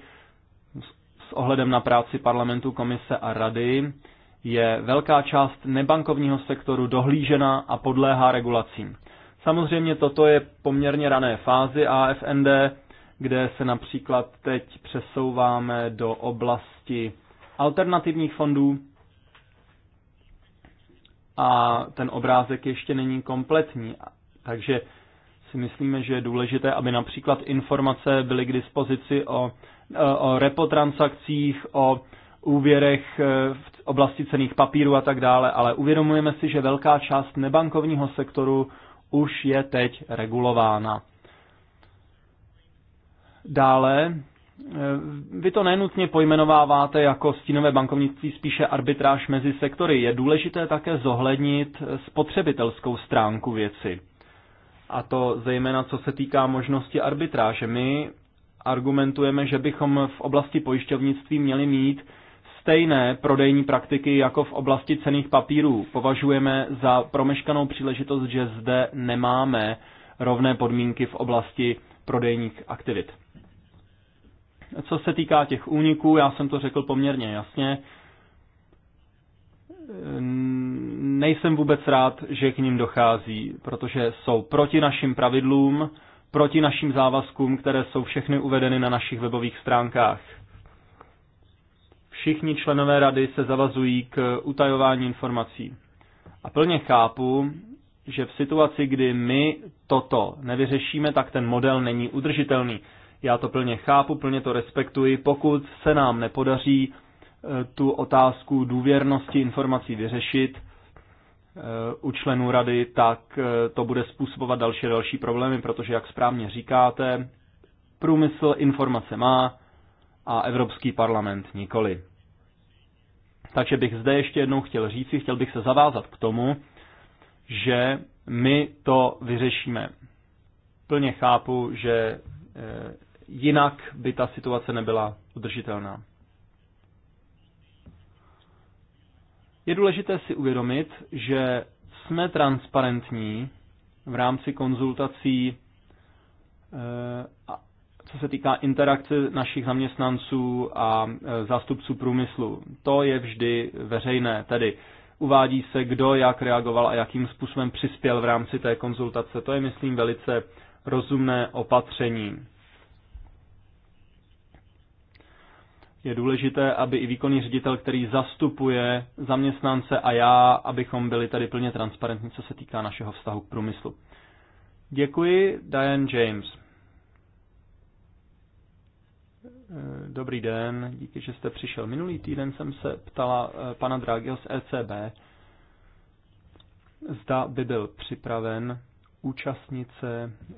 s ohledem na práci parlamentu, komise a rady je velká část nebankovního sektoru dohlížena a podléhá regulacím. Samozřejmě toto je poměrně rané fázi AFND, kde se například teď přesouváme do oblasti alternativních fondů a ten obrázek ještě není kompletní. Takže si myslíme, že je důležité, aby například informace byly k dispozici o, e, o repotransakcích, o úvěrech e, v oblasti cených papírů a tak dále, ale uvědomujeme si, že velká část nebankovního sektoru už je teď regulována. Dále, e, vy to nenutně pojmenováváte jako stínové bankovnictví, spíše arbitráž mezi sektory. Je důležité také zohlednit spotřebitelskou stránku věci a to zejména co se týká možnosti arbitráže. My argumentujeme, že bychom v oblasti pojišťovnictví měli mít stejné prodejní praktiky jako v oblasti cených papírů. Považujeme za promeškanou příležitost, že zde nemáme rovné podmínky v oblasti prodejních aktivit. Co se týká těch úniků, já jsem to řekl poměrně jasně nejsem vůbec rád, že k ním dochází, protože jsou proti našim pravidlům, proti našim závazkům, které jsou všechny uvedeny na našich webových stránkách. Všichni členové rady se zavazují k utajování informací. A plně chápu, že v situaci, kdy my toto nevyřešíme, tak ten model není udržitelný. Já to plně chápu, plně to respektuji. Pokud se nám nepodaří eh, tu otázku důvěrnosti informací vyřešit, Eh, u členů rady, tak eh, to bude způsobovat další a další problémy, protože, jak správně říkáte, průmysl informace má a Evropský parlament nikoli. Takže bych zde ještě jednou chtěl říci, chtěl bych se zavázat k tomu, že my to vyřešíme. Plně chápu, že eh, jinak by ta situace nebyla udržitelná. Je důležité si uvědomit, že jsme transparentní v rámci konzultací, eh, co se týká interakce našich zaměstnanců a eh, zástupců průmyslu. To je vždy veřejné, tedy uvádí se, kdo jak reagoval a jakým způsobem přispěl v rámci té konzultace. To je, myslím, velice rozumné opatření. je důležité, aby i výkonný ředitel, který zastupuje zaměstnance a já, abychom byli tady plně transparentní, co se týká našeho vztahu k průmyslu. Děkuji, Diane James. Eh, dobrý den, díky, že jste přišel. Minulý týden jsem se ptala eh, pana Dragio z ECB, zda by byl připraven účastnit se eh,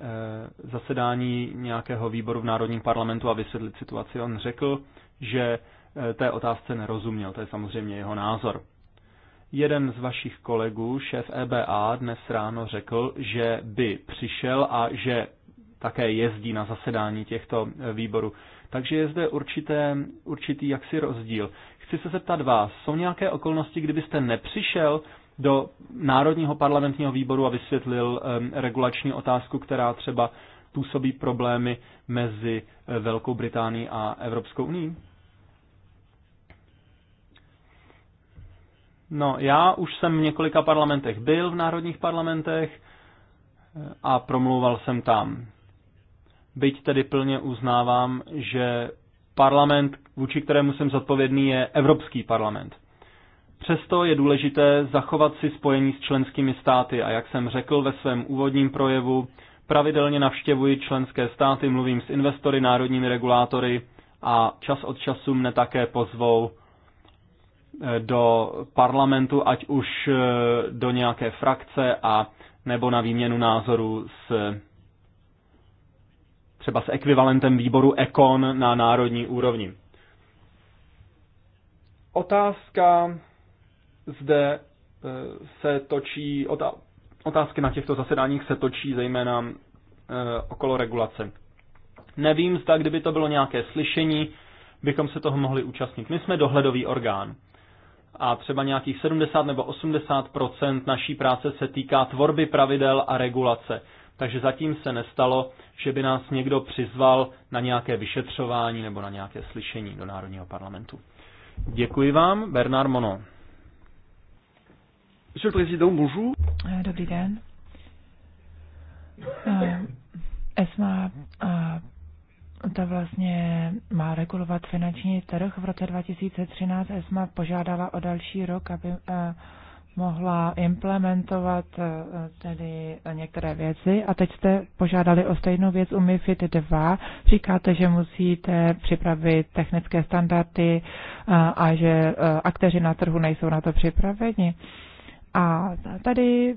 zasedání nějakého výboru v Národním parlamentu a vysvětlit situaci. On řekl, že eh, té otázce nerozuměl. To je samozřejmě jeho názor. Jeden z vašich kolegů, šéf EBA, dnes ráno řekl, že by přišel a že také jezdí na zasedání těchto eh, výborů. Takže je zde určité, určitý jaksi rozdíl. Chci se zeptat vás, jsou nějaké okolnosti, kdybyste nepřišel do Národního parlamentního výboru a vysvětlil um, regulační otázku, která třeba působí problémy mezi eh, Velkou Británií a Evropskou unii? No, já už jsem v několika parlamentech byl, v národních parlamentech, eh, a promlouval jsem tam. Byť tedy plně uznávám, že parlament, vůči kterému jsem zodpovědný, je Evropský parlament. Přesto je důležité zachovat si spojení s členskými státy a jak jsem řekl ve svém úvodním projevu, pravidelně navštěvuji členské státy, mluvím s investory, národními regulátory a čas od času mne také pozvou do parlamentu, ať už e, do nějaké frakce a nebo na výměnu názorů s třeba s ekvivalentem výboru Ekon na národní úrovni. Otázka zde e, se točí, otázky na těchto zasedáních se točí zejména e, okolo regulace. Nevím, zda kdyby to bylo nějaké slyšení, bychom se toho mohli účastnit. My jsme dohledový orgán a třeba nějakých 70 nebo 80 naší práce se týká tvorby pravidel a regulace. Takže zatím se nestalo, že by nás někdo přizval na nějaké vyšetřování nebo na nějaké slyšení do Národního parlamentu. Děkuji vám, Bernard Mono. Monsieur le Président, bonjour. Dobrý den. Eh, ESMA eh, ta vlastně má regulovat finanční trh. V roce 2013 ESMA požádala o další rok, aby eh, mohla implementovat eh, tedy některé věci a teď jste požádali o stejnou věc u MIFID 2. Říkáte, že musíte připravit technické standardy eh, a že akteři na trhu nejsou na to připraveni. A tady e,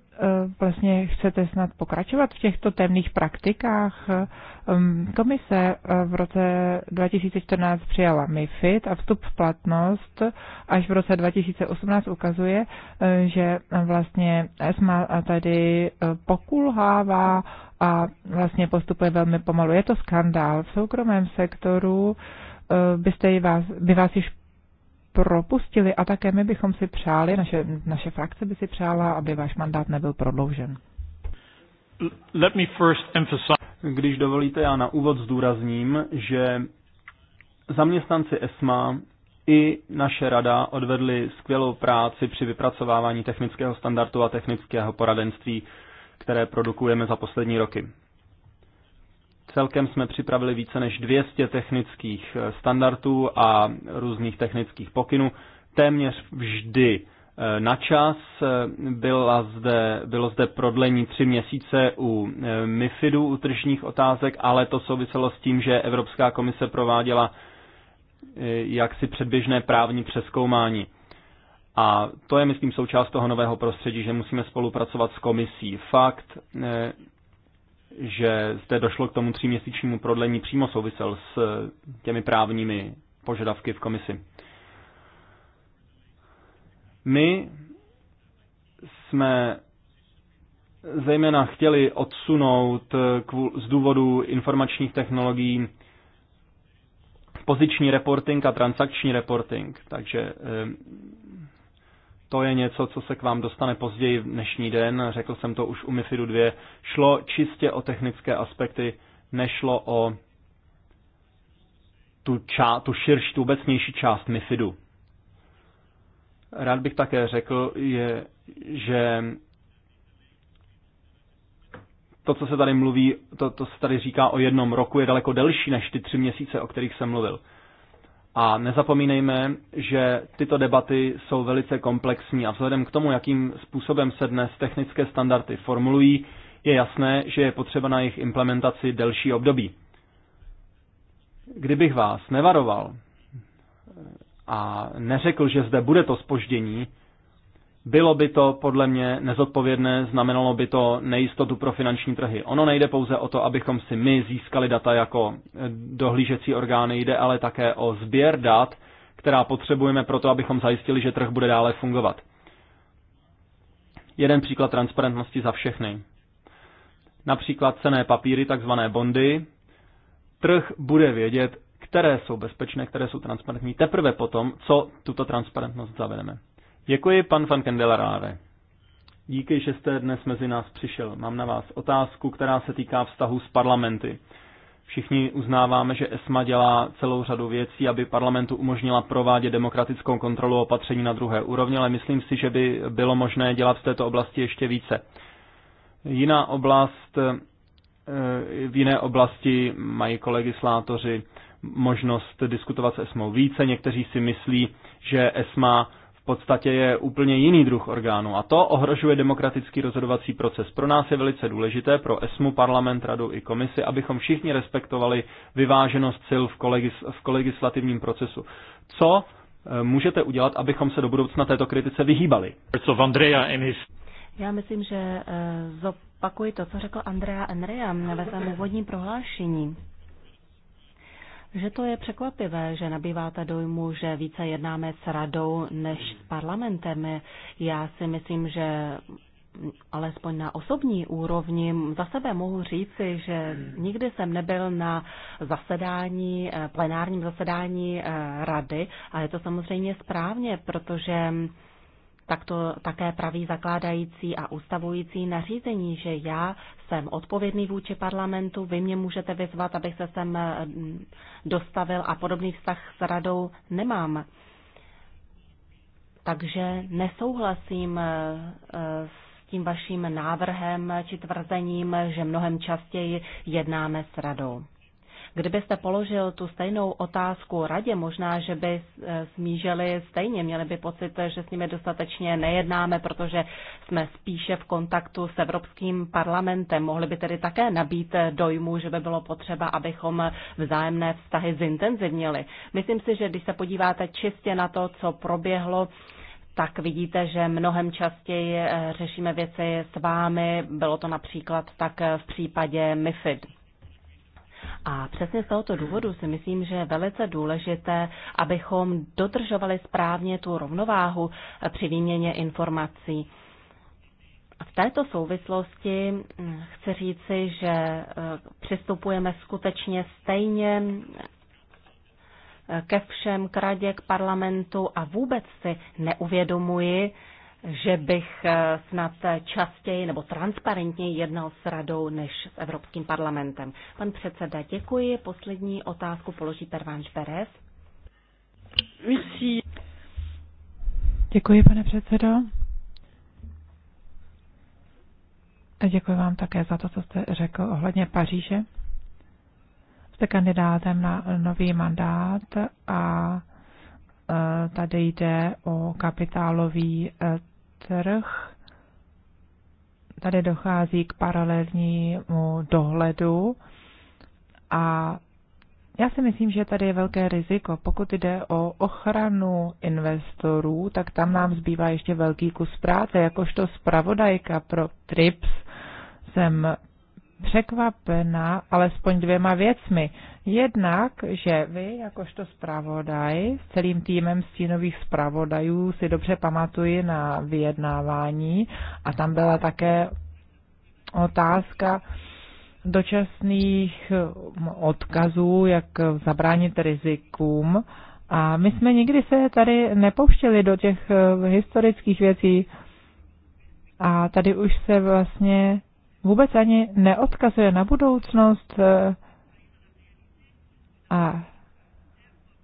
vlastně chcete snad pokračovat v těchto temných praktikách. Komise e, v roce 2014 přijala MIFID a vstup v platnost až v roce 2018 ukazuje, e, že vlastně ESMA tady pokulhává a vlastně postupuje velmi pomalu. Je to skandál. V soukromém sektoru byste vás, by vás již propustili a také my bychom si přáli, naše, naše frakce by si přála, aby váš mandát nebyl prodloužen. Let me first emphasize. Když dovolíte, já na úvod zdůrazním, že zaměstnanci ESMA i naše rada odvedli skvělou práci při vypracovávání technického standardu a technického poradenství, které produkujeme za poslední roky. Celkem jsme připravili více než 200 technických eh, standardů a různých technických pokynů. Téměř vždy eh, na čas. Eh, bylo zde, bylo zde prodlení tři měsíce u MIFIDu, u tržních otázek, ale to souviselo s tím, že Evropská komise prováděla jaksi předběžné právní přeskoumání. A to je, myslím, součást toho nového prostředí, že musíme spolupracovat s komisí. Fakt, že zde došlo k tomu tříměsíčnímu prodlení přímo souvisel s eh, těmi právními požadavky v komisi. My jsme zejména chtěli odsunout eh, z důvodu informačních technologií poziční reporting a transakční reporting. Takže eh, to je něco, co se k vám dostane později v dnešní den. Řekl jsem to už u MIFIDu 2. Šlo čistě o technické aspekty, nešlo o tu, ča, tu širší, tu obecnější část MIFIDu. Rád bych také řekl, je, že to, co se tady mluví, to, to se tady říká o jednom roku, je daleko delší než ty tři měsíce, o kterých jsem mluvil. A nezapomínejme, že tyto debaty jsou velice komplexní a vzhledem k tomu, jakým způsobem se dnes technické standardy formulují, je jasné, že je potřeba na jejich implementaci delší období. Kdybych vás nevaroval a neřekl, že zde bude to spoždění, bylo by to podle mě nezodpovědné, znamenalo by to nejistotu pro finanční trhy. Ono nejde pouze o to, abychom si my získali data jako eh, dohlížecí orgány, jde ale také o sběr dat, která potřebujeme pro to, abychom zajistili, že trh bude dále fungovat. Jeden příklad transparentnosti za všechny. Například cené papíry, takzvané bondy. Trh bude vědět, které jsou bezpečné, které jsou transparentní, teprve potom, co tuto transparentnost zavedeme. Děkuji, pan van Kendelarare. Díky, že jste dnes mezi nás přišel. Mám na vás otázku, která se týká vztahu s parlamenty. Všichni uznáváme, že ESMA dělá celou řadu věcí, aby parlamentu umožnila provádět demokratickou kontrolu opatření na druhé úrovni, ale myslím si, že by bylo možné dělat v této oblasti ještě více. Jiná oblast, eh, v jiné oblasti mají slátoři možnost diskutovat s ESMou více. Někteří si myslí, že ESMA podstatě je úplně jiný druh orgánu a to ohrožuje demokratický rozhodovací proces. Pro nás je velice důležité, pro ESMU, parlament, radu i komisi, abychom všichni respektovali vyváženost sil v, kolegis, v kolegislativním procesu. Co eh, můžete udělat, abychom se do budoucna této kritice vyhýbali? Já myslím, že eh, zopakuji to, co řekl Andrea Enrea ve svém úvodním prohlášení že to je překvapivé, že nabýváte dojmu, že více jednáme s radou než s parlamentem. Já si myslím, že alespoň na osobní úrovni za sebe mohu říci, že nikdy jsem nebyl na zasedání, eh, plenárním zasedání eh, rady a je to samozřejmě správně, protože tak to také praví zakládající a ustavující nařízení, že já jsem odpovědný vůči parlamentu, vy mě můžete vyzvat, abych se sem mm, dostavil a podobný vztah s radou nemám. Takže nesouhlasím e, e, s tím vaším návrhem či tvrzením, že mnohem častěji jednáme s radou. Kdybyste položil tu stejnou otázku radě, možná, že by eh, smíželi stejně, měli by pocit, že s nimi dostatečně nejednáme, protože jsme spíše v kontaktu s Evropským parlamentem. Mohli by tedy také nabít eh, dojmu, že by bylo potřeba, abychom vzájemné vztahy zintenzivnili. Myslím si, že když se podíváte čistě na to, co proběhlo, tak vidíte, že mnohem častěji eh, řešíme věci s vámi. Bylo to například tak v případě MIFID. A přesně z tohoto důvodu si myslím, že je velice důležité, abychom dodržovali správně tu rovnováhu eh, při výměně informací. V této souvislosti hm, chci říci, že eh, přistupujeme skutečně stejně eh, ke všem kradě, k parlamentu a vůbec si neuvědomuji, že bych eh, snad častěji nebo transparentněji jednal s radou než s Evropským parlamentem. Pan předseda, děkuji. Poslední otázku položí Pervanš Perez. Děkuji, pane předsedo. A děkuji vám také za to, co jste řekl ohledně Paříže. Jste kandidátem na nový mandát a eh, tady jde o kapitálový eh, trh. Tady dochází k paralelnímu dohledu a já si myslím, že tady je velké riziko. Pokud jde o ochranu investorů, tak tam nám zbývá ještě velký kus práce. Jakožto zpravodajka pro TRIPS jsem překvapena alespoň dvěma věcmi. Jednak, že vy, jakožto zpravodaj, s celým týmem stínových zpravodajů si dobře pamatuji na vyjednávání a tam byla také otázka dočasných odkazů, jak zabránit rizikům. A my jsme nikdy se tady nepouštěli do těch eh, historických věcí. A tady už se vlastně vůbec ani neodkazuje na budoucnost. Eh, a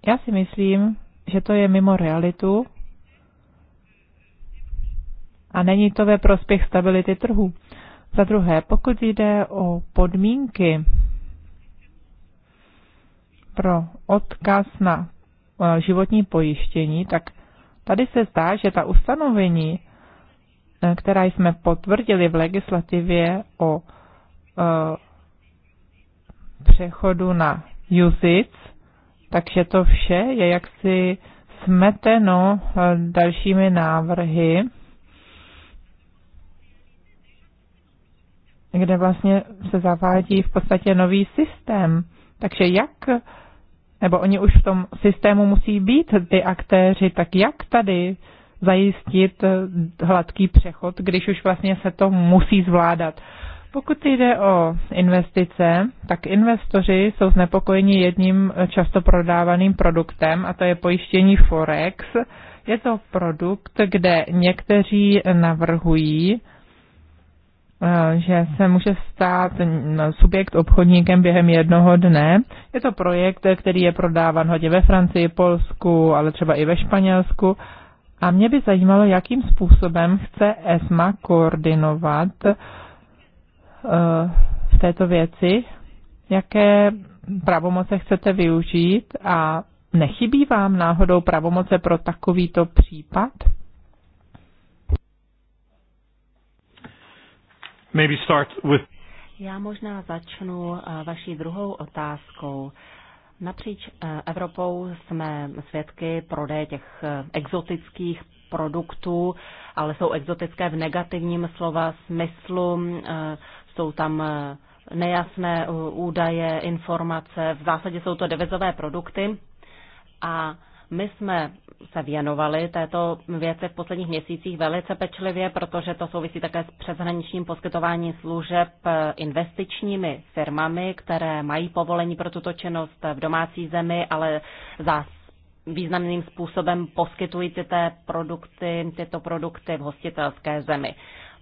já si myslím, že to je mimo realitu a není to ve prospěch stability trhu. Za druhé, pokud jde o podmínky pro odkaz na eh, životní pojištění, tak tady se zdá, že ta ustanovení Eh, která jsme potvrdili v legislativě o eh, přechodu na USIC, takže to vše je jaksi smeteno eh, dalšími návrhy, kde vlastně se zavádí v podstatě nový systém. Takže jak, nebo oni už v tom systému musí být ty aktéři, tak jak tady zajistit eh, hladký přechod, když už vlastně se to musí zvládat. Pokud jde o investice, tak investoři jsou znepokojeni jedním často prodávaným produktem, a to je pojištění Forex. Je to produkt, kde někteří navrhují, eh, že se může stát mm, subjekt obchodníkem během jednoho dne. Je to projekt, který je prodávan hodně ve Francii, Polsku, ale třeba i ve Španělsku. A mě by zajímalo, jakým způsobem chce ESMA koordinovat eh, v této věci, jaké pravomoce chcete využít a nechybí vám náhodou pravomoce pro takovýto případ? Maybe start with... Já možná začnu eh, vaší druhou otázkou. Napříč eh, Evropou jsme svědky prodeje těch eh, exotických produktů, ale jsou exotické v negativním slova smyslu. Eh, jsou tam nejasné údaje, informace. V zásadě jsou to devizové produkty a my jsme se věnovali této věci v posledních měsících velice pečlivě, protože to souvisí také s přeshraničním poskytováním služeb eh, investičními firmami, které mají povolení pro tuto činnost v domácí zemi, ale za významným způsobem poskytují tyto produkty, tyto produkty v hostitelské zemi.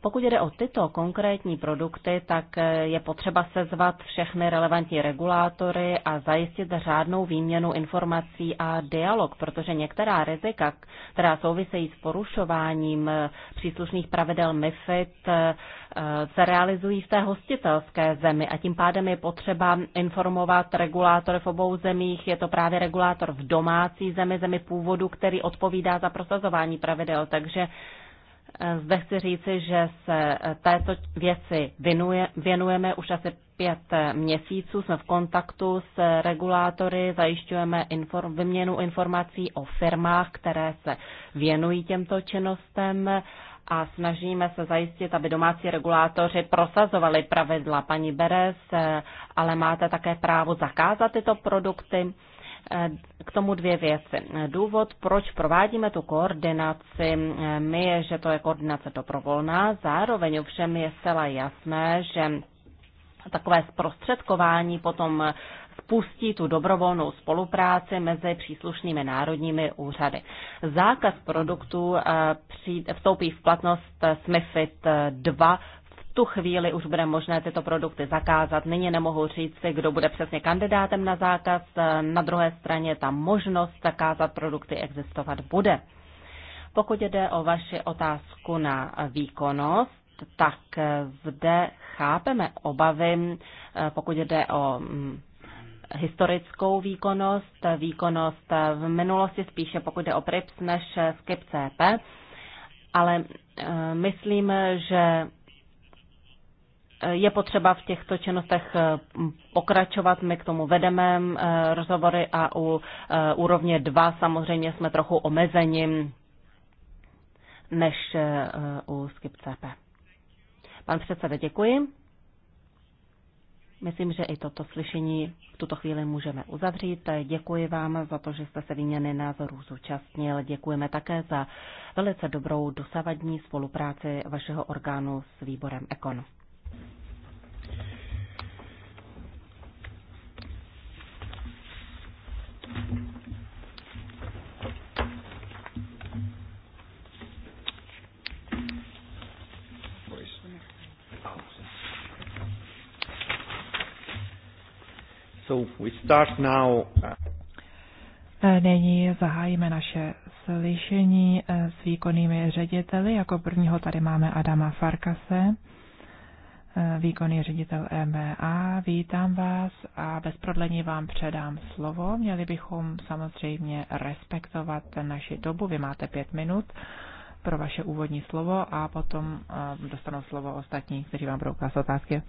Pokud jde o tyto konkrétní produkty, tak eh, je potřeba sezvat všechny relevantní regulátory a zajistit řádnou výměnu informací a dialog, protože některá rizika, která souvisejí s porušováním eh, příslušných pravidel MIFID, eh, se realizují v té hostitelské zemi a tím pádem je potřeba informovat regulátory v obou zemích. Je to právě regulátor v domácí zemi, zemi původu, který odpovídá za prosazování pravidel. Takže zde chci říci, že se této věci věnujeme už asi pět měsíců. Jsme v kontaktu s regulátory, zajišťujeme inform, vyměnu informací o firmách, které se věnují těmto činnostem a snažíme se zajistit, aby domácí regulátoři prosazovali pravidla. Paní Beres, ale máte také právo zakázat tyto produkty. Eh, k tomu dvě věci. Důvod, proč provádíme tu koordinaci, eh, my je, že to je koordinace dobrovolná, zároveň ovšem je zcela jasné, že takové zprostředkování potom eh, spustí tu dobrovolnou spolupráci mezi příslušnými národními úřady. Zákaz produktů vstoupí v platnost s 2 tu chvíli už bude možné tyto produkty zakázat. Nyní nemohu říct si, kdo bude přesně kandidátem na zákaz. Na druhé straně ta možnost zakázat produkty existovat bude. Pokud jde o vaši otázku na výkonnost, tak zde chápeme obavy, pokud jde o mm, historickou výkonnost, výkonnost v minulosti spíše pokud jde o PRIPS než SKIP CP, ale eh, myslím, že je potřeba v těchto činnostech eh, pokračovat. My k tomu vedeme eh, rozhovory a u eh, úrovně 2 samozřejmě jsme trochu omezeni než u CP. Pan předseda, děkuji. Myslím, že i toto slyšení v tuto chvíli můžeme uzavřít. Děkuji vám za to, že jste se výměny názorů zúčastnil. Děkujeme také za velice dobrou dosavadní spolupráci vašeho orgánu s výborem Ekon. We start now. Uh, eh, nyní zahájíme naše slyšení eh, s výkonnými řediteli. Jako prvního tady máme Adama Farkase výkonný ředitel MBA. Vítám vás a bez prodlení vám předám slovo. Měli bychom samozřejmě respektovat naši dobu. Vy máte pět minut pro vaše úvodní slovo a potom eh, dostanou slovo ostatní, kteří vám budou klást otázky.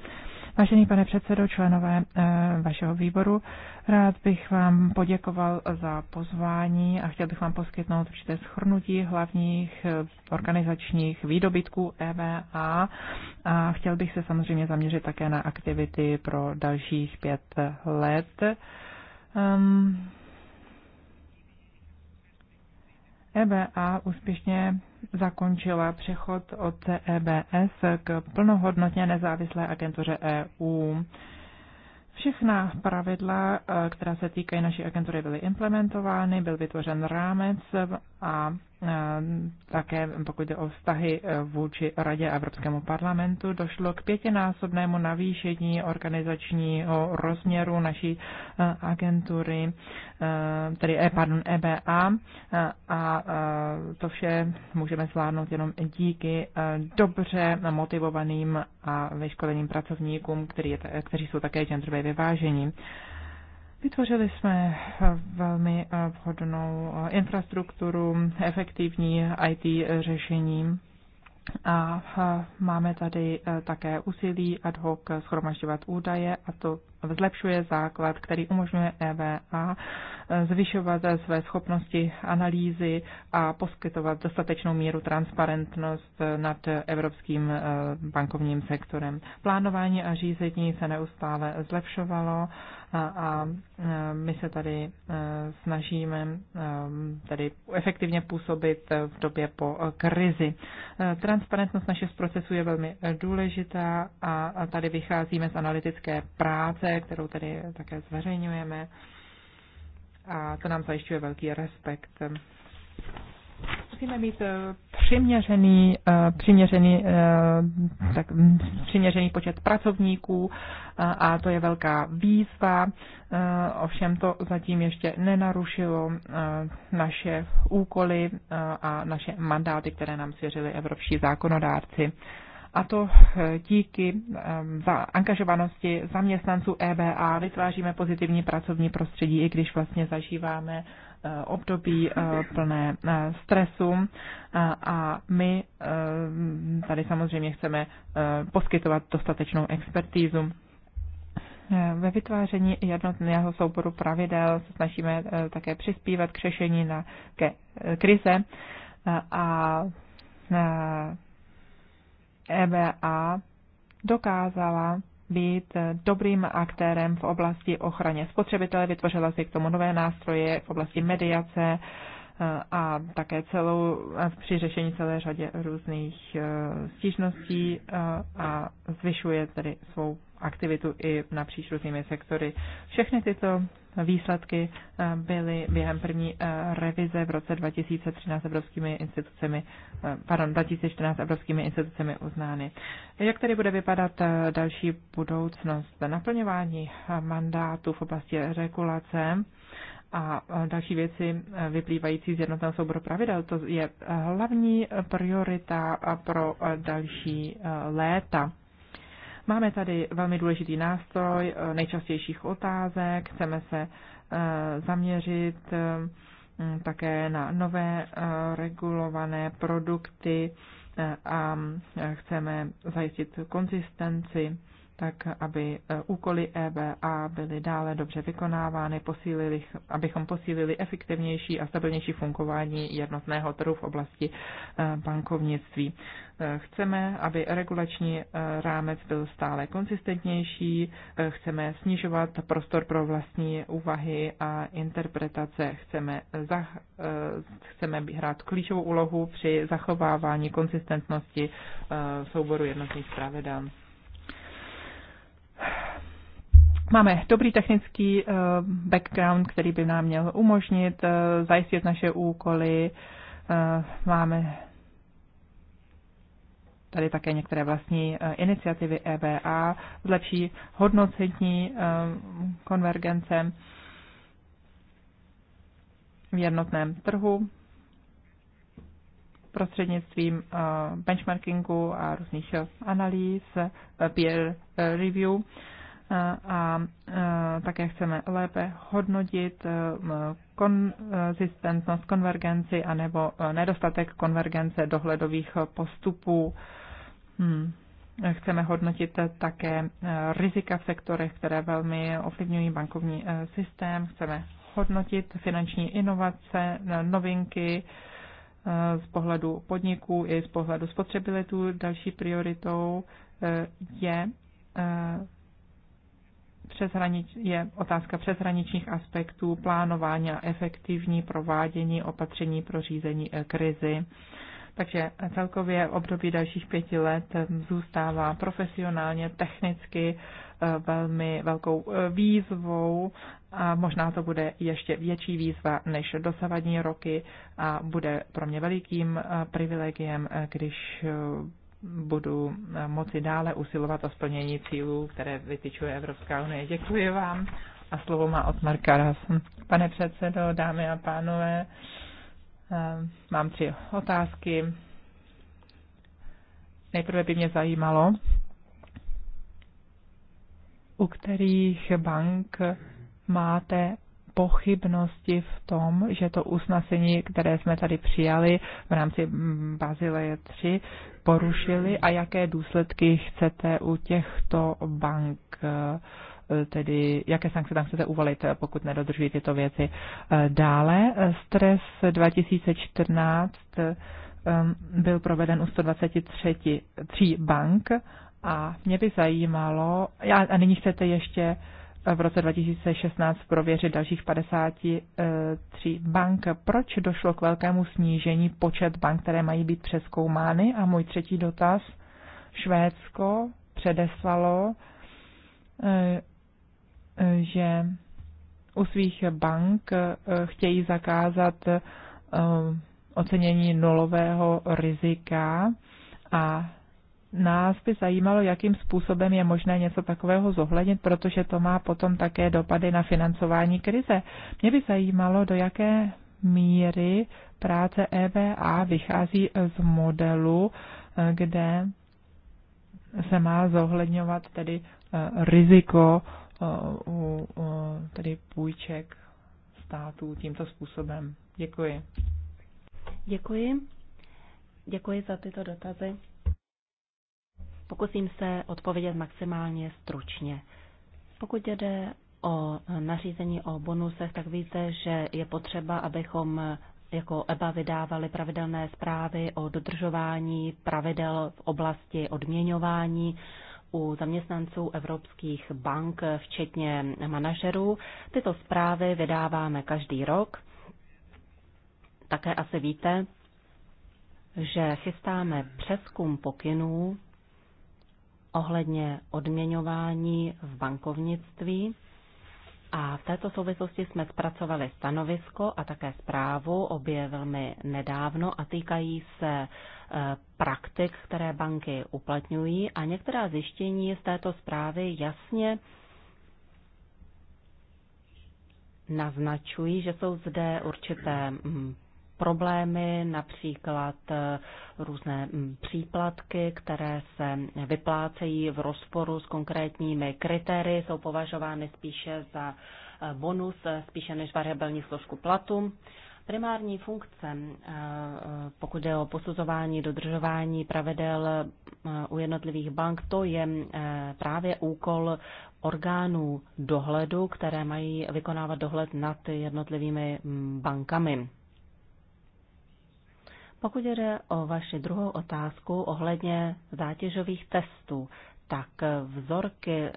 Vážený pane předsedo, členové eh, vašeho výboru, rád bych vám poděkoval za pozvání a chtěl bych vám poskytnout určité schrnutí hlavních eh, organizačních výdobytků EVA a chtěl bych se samozřejmě zaměřit také na aktivity pro dalších pět let. Um, ehm, EBA úspěšně zakončila přechod od EBS k plnohodnotně nezávislé agentuře EU. Všechna pravidla, eh, která se týkají naší agentury, byly implementovány, byl vytvořen rámec a e, také pokud jde o vztahy e, vůči Radě a Evropskému parlamentu, došlo k pětinásobnému navýšení organizačního rozměru naší e, agentury, tedy pardon, EBA a to vše můžeme zvládnout jenom díky dobře motivovaným a vyškoleným pracovníkům, kteří jsou také genderově vyvážení. Vytvořili jsme eh, velmi eh, vhodnou eh, infrastrukturu, efektivní IT řešení a máme tady také úsilí ad hoc schromažďovat údaje a to zlepšuje základ, který umožňuje EVA e, zvyšovat své schopnosti analýzy a poskytovat dostatečnou míru transparentnost nad evropským e, bankovním sektorem. Plánování a řízení se neustále zlepšovalo a e, my se tady snažíme tady efektivně působit v době po krizi. Transparentnost našich procesů je velmi důležitá a tady vycházíme z analytické práce kterou tady také zveřejňujeme. A to nám zajišťuje velký respekt. Musíme mít eh, přiměřený, eh, přiměřený, eh, tak, hm, přiměřený počet pracovníků a to je velká výzva. Ovšem to zatím ještě nenarušilo naše úkoly a naše mandáty, které nám svěřili evropští zákonodárci a to e, díky za angažovanosti zaměstnanců EBA vytváříme pozitivní pracovní prostředí, i když vlastně zažíváme e, období e, plné stresu a my tady samozřejmě chceme poskytovat dostatečnou expertízu. Ve vytváření jednotného souboru pravidel se snažíme také přispívat k řešení na, ke krize a EBA dokázala být dobrým aktérem v oblasti ochraně spotřebitele, vytvořila si k tomu nové nástroje v oblasti mediace eh, a také celou při řešení celé řadě různých eh, stížností eh, a zvyšuje tedy svou aktivitu i napříč různými sektory. Všechny tyto výsledky eh, byly během první eh, revize v roce 2013 evropskými institucemi, eh, pardon, 2014 evropskými institucemi uznány. Jak tedy bude vypadat další budoucnost naplňování mandátu v oblasti regulace? a další věci vyplývající z jednotného souboru pravidel. To je hlavní priorita pro další léta. Máme tady velmi důležitý nástroj eh, nejčastějších otázek, chceme se eh, zaměřit eh, také na nové regulované produkty a chceme zajistit konzistenci tak aby eh, úkoly EBA byly dále dobře vykonávány, posílili, abychom posílili efektivnější a stabilnější fungování jednotného trhu v oblasti eh, bankovnictví. Eh, chceme, aby regulační rámec byl stále konsistentnější, chceme snižovat prostor pro vlastní úvahy a interpretace, chceme, za, chceme hrát klíčovou úlohu při zachovávání konsistentnosti souboru jednotných pravidel. Máme dobrý technický eh, background, který by nám měl umožnit eh, zajistit naše úkoly. Eh, máme tady také některé vlastní iniciativy EBA, zlepší hodnocení konvergence v jednotném trhu prostřednictvím eh, benchmarkingu a různých eh, analýz, eh, peer review a také chceme lépe hodnotit konzistentnost konvergenci anebo nedostatek konvergence dohledových postupů. Hmm. Chceme hodnotit také rizika v sektorech, které velmi ovlivňují bankovní systém. Chceme hodnotit finanční inovace, novinky, z pohledu podniků i z pohledu spotřebitelů. Další prioritou eh, je eh, je otázka přeshraničních aspektů plánování a efektivní provádění opatření pro řízení eh, krizi. Takže celkově období dalších pěti let zůstává profesionálně, technicky velmi velkou výzvou a možná to bude ještě větší výzva než dosavadní roky a bude pro mě velikým eh, privilegiem, eh, když eh, budu moci dále usilovat o splnění cílů, které vytyčuje Evropská unie. Děkuji vám a slovo má od Marka Karas. Pane předsedo, dámy a pánové, mám tři otázky. Nejprve by mě zajímalo, u kterých bank máte pochybnosti v tom, že to usnesení, které jsme tady přijali v rámci mm, Bazileje 3, porušili a jaké důsledky chcete u těchto bank, eh, tedy jaké sankce tam chcete uvolit, eh, pokud nedodržují tyto věci. Eh, dále, stres 2014 byl proveden u 123 bank a mě by zajímalo, a nyní chcete ještě v roce 2016 prověřit dalších 53 bank. Proč došlo k velkému snížení počet bank, které mají být přeskoumány? A můj třetí dotaz. Švédsko předeslalo, eh, že u svých bank eh, chtějí zakázat eh, ocenění nulového rizika a nás by zajímalo, jakým způsobem je možné něco takového zohlednit, protože to má potom také dopady na financování krize. Mě by zajímalo, do jaké míry práce EBA vychází z modelu, eh, kde se má zohledňovat tedy eh, riziko eh, u tedy půjček států tímto způsobem. Děkuji. Děkuji. Děkuji za tyto dotazy. Pokusím se odpovědět maximálně stručně. Pokud jde o nařízení o bonusech, tak víte, že je potřeba, abychom jako EBA vydávali pravidelné zprávy o dodržování pravidel v oblasti odměňování u zaměstnanců evropských bank, včetně manažerů. Tyto zprávy vydáváme každý rok. Také asi víte, že chystáme přeskum pokynů ohledně odměňování v bankovnictví. A v této souvislosti jsme zpracovali stanovisko a také zprávu, obě velmi nedávno a týkají se e, praktik, které banky uplatňují a některá zjištění z této zprávy jasně naznačují, že jsou zde určité mm, problémy, například eh, různé mm, příplatky, které se vyplácejí v rozporu s konkrétními kritérii, jsou považovány spíše za eh, bonus, eh, spíše než variabilní složku platu. Primární funkce, pokud je o posuzování, dodržování pravidel u jednotlivých bank, to je právě úkol orgánů dohledu, které mají vykonávat dohled nad jednotlivými mm, bankami. Pokud jde o vaši druhou otázku ohledně zátěžových testů, tak vzorky eh,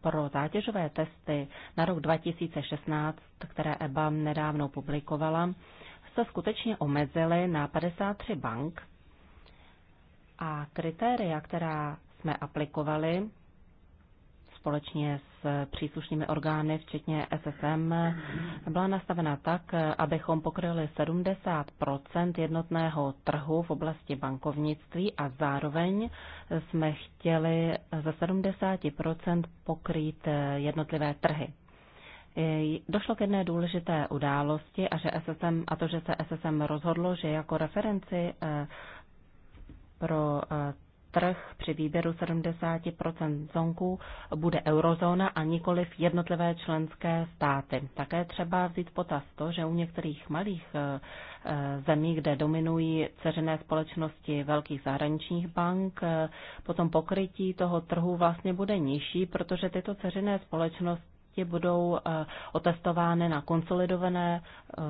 pro zátěžové testy na rok 2016, které EBA nedávno publikovala, se skutečně omezily na 53 bank a kritéria, která jsme aplikovali, společně s příslušnými orgány, včetně SSM, byla nastavena tak, abychom pokryli 70 jednotného trhu v oblasti bankovnictví a zároveň jsme chtěli ze 70 pokrýt jednotlivé trhy. Došlo k jedné důležité události a, že SSM, a to, že se SSM rozhodlo, že jako referenci eh, pro eh, trh při výběru 70 zonků bude eurozóna a v jednotlivé členské státy. Také třeba vzít potaz to, že u některých malých eh, eh, zemí, kde dominují ceřené společnosti velkých zahraničních bank, eh, potom pokrytí toho trhu vlastně bude nižší, protože tyto ceřené společnosti oblasti budou eh, otestovány na konsolidované eh,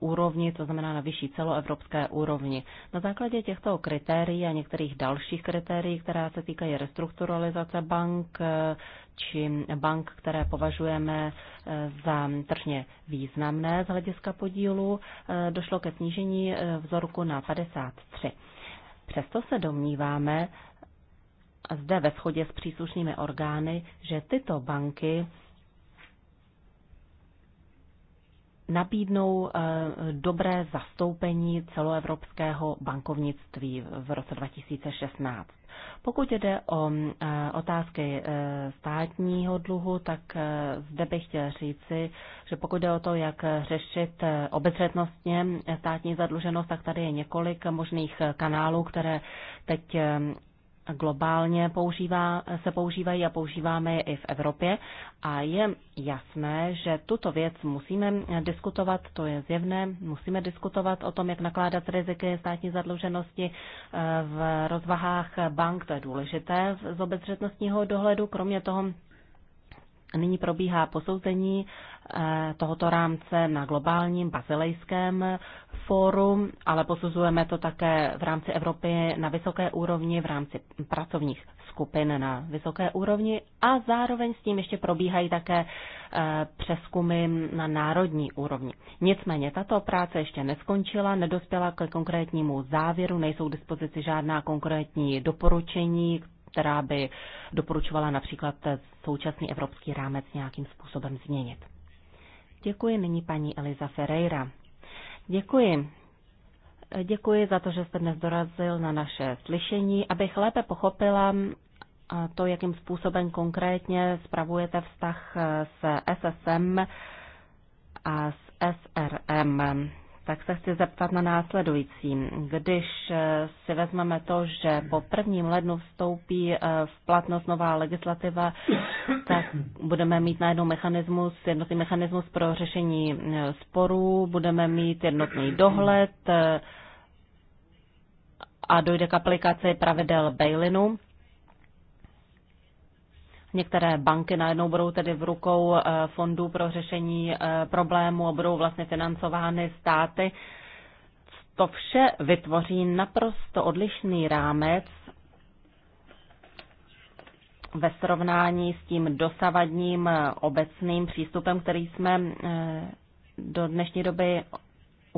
úrovni, to znamená na vyšší celoevropské úrovni. Na základě těchto kritérií a některých dalších kritérií, která se týkají restrukturalizace bank eh, či bank, které považujeme za tržně významné z hlediska podílu, došlo ke snížení vzorku na 53. Přesto se domníváme, zde ve shodě s příslušnými orgány, že tyto banky nabídnou eh, dobré zastoupení celoevropského bankovnictví v roce 2016. Pokud jde o eh, otázky eh, státního dluhu, tak zde bych chtěl říci, že pokud jde o to, jak řešit obezřetnostně státní zadluženost, tak tady je několik možných kanálů, které teď globálně používá, se používají a používáme je i v Evropě. A je jasné, že tuto věc musíme diskutovat, to je zjevné, musíme diskutovat o tom, jak nakládat s riziky státní zadluženosti eh, v rozvahách bank, to je důležité z obezřetnostního dohledu. Kromě toho Nyní probíhá posouzení eh, tohoto rámce na globálním bazilejském fóru, ale posuzujeme to také v rámci Evropy na vysoké úrovni, v rámci pracovních skupin na vysoké úrovni a zároveň s tím ještě probíhají také eh, přeskumy na národní úrovni. Nicméně tato práce ještě neskončila, nedospěla k konkrétnímu závěru, nejsou k dispozici žádná konkrétní doporučení, která by doporučovala například současný evropský rámec nějakým způsobem změnit. Děkuji nyní paní Eliza Ferreira. Děkuji. Děkuji za to, že jste dnes dorazil na naše slyšení, abych lépe pochopila to, jakým způsobem konkrétně spravujete vztah s SSM a s SRM tak se chci zeptat na následující. Když eh, si vezmeme to, že po prvním lednu vstoupí eh, v platnost nová legislativa, tak budeme mít najednou mechanismus, jednotný mechanismus pro řešení eh, sporů, budeme mít jednotný dohled a dojde k aplikaci pravidel bailinu. Některé banky najednou budou tedy v rukou eh, fondů pro řešení eh, problému a budou vlastně financovány státy. To vše vytvoří naprosto odlišný rámec ve srovnání s tím dosavadním eh, obecným přístupem, který jsme do dnešní doby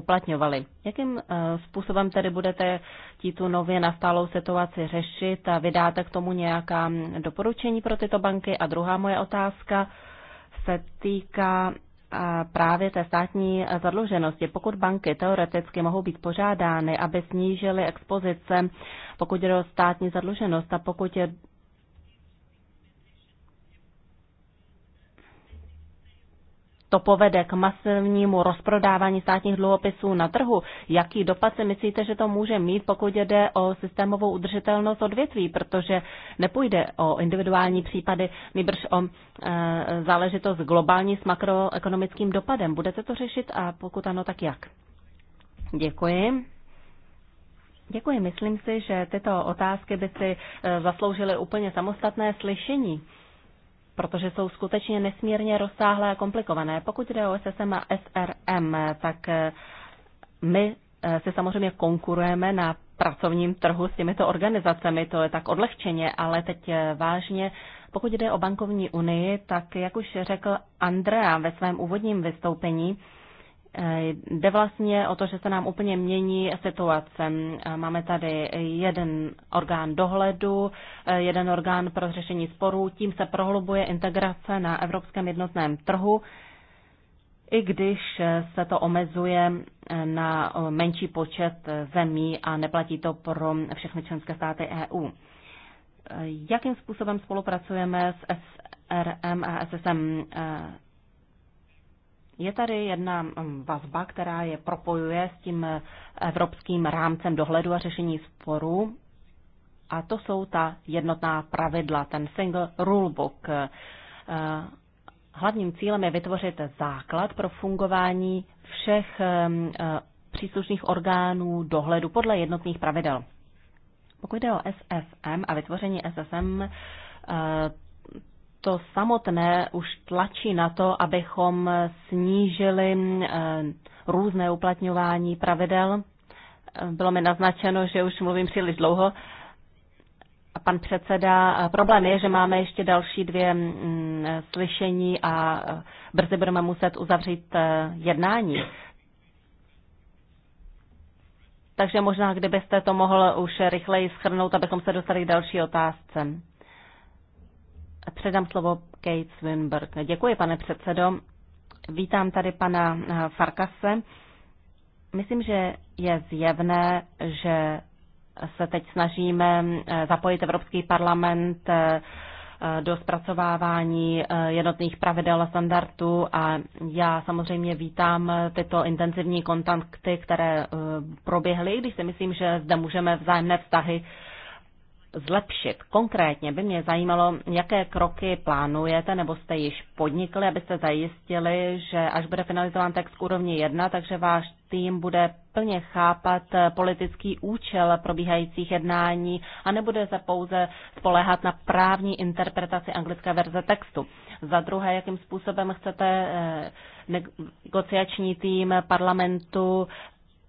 uplatňovali. Jakým eh, způsobem tedy budete tí tu nově nastálou situaci řešit a vydáte k tomu nějaká mm, doporučení pro tyto banky? A druhá moje otázka se týká eh, právě té státní zadluženosti. Pokud banky teoreticky mohou být požádány, aby snížily expozice, pokud jde o státní zadluženost a pokud je to povede k masivnímu rozprodávání státních dluhopisů na trhu. Jaký dopad si myslíte, že to může mít, pokud jde o systémovou udržitelnost odvětví, protože nepůjde o individuální případy, nejbrž o e, záležitost globální s makroekonomickým dopadem. Budete to řešit a pokud ano, tak jak? Děkuji. Děkuji. Myslím si, že tyto otázky by si e, zasloužily úplně samostatné slyšení protože jsou skutečně nesmírně rozsáhlé a komplikované. Pokud jde o SSM a SRM, tak eh, my eh, se samozřejmě konkurujeme na pracovním trhu s těmito organizacemi, to je tak odlehčeně, ale teď eh, vážně, pokud jde o bankovní unii, tak jak už řekl Andrea ve svém úvodním vystoupení, Eh, jde vlastně o to, že se nám úplně mění situace. Eh, máme tady jeden orgán dohledu, eh, jeden orgán pro řešení sporů, tím se prohlubuje integrace na evropském jednotném trhu, i když se to omezuje na menší počet zemí a neplatí to pro všechny členské státy EU. Jakým způsobem spolupracujeme s SRM a SSM je tady jedna mm, vazba, která je propojuje s tím eh, evropským rámcem dohledu a řešení sporů. A to jsou ta jednotná pravidla, ten single rulebook. Eh, hlavním cílem je vytvořit základ pro fungování všech eh, příslušných orgánů dohledu podle jednotných pravidel. Pokud jde o SSM a vytvoření SSM, to samotné už tlačí na to, abychom snížili eh, různé uplatňování pravidel. Eh, bylo mi naznačeno, že už mluvím příliš dlouho. A pan předseda, eh, problém je, že máme ještě další dvě mm, slyšení a brzy budeme muset uzavřít jednání. Takže možná, kdybyste to mohl už rychleji schrnout, abychom se dostali k další otázce. Předám slovo Kate Swinberg. Děkuji, pane předsedo. Vítám tady pana eh, Farkase. Myslím, že je zjevné, že se teď snažíme eh, zapojit Evropský parlament eh, do zpracovávání jednotných pravidel a standardů a já samozřejmě vítám tyto intenzivní kontakty, které proběhly, když si myslím, že zde můžeme vzájemné vztahy zlepšit. Konkrétně by mě zajímalo, jaké kroky plánujete nebo jste již podnikli, abyste zajistili, že až bude finalizován text úrovni 1, takže váš tým bude plně chápat politický účel probíhajících jednání a nebude se pouze spoléhat na právní interpretaci anglické verze textu. Za druhé, jakým způsobem chcete eh, negociační tým parlamentu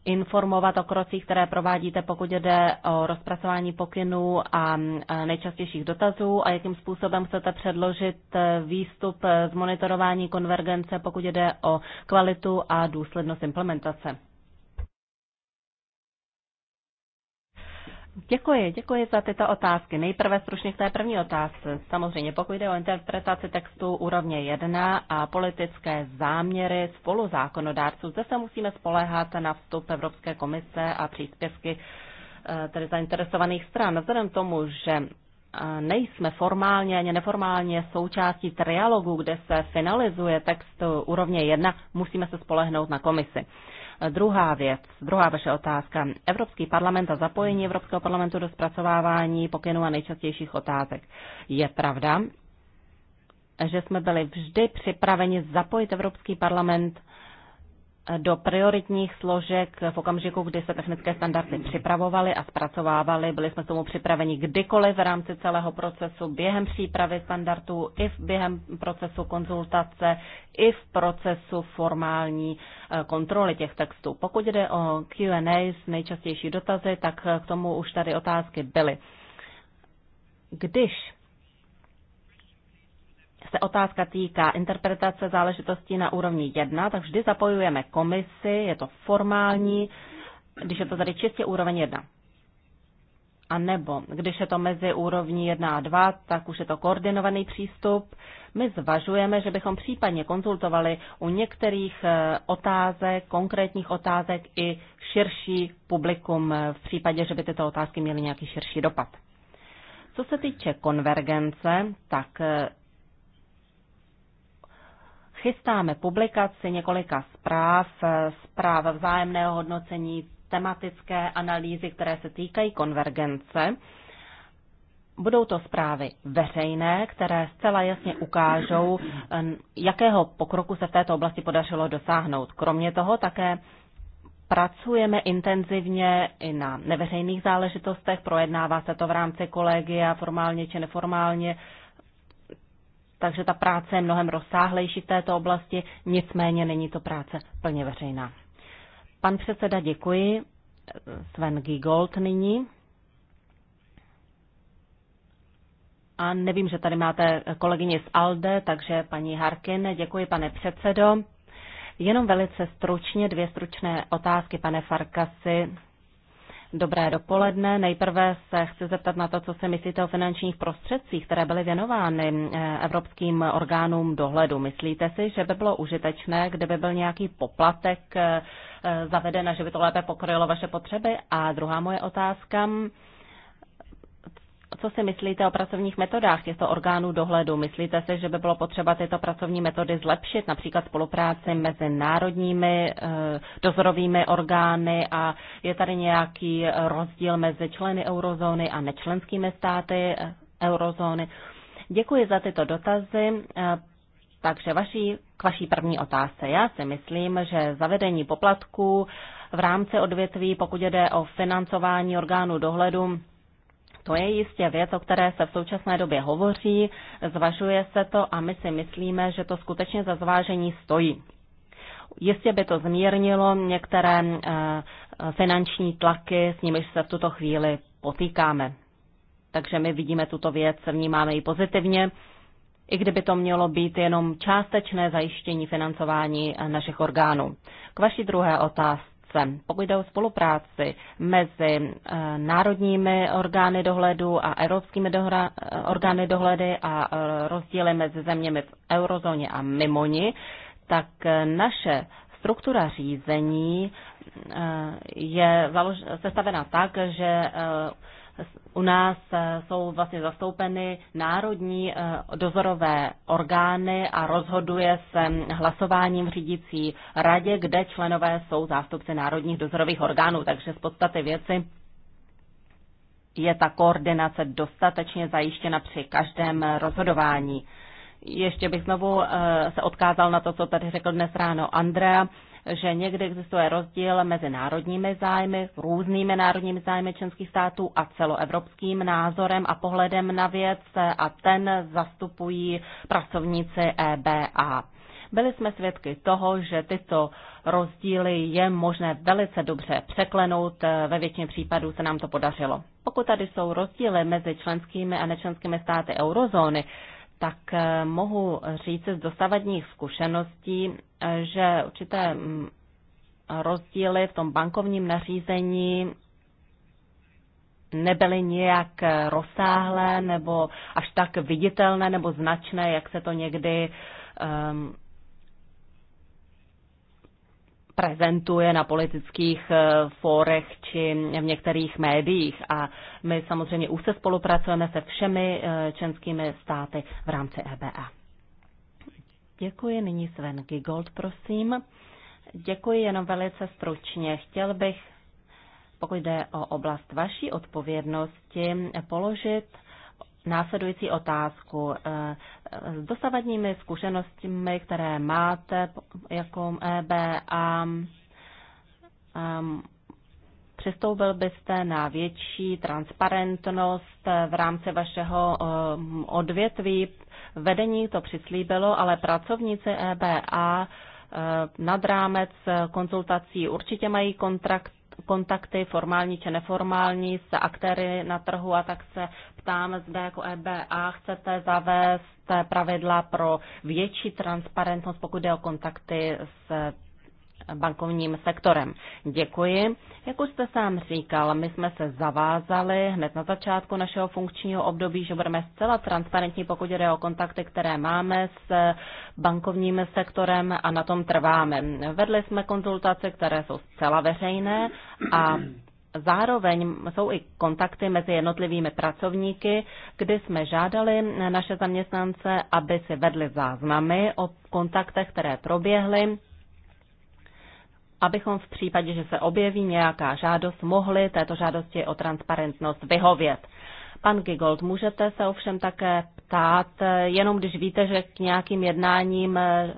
informovat o krocích, které provádíte, pokud jde o rozpracování pokynů a nejčastějších dotazů a jakým způsobem chcete předložit eh, výstup eh, z monitorování konvergence, pokud jde o kvalitu a důslednost implementace. Děkuji, děkuji za tyto otázky. Nejprve stručně k té první otázce. Samozřejmě, pokud jde o interpretaci textu úrovně 1 a politické záměry spolu zákonodárců, zde se musíme spoléhat na vstup Evropské komise a příspěvky eh, tedy zainteresovaných stran. Vzhledem tomu, že eh, nejsme formálně ani neformálně součástí trialogu, kde se finalizuje text úrovně 1, musíme se spolehnout na komisi. Druhá věc, druhá vaše otázka. Evropský parlament a zapojení Evropského parlamentu do zpracovávání pokynů a nejčastějších otázek. Je pravda, že jsme byli vždy připraveni zapojit Evropský parlament do prioritních složek v okamžiku, kdy se technické standardy připravovaly a zpracovávaly. Byli jsme tomu připraveni kdykoliv v rámci celého procesu, během přípravy standardů, i v během procesu konzultace, i v procesu formální eh, kontroly těch textů. Pokud jde o Q&A s nejčastější dotazy, tak eh, k tomu už tady otázky byly. Když se otázka týká interpretace záležitostí na úrovni 1, tak vždy zapojujeme komisi, je to formální, když je to tady čistě úroveň 1. A nebo když je to mezi úrovní 1 a 2, tak už je to koordinovaný přístup. My zvažujeme, že bychom případně konzultovali u některých eh, otázek, konkrétních otázek i širší publikum eh, v případě, že by tyto otázky měly nějaký širší dopad. Co se týče konvergence, tak eh, chystáme publikaci několika zpráv, zpráv vzájemného hodnocení, tematické analýzy, které se týkají konvergence. Budou to zprávy veřejné, které zcela jasně ukážou, jakého pokroku se v této oblasti podařilo dosáhnout. Kromě toho také pracujeme intenzivně i na neveřejných záležitostech, projednává se to v rámci kolegia formálně či neformálně takže ta práce je mnohem rozsáhlejší v této oblasti, nicméně není to práce plně veřejná. Pan předseda, děkuji. Sven Gigold nyní. A nevím, že tady máte kolegyně z ALDE, takže paní Harkin, děkuji pane předsedo. Jenom velice stručně dvě stručné otázky, pane Farkasi. Dobré dopoledne. Nejprve se chci zeptat na to, co si myslíte o finančních prostředcích, které byly věnovány eh, evropským orgánům dohledu. Myslíte si, že by bylo užitečné, kdyby byl nějaký poplatek eh, eh, zaveden a že by to lépe pokrylo vaše potřeby? A druhá moje otázka, co si myslíte o pracovních metodách těchto orgánů dohledu? Myslíte si, že by bylo potřeba tyto pracovní metody zlepšit, například spolupráci mezi národními eh, dozorovými orgány a je tady nějaký rozdíl mezi členy eurozóny a nečlenskými státy eh, eurozóny? Děkuji za tyto dotazy. Eh, takže vaší, k vaší první otázce. Já si myslím, že zavedení poplatků v rámci odvětví, pokud jde o financování orgánů dohledu, to je jistě věc, o které se v současné době hovoří, zvažuje se to a my si myslíme, že to skutečně za zvážení stojí. Jistě by to zmírnilo některé eh, finanční tlaky, s nimiž se v tuto chvíli potýkáme. Takže my vidíme tuto věc, vnímáme ji pozitivně, i kdyby to mělo být jenom částečné zajištění financování eh, našich orgánů. K vaší druhé otázce práce. Pokud jde o spolupráci mezi eh, národními orgány dohledu a evropskými dohra, eh, orgány dohledy a eh, rozdíly mezi zeměmi v eurozóně a mimo ní, tak naše struktura řízení je sestavená tak, že u nás eh, jsou vlastně zastoupeny národní eh, dozorové orgány a rozhoduje se hlasováním v řídící radě, kde členové jsou zástupci národních dozorových orgánů. Takže z podstaty věci je ta koordinace dostatečně zajištěna při každém rozhodování. Ještě bych znovu eh, se odkázal na to, co tady řekl dnes ráno Andrea že někde existuje rozdíl mezi národními zájmy, různými národními zájmy členských států a celoevropským názorem a pohledem na věc a ten zastupují pracovníci EBA. Byli jsme svědky toho, že tyto rozdíly je možné velice dobře překlenout, ve většině případů se nám to podařilo. Pokud tady jsou rozdíly mezi členskými a nečlenskými státy eurozóny, tak eh, mohu říct z dosavadních zkušeností, eh, že určité mm, rozdíly v tom bankovním nařízení nebyly nějak eh, rozsáhlé nebo až tak viditelné nebo značné, jak se to někdy um, prezentuje na politických eh, fórech či v některých médiích. A my samozřejmě už se spolupracujeme se všemi eh, členskými státy v rámci EBA. Děkuji. Nyní Sven Gigold, prosím. Děkuji jenom velice stručně. Chtěl bych, pokud jde o oblast vaší odpovědnosti, položit následující otázku. Eh, s dosavadními zkušenostmi, které máte jako EBA, ehm, přistoupil byste na větší transparentnost v rámci vašeho ehm, odvětví. Vedení to přislíbilo, ale pracovníci EBA ehm, nad rámec konzultací určitě mají kontrakt kontakty, formální či neformální, s aktéry na trhu a tak se ptám, zde jako EBA chcete zavést pravidla pro větší transparentnost, pokud jde o kontakty s bankovním sektorem. Děkuji. Jak už jste sám říkal, my jsme se zavázali hned na začátku našeho funkčního období, že budeme zcela transparentní, pokud jde o kontakty, které máme s bankovním sektorem a na tom trváme. Vedli jsme konzultace, které jsou zcela veřejné a Zároveň jsou i kontakty mezi jednotlivými pracovníky, kdy jsme žádali naše zaměstnance, aby si vedli záznamy o kontaktech, které proběhly abychom v případě, že se objeví nějaká žádost, mohli této žádosti o transparentnost vyhovět. Pan Gigold, můžete se ovšem také ptát, jenom když víte, že k nějakým jednáním eh,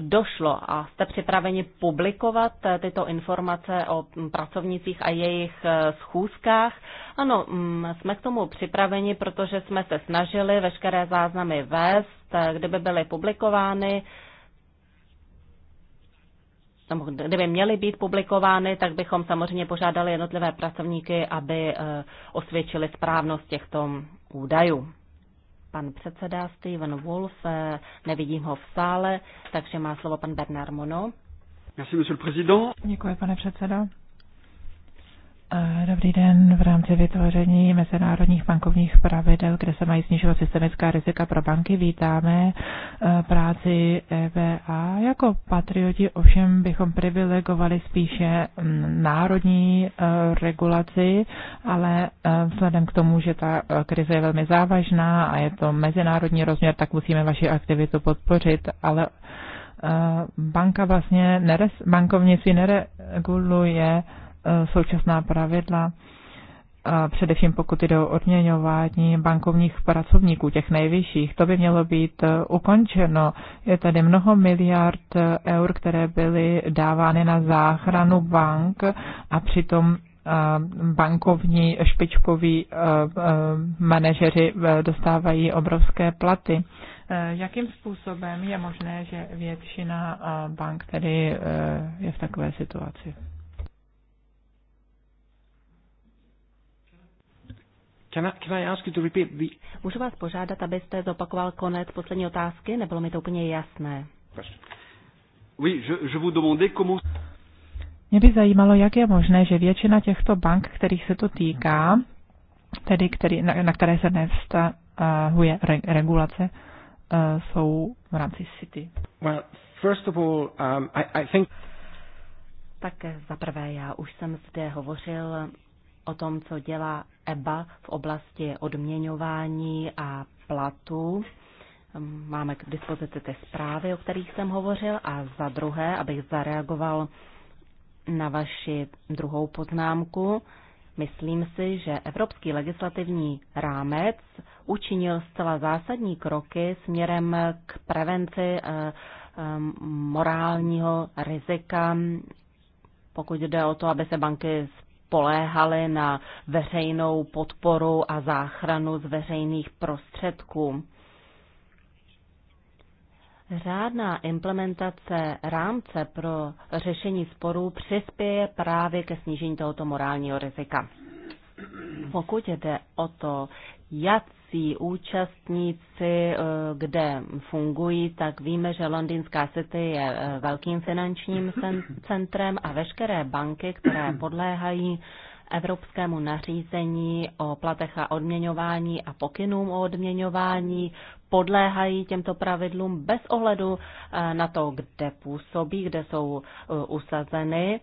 došlo a jste připraveni publikovat eh, tyto informace o mm, pracovnicích a jejich eh, schůzkách. Ano, mm, jsme k tomu připraveni, protože jsme se snažili veškeré záznamy vést, kdyby byly publikovány, nebo kdyby měly být publikovány, tak bychom samozřejmě požádali jednotlivé pracovníky, aby eh, osvědčili správnost těchto údajů. Pan předseda Steven Wolf, eh, nevidím ho v sále, takže má slovo pan Bernard Mono. Děkuji, pane předsedo. Dobrý den. V rámci vytvoření mezinárodních bankovních pravidel, kde se mají snižovat systemická rizika pro banky, vítáme eh, práci EBA. Jako patrioti ovšem bychom privilegovali spíše mm, národní eh, regulaci, ale eh, vzhledem k tomu, že ta krize je velmi závažná a je to mezinárodní rozměr, tak musíme vaši aktivitu podpořit, ale banka vlastně neres, bankovnictví nereguluje E, současná pravidla, e, především pokud jde o odměňování bankovních pracovníků, těch nejvyšších. To by mělo být e, ukončeno. Je tady mnoho miliard eur, které byly dávány na záchranu bank a přitom bankovní špičkoví manažeři dostávají obrovské platy. Jakým způsobem je možné, že většina bank tedy je v takové situaci? Can I, can I ask you to repeat the... Můžu vás požádat, abyste zopakoval konec poslední otázky? Nebylo mi to úplně jasné. Oui, je, je vous demandais comment... Mě by zajímalo, jak je možné, že většina těchto bank, kterých se to týká, tedy který, na, na které se nevztahuje re, regulace, uh, jsou v rámci City. Well, first of all, um, I, I think... Tak zaprvé já už jsem zde hovořil o tom, co dělá EBA v oblasti odměňování a platů. Máme k dispozici ty zprávy, o kterých jsem hovořil. A za druhé, abych zareagoval na vaši druhou poznámku, myslím si, že Evropský legislativní rámec učinil zcela zásadní kroky směrem k prevenci eh, eh, morálního rizika, pokud jde o to, aby se banky spoléhali na veřejnou podporu a záchranu z veřejných prostředků. Řádná implementace rámce pro řešení sporů přispěje právě ke snížení tohoto morálního rizika. Pokud jde o to, jak musí účastníci, eh, kde fungují, tak víme, že Londýnská City je eh, velkým finančním centrem a veškeré banky, které podléhají evropskému nařízení o platech a odměňování a pokynům o odměňování podléhají těmto pravidlům bez ohledu eh, na to, kde působí, kde jsou usazeny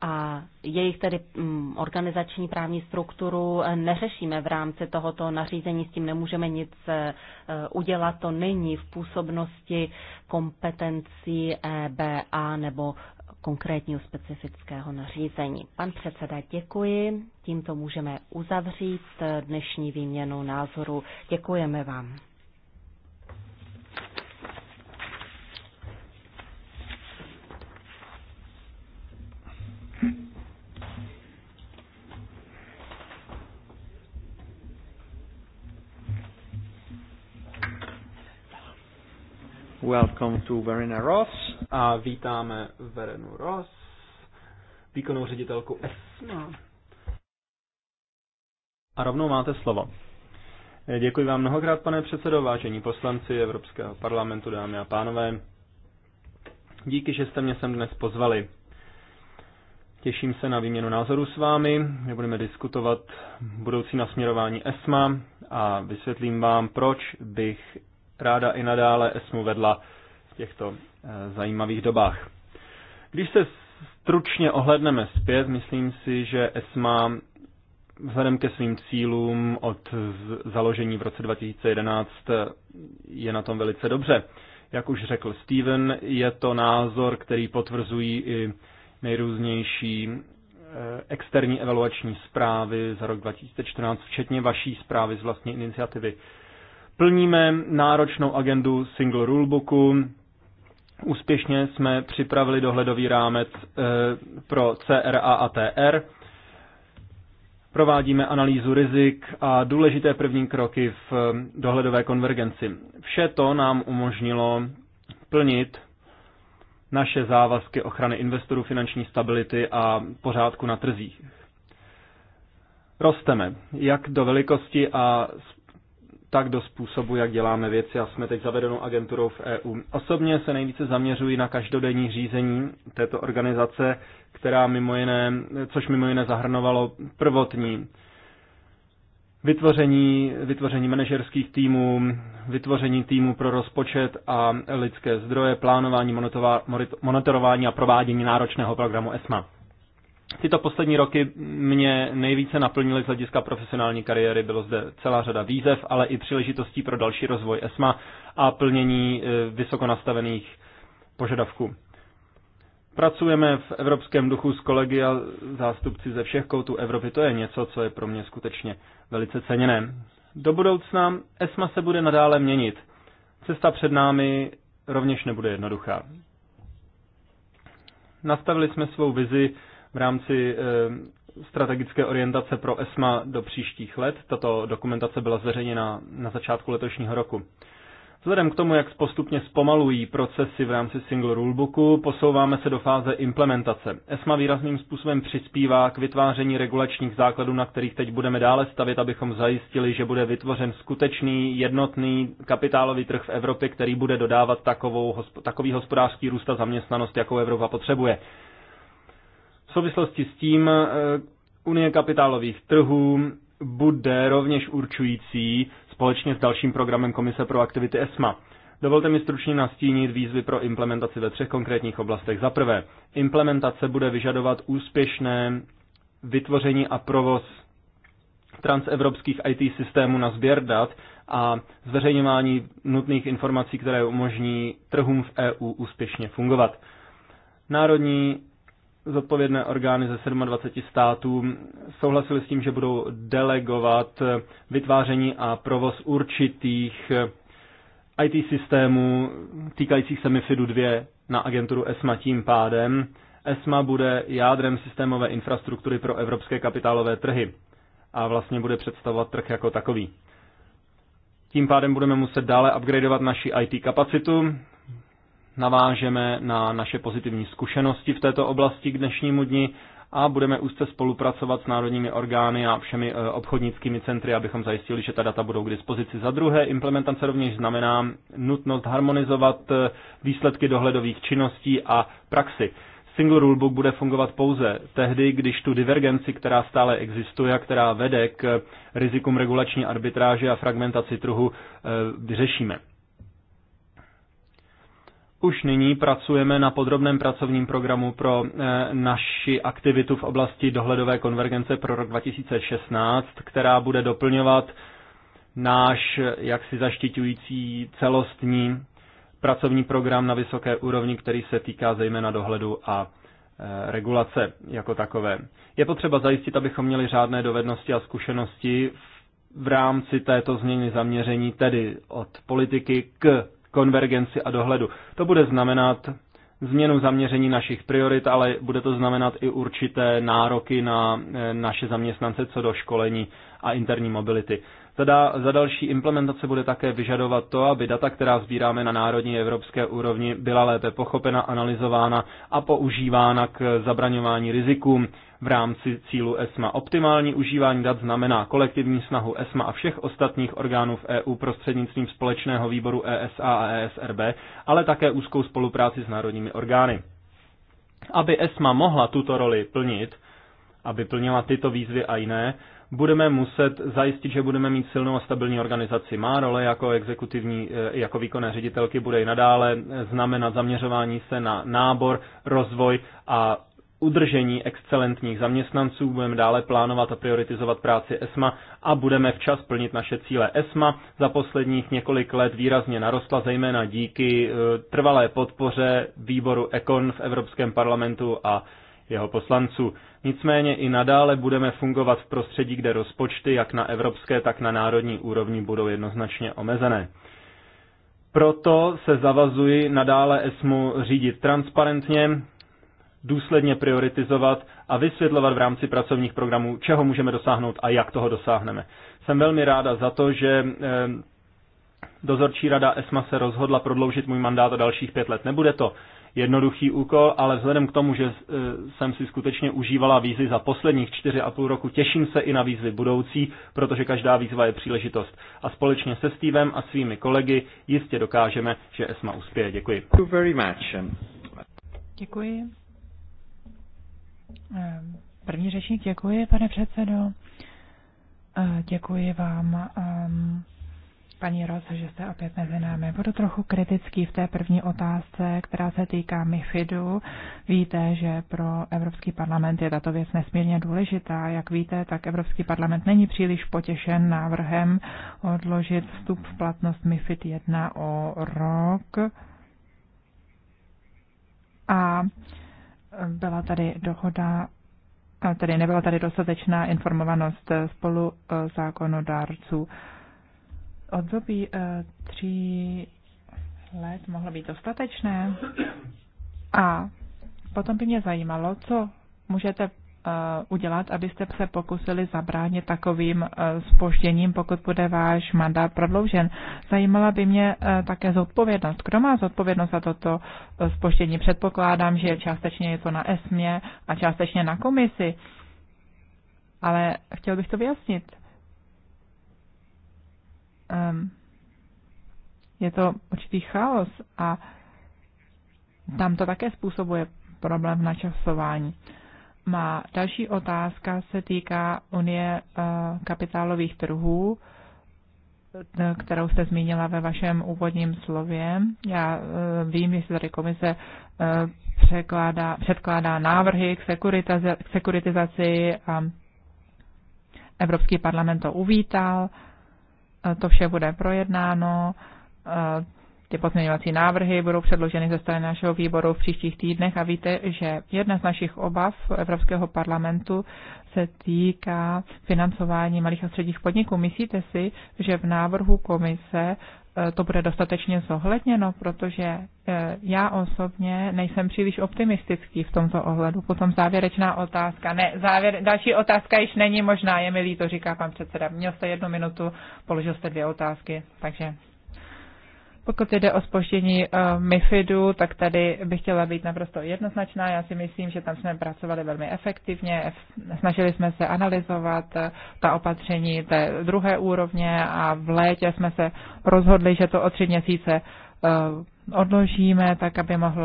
a jejich tedy mm, organizační právní strukturu eh, neřešíme v rámci tohoto nařízení, s tím nemůžeme nic eh, eh, udělat, to není v působnosti kompetencí EBA nebo konkrétního specifického nařízení. Pan předseda, děkuji. Tímto můžeme uzavřít dnešní výměnu názoru. Děkujeme vám. Welcome to Verena Ross. A vítáme Verenu Ross, výkonnou ředitelku ESMA. A rovnou máte slovo. Děkuji vám mnohokrát, pane předsedo, vážení poslanci Evropského parlamentu, dámy a pánové. Díky, že jste mě sem dnes pozvali. Těším se na výměnu názorů s vámi, kde budeme diskutovat budoucí nasměrování ESMA a vysvětlím vám, proč bych ráda i nadále ESMU vedla v těchto eh, zajímavých dobách. Když se stručně ohledneme zpět, myslím si, že ESMA vzhledem ke svým cílům od založení v roce 2011 eh, je na tom velice dobře. Jak už řekl Steven, je to názor, který potvrzují i nejrůznější eh, externí evaluační zprávy za rok 2014, včetně vaší zprávy z vlastní iniciativy. Plníme náročnou agendu single rulebooku, úspěšně jsme připravili dohledový rámec eh, pro CRA a TR, provádíme analýzu rizik a důležité první kroky v eh, dohledové konvergenci. Vše to nám umožnilo plnit naše závazky ochrany investorů, finanční stability a pořádku na trzích. Rosteme jak do velikosti a tak do způsobu, jak děláme věci a jsme teď zavedenou agenturou v EU. Osobně se nejvíce zaměřuji na každodenní řízení této organizace, která mimo jiné, což mimo jiné zahrnovalo prvotní vytvoření, vytvoření manažerských týmů, vytvoření týmu pro rozpočet a lidské zdroje, plánování, monitorování a provádění náročného programu ESMA. Tyto poslední roky mě nejvíce naplnily z hlediska profesionální kariéry. Bylo zde celá řada výzev, ale i příležitostí pro další rozvoj ESMA a plnění eh, vysoko nastavených požadavků. Pracujeme v evropském duchu s kolegy a zástupci ze všech koutů Evropy. To je něco, co je pro mě skutečně velice ceněné. Do budoucna ESMA se bude nadále měnit. Cesta před námi rovněž nebude jednoduchá. Nastavili jsme svou vizi v rámci eh, strategické orientace pro ESMA do příštích let. Tato dokumentace byla zveřejněna na začátku letošního roku. Vzhledem k tomu, jak postupně zpomalují procesy v rámci single rulebooku, posouváme se do fáze implementace. ESMA výrazným způsobem přispívá k vytváření regulačních základů, na kterých teď budeme dále stavit, abychom zajistili, že bude vytvořen skutečný jednotný kapitálový trh v Evropě, který bude dodávat takovou, takový hospodářský růst a zaměstnanost, jakou Evropa potřebuje souvislosti s tím eh, Unie kapitálových trhů bude rovněž určující společně s dalším programem Komise pro aktivity ESMA. Dovolte mi stručně nastínit výzvy pro implementaci ve třech konkrétních oblastech. Za prvé, implementace bude vyžadovat úspěšné vytvoření a provoz transevropských IT systémů na sběr dat a zveřejňování nutných informací, které umožní trhům v EU úspěšně fungovat. Národní zodpovědné orgány ze 27 států souhlasily s tím, že budou delegovat vytváření a provoz určitých IT systémů týkajících se MIFIDu 2 na agenturu ESMA tím pádem. ESMA bude jádrem systémové infrastruktury pro evropské kapitálové trhy a vlastně bude představovat trh jako takový. Tím pádem budeme muset dále upgradeovat naši IT kapacitu, navážeme na naše pozitivní zkušenosti v této oblasti k dnešnímu dni a budeme úzce spolupracovat s národními orgány a všemi eh, obchodnickými centry, abychom zajistili, že ta data budou k dispozici. Za druhé, implementace rovněž znamená nutnost harmonizovat eh, výsledky dohledových činností a praxi. Single rulebook bude fungovat pouze tehdy, když tu divergenci, která stále existuje a která vede k eh, rizikům regulační arbitráže a fragmentaci trhu, vyřešíme. Už nyní pracujeme na podrobném pracovním programu pro eh, naši aktivitu v oblasti dohledové konvergence pro rok 2016, která bude doplňovat náš jaksi zaštiťující celostní pracovní program na vysoké úrovni, který se týká zejména dohledu a eh, regulace jako takové. Je potřeba zajistit, abychom měli řádné dovednosti a zkušenosti v rámci této změny zaměření, tedy od politiky k konvergenci a dohledu. To bude znamenat změnu zaměření našich priorit, ale bude to znamenat i určité nároky na eh, naše zaměstnance co do školení a interní mobility. Teda za další implementace bude také vyžadovat to, aby data, která sbíráme na národní evropské úrovni, byla lépe pochopena, analyzována a používána k zabraňování rizikům v rámci cílu ESMA. Optimální užívání dat znamená kolektivní snahu ESMA a všech ostatních orgánů v EU prostřednictvím společného výboru ESA a ESRB, ale také úzkou spolupráci s národními orgány. Aby ESMA mohla tuto roli plnit, aby plnila tyto výzvy a jiné, budeme muset zajistit, že budeme mít silnou a stabilní organizaci. Má role jako exekutivní, eh, jako výkonné ředitelky bude i nadále znamenat zaměřování se na nábor, rozvoj a udržení excelentních zaměstnanců, budeme dále plánovat a prioritizovat práci ESMA a budeme včas plnit naše cíle. ESMA za posledních několik let výrazně narostla, zejména díky eh, trvalé podpoře výboru ECON v Evropském parlamentu a jeho poslanců. Nicméně i nadále budeme fungovat v prostředí, kde rozpočty jak na evropské, tak na národní úrovni budou jednoznačně omezené. Proto se zavazuji nadále ESMU řídit transparentně, důsledně prioritizovat a vysvětlovat v rámci pracovních programů, čeho můžeme dosáhnout a jak toho dosáhneme. Jsem velmi ráda za to, že eh, dozorčí rada ESMA se rozhodla prodloužit můj mandát o dalších pět let. Nebude to jednoduchý úkol, ale vzhledem k tomu, že e, jsem si skutečně užívala výzvy za posledních čtyři a půl roku, těším se i na výzvy budoucí, protože každá výzva je příležitost. A společně se Stevem a svými kolegy jistě dokážeme, že ESMA uspěje. Děkuji. Děkuji. E, první řečník, děkuji, pane předsedo. E, děkuji vám paní Ros, že jste opět mezi námi. Budu trochu kritický v té první otázce, která se týká MIFIDu. Víte, že pro Evropský parlament je tato věc nesmírně důležitá. Jak víte, tak Evropský parlament není příliš potěšen návrhem odložit vstup v platnost MIFID 1 o rok. A byla tady dohoda tedy nebyla tady dostatečná informovanost spolu e, zákonodárců období eh, tří let mohlo být dostatečné. A potom by mě zajímalo, co můžete eh, udělat, abyste se pokusili zabránit takovým spožděním, eh, pokud bude váš mandát prodloužen. Zajímala by mě také zodpovědnost. Kdo má zodpovědnost za toto spoždění? Předpokládám, že částečně je to na ESMě a částečně na komisi, ale chtěl bych to vyjasnit je to určitý chaos a tam to také způsobuje problém v načasování. Má další otázka se týká Unie eh, kapitálových trhů, kterou jste zmínila ve vašem úvodním slově. Já eh, vím, se tady komise eh, překládá, předkládá návrhy k, sekuritizaci a Evropský parlament to uvítal to vše bude projednáno, ty pozměňovací návrhy budou předloženy ze strany našeho výboru v příštích týdnech a víte, že jedna z našich obav Evropského parlamentu se týká financování malých a středních podniků. Myslíte si, že v návrhu komise Eh, to bude dostatečně zohledněno, protože eh, já osobně nejsem příliš optimistický v tomto ohledu. Potom závěrečná otázka. Ne, závěr, další otázka již není možná, je mi líto, říká pan předseda. Měl jste jednu minutu, položil jste dvě otázky, takže pokud jde o spoždění eh, MIFIDu, tak tady bych chtěla být naprosto jednoznačná. Já si myslím, že tam jsme pracovali velmi efektivně. Snažili jsme se analyzovat eh, ta opatření té druhé úrovně a v létě jsme se rozhodli, že to o tři měsíce eh, odložíme, tak aby mohl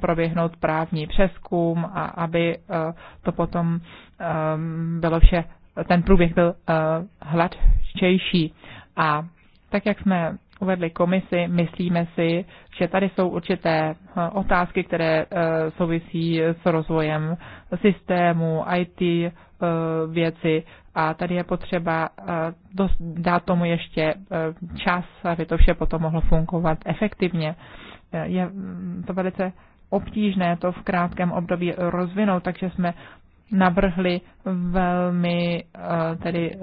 proběhnout právní přeskum a aby to potom bylo vše, ten průběh byl hladčejší. A tak, jak jsme uvedli komisi, myslíme si, že tady jsou určité eh, otázky, které eh, souvisí s rozvojem systému, IT eh, věci a tady je potřeba dát tomu ještě čas, aby to vše potom mohlo fungovat efektivně. Je mm, to velice obtížné to v krátkém období rozvinout, takže jsme navrhli velmi eh, tedy eh,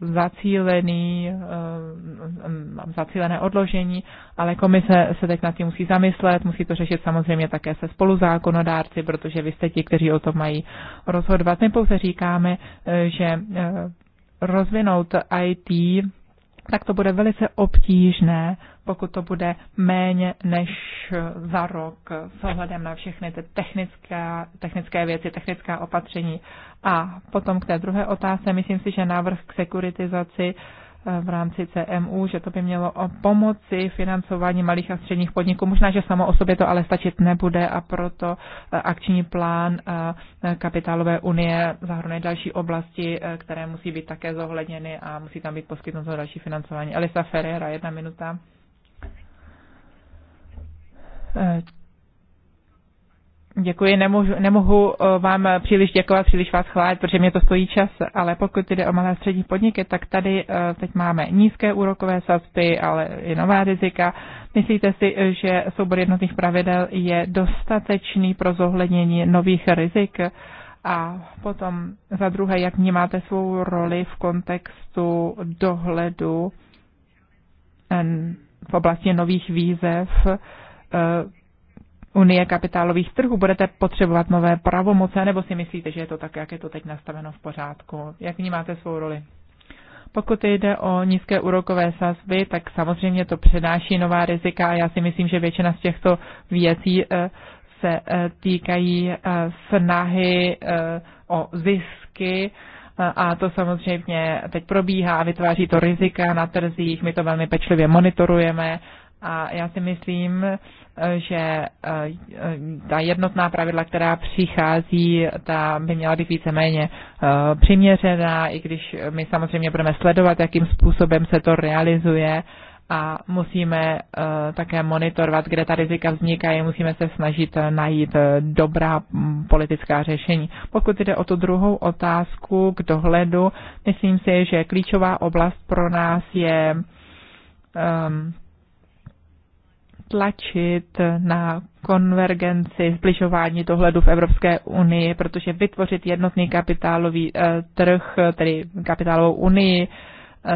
zacílený, eh, zacílené odložení, ale komise se teď nad tím musí zamyslet, musí to řešit samozřejmě také se spoluzákonodárci, protože vy jste ti, kteří o tom mají rozhodovat. My pouze říkáme, že rozvinout IT tak to bude velice obtížné, pokud to bude méně než za rok s ohledem na všechny ty technické, technické věci, technická opatření. A potom k té druhé otázce, myslím si, že návrh k sekuritizaci uh, v rámci CMU, že to by mělo o pomoci financování malých a středních podniků. Možná, že samo o sobě to ale stačit nebude a proto eh, akční plán eh, kapitálové unie zahrnuje další oblasti, eh, které musí být také zohledněny a musí tam být poskytnuto další financování. Elisa Ferreira, jedna minuta. Děkuji, nemohu, nemohu vám příliš děkovat, příliš vás chválit, protože mě to stojí čas, ale pokud jde o malé a střední podniky, tak tady eh, teď máme nízké úrokové sazby, ale i nová rizika. Myslíte si, že soubor jednotných pravidel je dostatečný pro zohlednění nových rizik? A potom za druhé, jak vnímáte svou roli v kontextu dohledu eh, v oblasti nových výzev, eh, unie kapitálových trhů? Budete potřebovat nové pravomoce, nebo si myslíte, že je to tak, jak je to teď nastaveno v pořádku? Jak vnímáte svou roli? Pokud jde o nízké úrokové sazby, tak samozřejmě to přenáší nová rizika a já si myslím, že většina z těchto věcí eh, se eh, týkají eh, snahy o zisky a to samozřejmě teď probíhá a vytváří to rizika na trzích. My to velmi pečlivě monitorujeme a já si myslím, že eh, ta jednotná pravidla, která přichází, ta by měla být víceméně eh, přiměřená, i když my samozřejmě budeme sledovat, jakým způsobem se to realizuje a musíme eh, také monitorovat, kde ta rizika vznikají, musíme se snažit najít dobrá mm, politická řešení. Pokud jde o tu druhou otázku k dohledu, myslím si, že klíčová oblast pro nás je um, tlačit na konvergenci, zbližování dohledu v Evropské unii, protože vytvořit jednotný kapitálový eh, trh, tedy kapitálovou unii,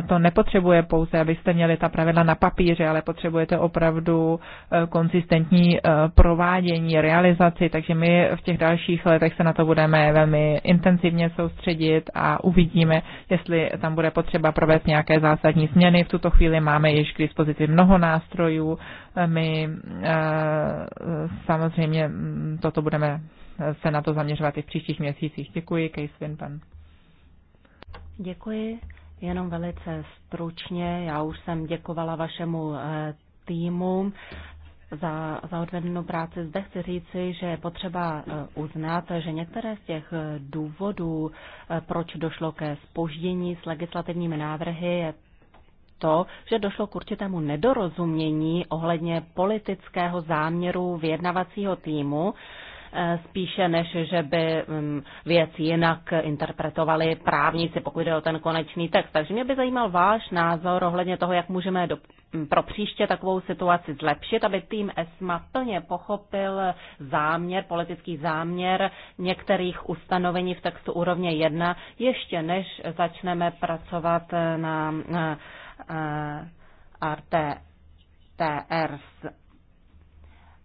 to nepotřebuje pouze, abyste měli ta pravidla na papíře, ale potřebujete opravdu eh, konzistentní eh, provádění, realizaci, takže my v těch dalších letech se na to budeme velmi intenzivně soustředit a uvidíme, jestli tam bude potřeba provést nějaké zásadní změny. V tuto chvíli máme již k dispozici mnoho nástrojů. Eh, my samozřejmě mm, toto budeme se na to zaměřovat i v příštích měsících. Děkuji, Case Winpan. Děkuji. Jenom velice stručně, já už jsem děkovala vašemu eh, týmu za, za odvedenou práci. Zde chci říci, že je potřeba eh, uznat, že některé z těch eh, důvodů, proč došlo ke spoždění s legislativními návrhy, je to, že došlo k určitému nedorozumění ohledně politického záměru vyjednavacího týmu, Eh, spíše než že by mm, věc jinak interpretovali právníci, pokud jde o ten konečný text. Takže mě by zajímal váš názor ohledně toho, jak můžeme do, mm, pro příště takovou situaci zlepšit, aby tým ESMA plně pochopil záměr, politický záměr některých ustanovení v textu úrovně 1, ještě než začneme pracovat na, na, na RTR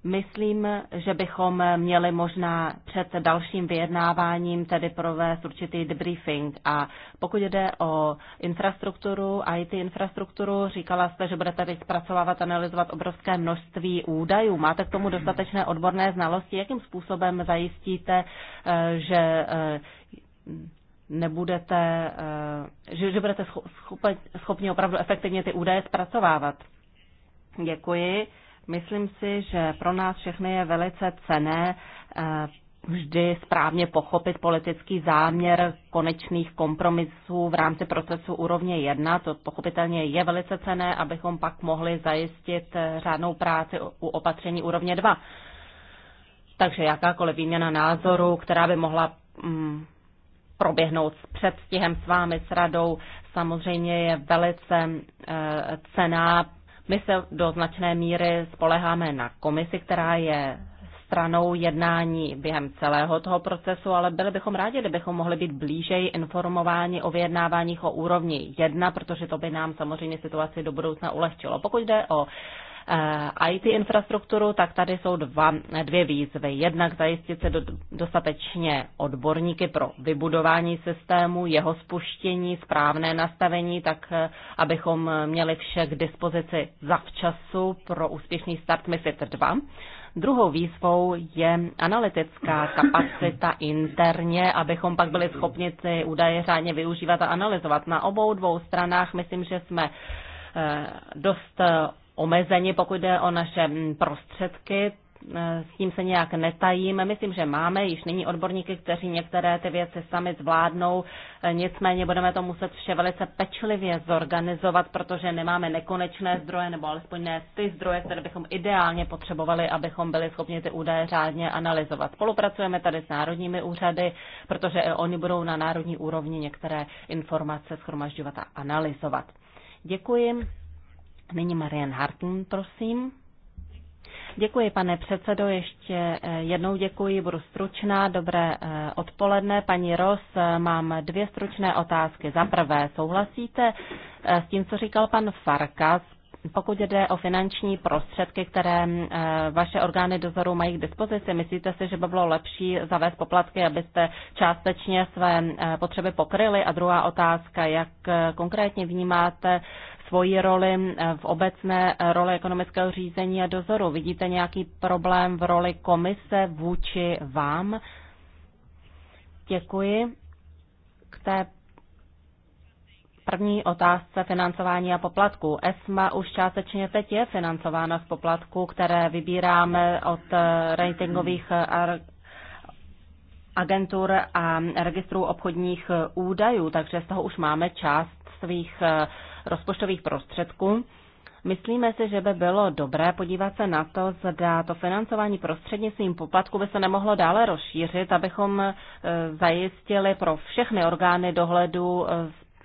Myslím, že bychom měli možná před dalším vyjednáváním tedy provést určitý debriefing. A pokud jde o infrastrukturu, IT infrastrukturu, říkala jste, že budete teď zpracovávat, analyzovat obrovské množství údajů. Máte k tomu dostatečné odborné znalosti? Jakým způsobem zajistíte, eh, že eh, nebudete, eh, že, že budete schopni opravdu efektivně ty údaje zpracovávat? Děkuji. Myslím si, že pro nás všechny je velice cené eh, vždy správně pochopit politický záměr konečných kompromisů v rámci procesu úrovně 1. To pochopitelně je velice cené, abychom pak mohli zajistit eh, řádnou práci u opatření úrovně 2. Takže jakákoliv výměna názoru, která by mohla mm, proběhnout s předstihem s vámi, s radou, samozřejmě je velice e, eh, cená my se do značné míry spoleháme na komisi, která je stranou jednání během celého toho procesu, ale byli bychom rádi, kdybychom mohli být blížeji informováni o vyjednáváních o úrovni jedna, protože to by nám samozřejmě situaci do budoucna ulehčilo. Pokud jde o Eh, IT infrastrukturu, tak tady jsou dva, dvě výzvy. Jednak zajistit se dostatečně odborníky pro vybudování systému, jeho spuštění, správné nastavení, tak eh, abychom měli vše k dispozici zavčasu pro úspěšný start MIFID 2. Druhou výzvou je analytická kapacita interně, abychom pak byli schopni ty údaje řádně využívat a analyzovat. Na obou dvou stranách myslím, že jsme eh, dost omezeni, pokud jde o naše mm, prostředky, e, s tím se nějak netajíme. Myslím, že máme již nyní odborníky, kteří některé ty věci sami zvládnou. E, nicméně budeme to muset vše velice pečlivě zorganizovat, protože nemáme nekonečné zdroje, nebo alespoň ne ty zdroje, které bychom ideálně potřebovali, abychom byli schopni ty údaje řádně analyzovat. Spolupracujeme tady s národními úřady, protože oni budou na národní úrovni některé informace schromažďovat a analyzovat. Děkuji. Nyní Marian Hartn, prosím. Děkuji, pane předsedo. Ještě eh, jednou děkuji, budu stručná. Dobré eh, odpoledne, paní Ros. Eh, mám dvě stručné otázky. Za prvé, souhlasíte s tím, co říkal pan Farkas, pokud jde o finanční prostředky, které vaše orgány dozoru mají k dispozici, myslíte si, že by bylo lepší zavést poplatky, abyste částečně své potřeby pokryli? A druhá otázka, jak konkrétně vnímáte svoji roli eh, v obecné roli ekonomického řízení a dozoru. Vidíte nějaký problém v roli komise vůči vám? Děkuji. K té první otázce financování a poplatku. ESMA už částečně teď je financována z poplatků, které vybíráme od eh, ratingových eh, agentur a registrů obchodních údajů, takže z toho už máme část svých rozpočtových prostředků. Myslíme si, že by bylo dobré podívat se na to, zda to financování prostřednictvím poplatku by se nemohlo dále rozšířit, abychom e, zajistili pro všechny orgány dohledu e,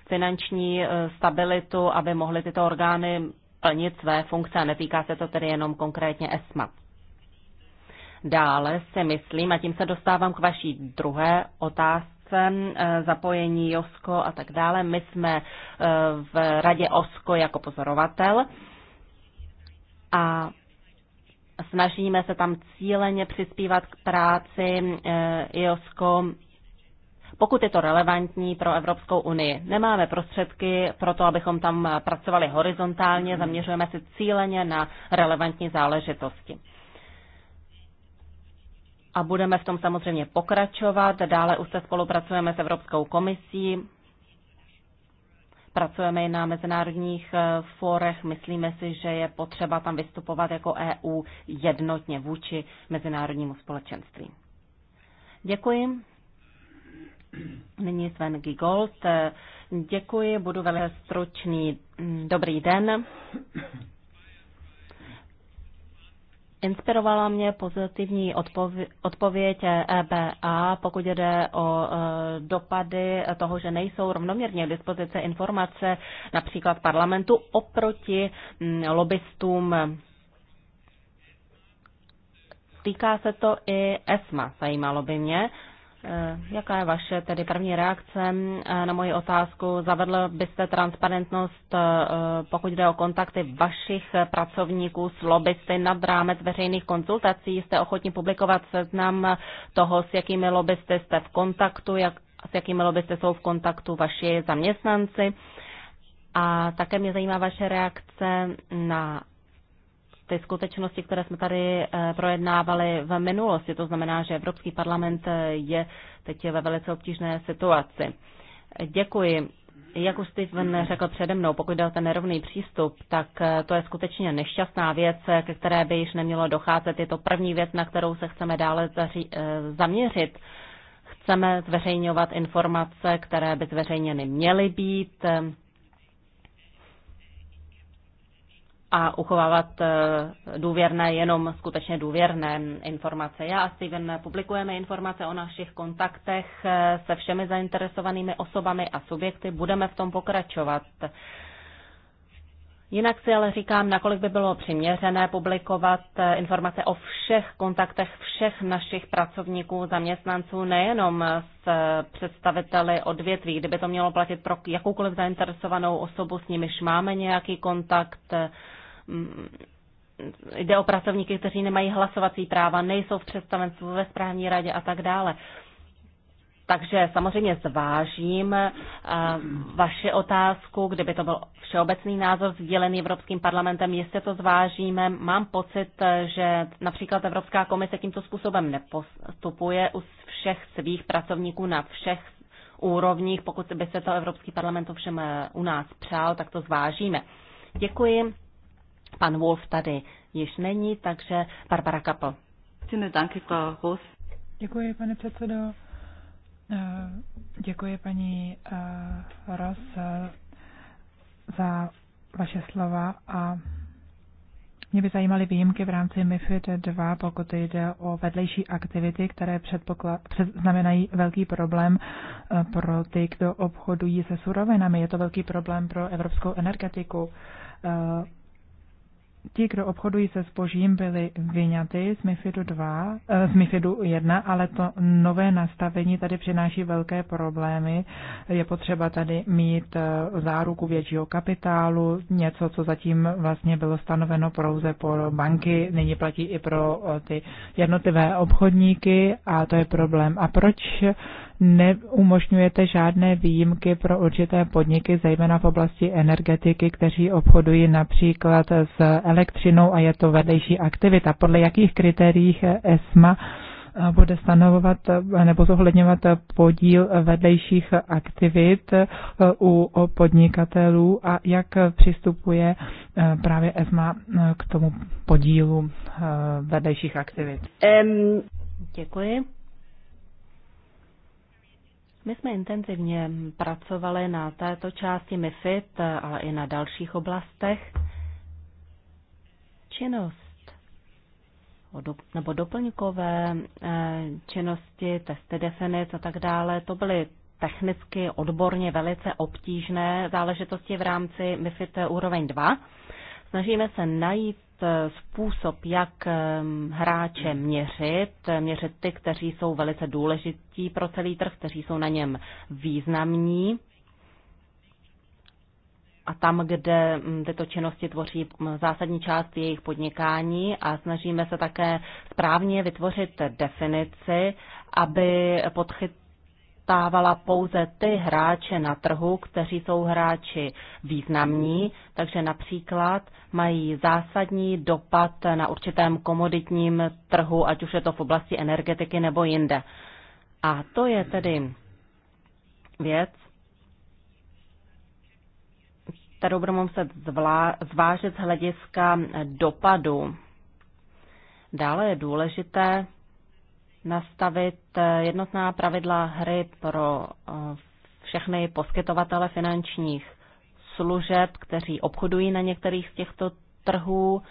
finanční e, stabilitu, aby mohly tyto orgány plnit své funkce a netýká se to tedy jenom konkrétně ESMA. Dále si myslím, a tím se dostávám k vaší druhé otázce, organizace, eh, zapojení JOSKO a tak dále. My jsme eh, v radě OSKO jako pozorovatel a snažíme se tam cíleně přispívat k práci eh, JOSKO pokud je to relevantní pro Evropskou unii. Nemáme prostředky pro to, abychom tam pracovali horizontálně, zaměřujeme se cíleně na relevantní záležitosti a budeme v tom samozřejmě pokračovat. Dále už se spolupracujeme s Evropskou komisí, pracujeme i na mezinárodních eh, fórech. Myslíme si, že je potřeba tam vystupovat jako EU jednotně vůči mezinárodnímu společenství. Děkuji. Nyní Sven Gigold. Děkuji, budu velmi stručný. Dobrý den. Inspirovala mě pozitivní odpověď odpověď e EBA, pokud jde o e, dopady toho, že nejsou rovnoměrně k dispozice informace například parlamentu oproti mm, lobbystům. Týká se to i ESMA, zajímalo by mě. Eh, jaká je vaše tedy první reakce eh, na moji otázku? Zavedl byste transparentnost, eh, pokud jde o kontakty vašich pracovníků s lobbysty nad rámec veřejných konzultací? Jste ochotni publikovat seznam toho, s jakými lobbysty jste v kontaktu, jak, s jakými lobbysty jsou v kontaktu vaši zaměstnanci? A také mě zajímá vaše reakce na ty skutečnosti, které jsme tady eh, projednávali v minulosti. To znamená, že Evropský parlament eh, je teď ve velice obtížné situaci. Děkuji. Jak už Steven řekl přede mnou, pokud jde o ten nerovný přístup, tak eh, to je skutečně nešťastná věc, ke které by již nemělo docházet. Je to první věc, na kterou se chceme dále zaměřit. Chceme zveřejňovat informace, které by zveřejněny měly být. a uchovávat eh, důvěrné, jenom skutečně důvěrné informace. Já a Steven publikujeme informace o našich kontaktech eh, se všemi zainteresovanými osobami a subjekty. Budeme v tom pokračovat. Jinak si ale říkám, nakolik by bylo přiměřené publikovat eh, informace o všech kontaktech všech našich pracovníků, zaměstnanců, nejenom s představiteli odvětví, kdyby to mělo platit pro jakoukoliv zainteresovanou osobu, s nimiž máme nějaký kontakt, Mm, jde o pracovníky, kteří nemají hlasovací práva, nejsou v představenstvu ve správní radě a tak dále. Takže samozřejmě zvážím eh, vaši otázku, kdyby to byl všeobecný názor sdělený Evropským parlamentem, jestli to zvážíme. Mám pocit, že například Evropská komise tímto způsobem nepostupuje u všech svých pracovníků na všech úrovních. Pokud by se to Evropský parlament ovšem eh, u nás přál, tak to zvážíme. Děkuji. Pan Wolf tady již není, takže Barbara Kapo. Děkuji, pane předsedo. Eh, děkuji, paní eh, Ros, eh, za vaše slova a mě by zajímaly výjimky v rámci MIFID 2, pokud jde o vedlejší aktivity, které před, znamenají velký problém pro ty, kdo obchodují se surovinami. Je to velký problém pro evropskou energetiku ti, kdo obchodují se zbožím, byli vyňaty z MIFIDu, 2, eh, z MIFIDu 1, ale to nové nastavení tady přináší velké problémy. Je potřeba tady mít eh, záruku většího kapitálu, něco, co zatím vlastně bylo stanoveno pouze pro banky, nyní platí i pro eh, ty jednotlivé obchodníky a to je problém. A proč neumožňujete žádné výjimky pro určité podniky, zejména v oblasti energetiky, kteří obchodují například s elektřinou a je to vedlejší aktivita. Podle jakých kritériích ESMA bude stanovovat nebo zohledňovat podíl vedlejších aktivit u podnikatelů a jak přistupuje právě ESMA k tomu podílu vedlejších aktivit. Um, děkuji. My jsme intenzivně pracovali na této části MIFID, ale i na dalších oblastech. Činnost nebo doplňkové eh, činnosti, testy definic a tak dále, to byly technicky, odborně velice obtížné záležitosti v rámci MIFID úroveň 2. Snažíme se najít způsob, jak hráče měřit, měřit ty, kteří jsou velice důležití pro celý trh, kteří jsou na něm významní. A tam, kde mm, tyto činnosti tvoří mm, zásadní část jejich podnikání a snažíme se také správně vytvořit definici, aby podchyt, dostávala pouze ty hráče na trhu, kteří jsou hráči významní, takže například mají zásadní dopad na určitém komoditním trhu, ať už je to v oblasti energetiky nebo jinde. A to je tedy věc, kterou budeme muset zvážit z hlediska dopadu. Dále je důležité nastavit eh, jednotná pravidla hry pro eh, všechny poskytovatele finančních služeb, kteří obchodují na některých z těchto trhů.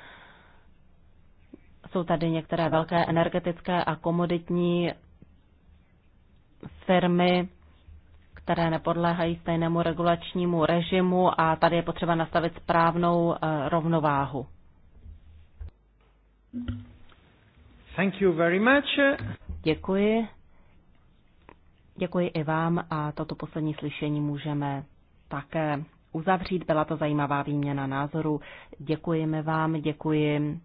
Jsou tady některé velké energetické a komoditní firmy, které nepodléhají stejnému regulačnímu režimu a tady je potřeba nastavit správnou eh, rovnováhu. Thank you very much. Děkuji. Děkuji i vám a toto poslední slyšení můžeme také uzavřít. Byla to zajímavá výměna názorů. Děkujeme vám, děkuji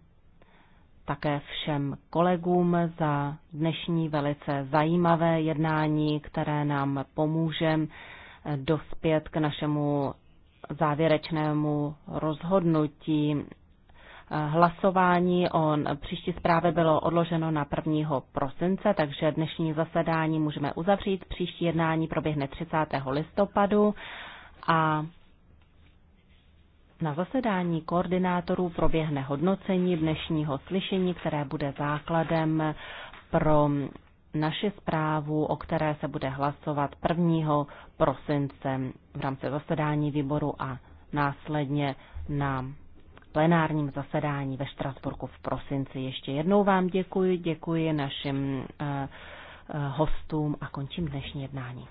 také všem kolegům za dnešní velice zajímavé jednání, které nám pomůže dospět k našemu závěrečnému rozhodnutí Hlasování o příští zprávě bylo odloženo na 1. prosince, takže dnešní zasedání můžeme uzavřít. Příští jednání proběhne 30. listopadu a na zasedání koordinátorů proběhne hodnocení dnešního slyšení, které bude základem pro naši zprávu, o které se bude hlasovat 1. prosince v rámci zasedání výboru a následně na plenárním zasedání ve Štrasburku v prosinci. Ještě jednou vám děkuji, děkuji našim eh, eh, hostům a končím dnešní jednání.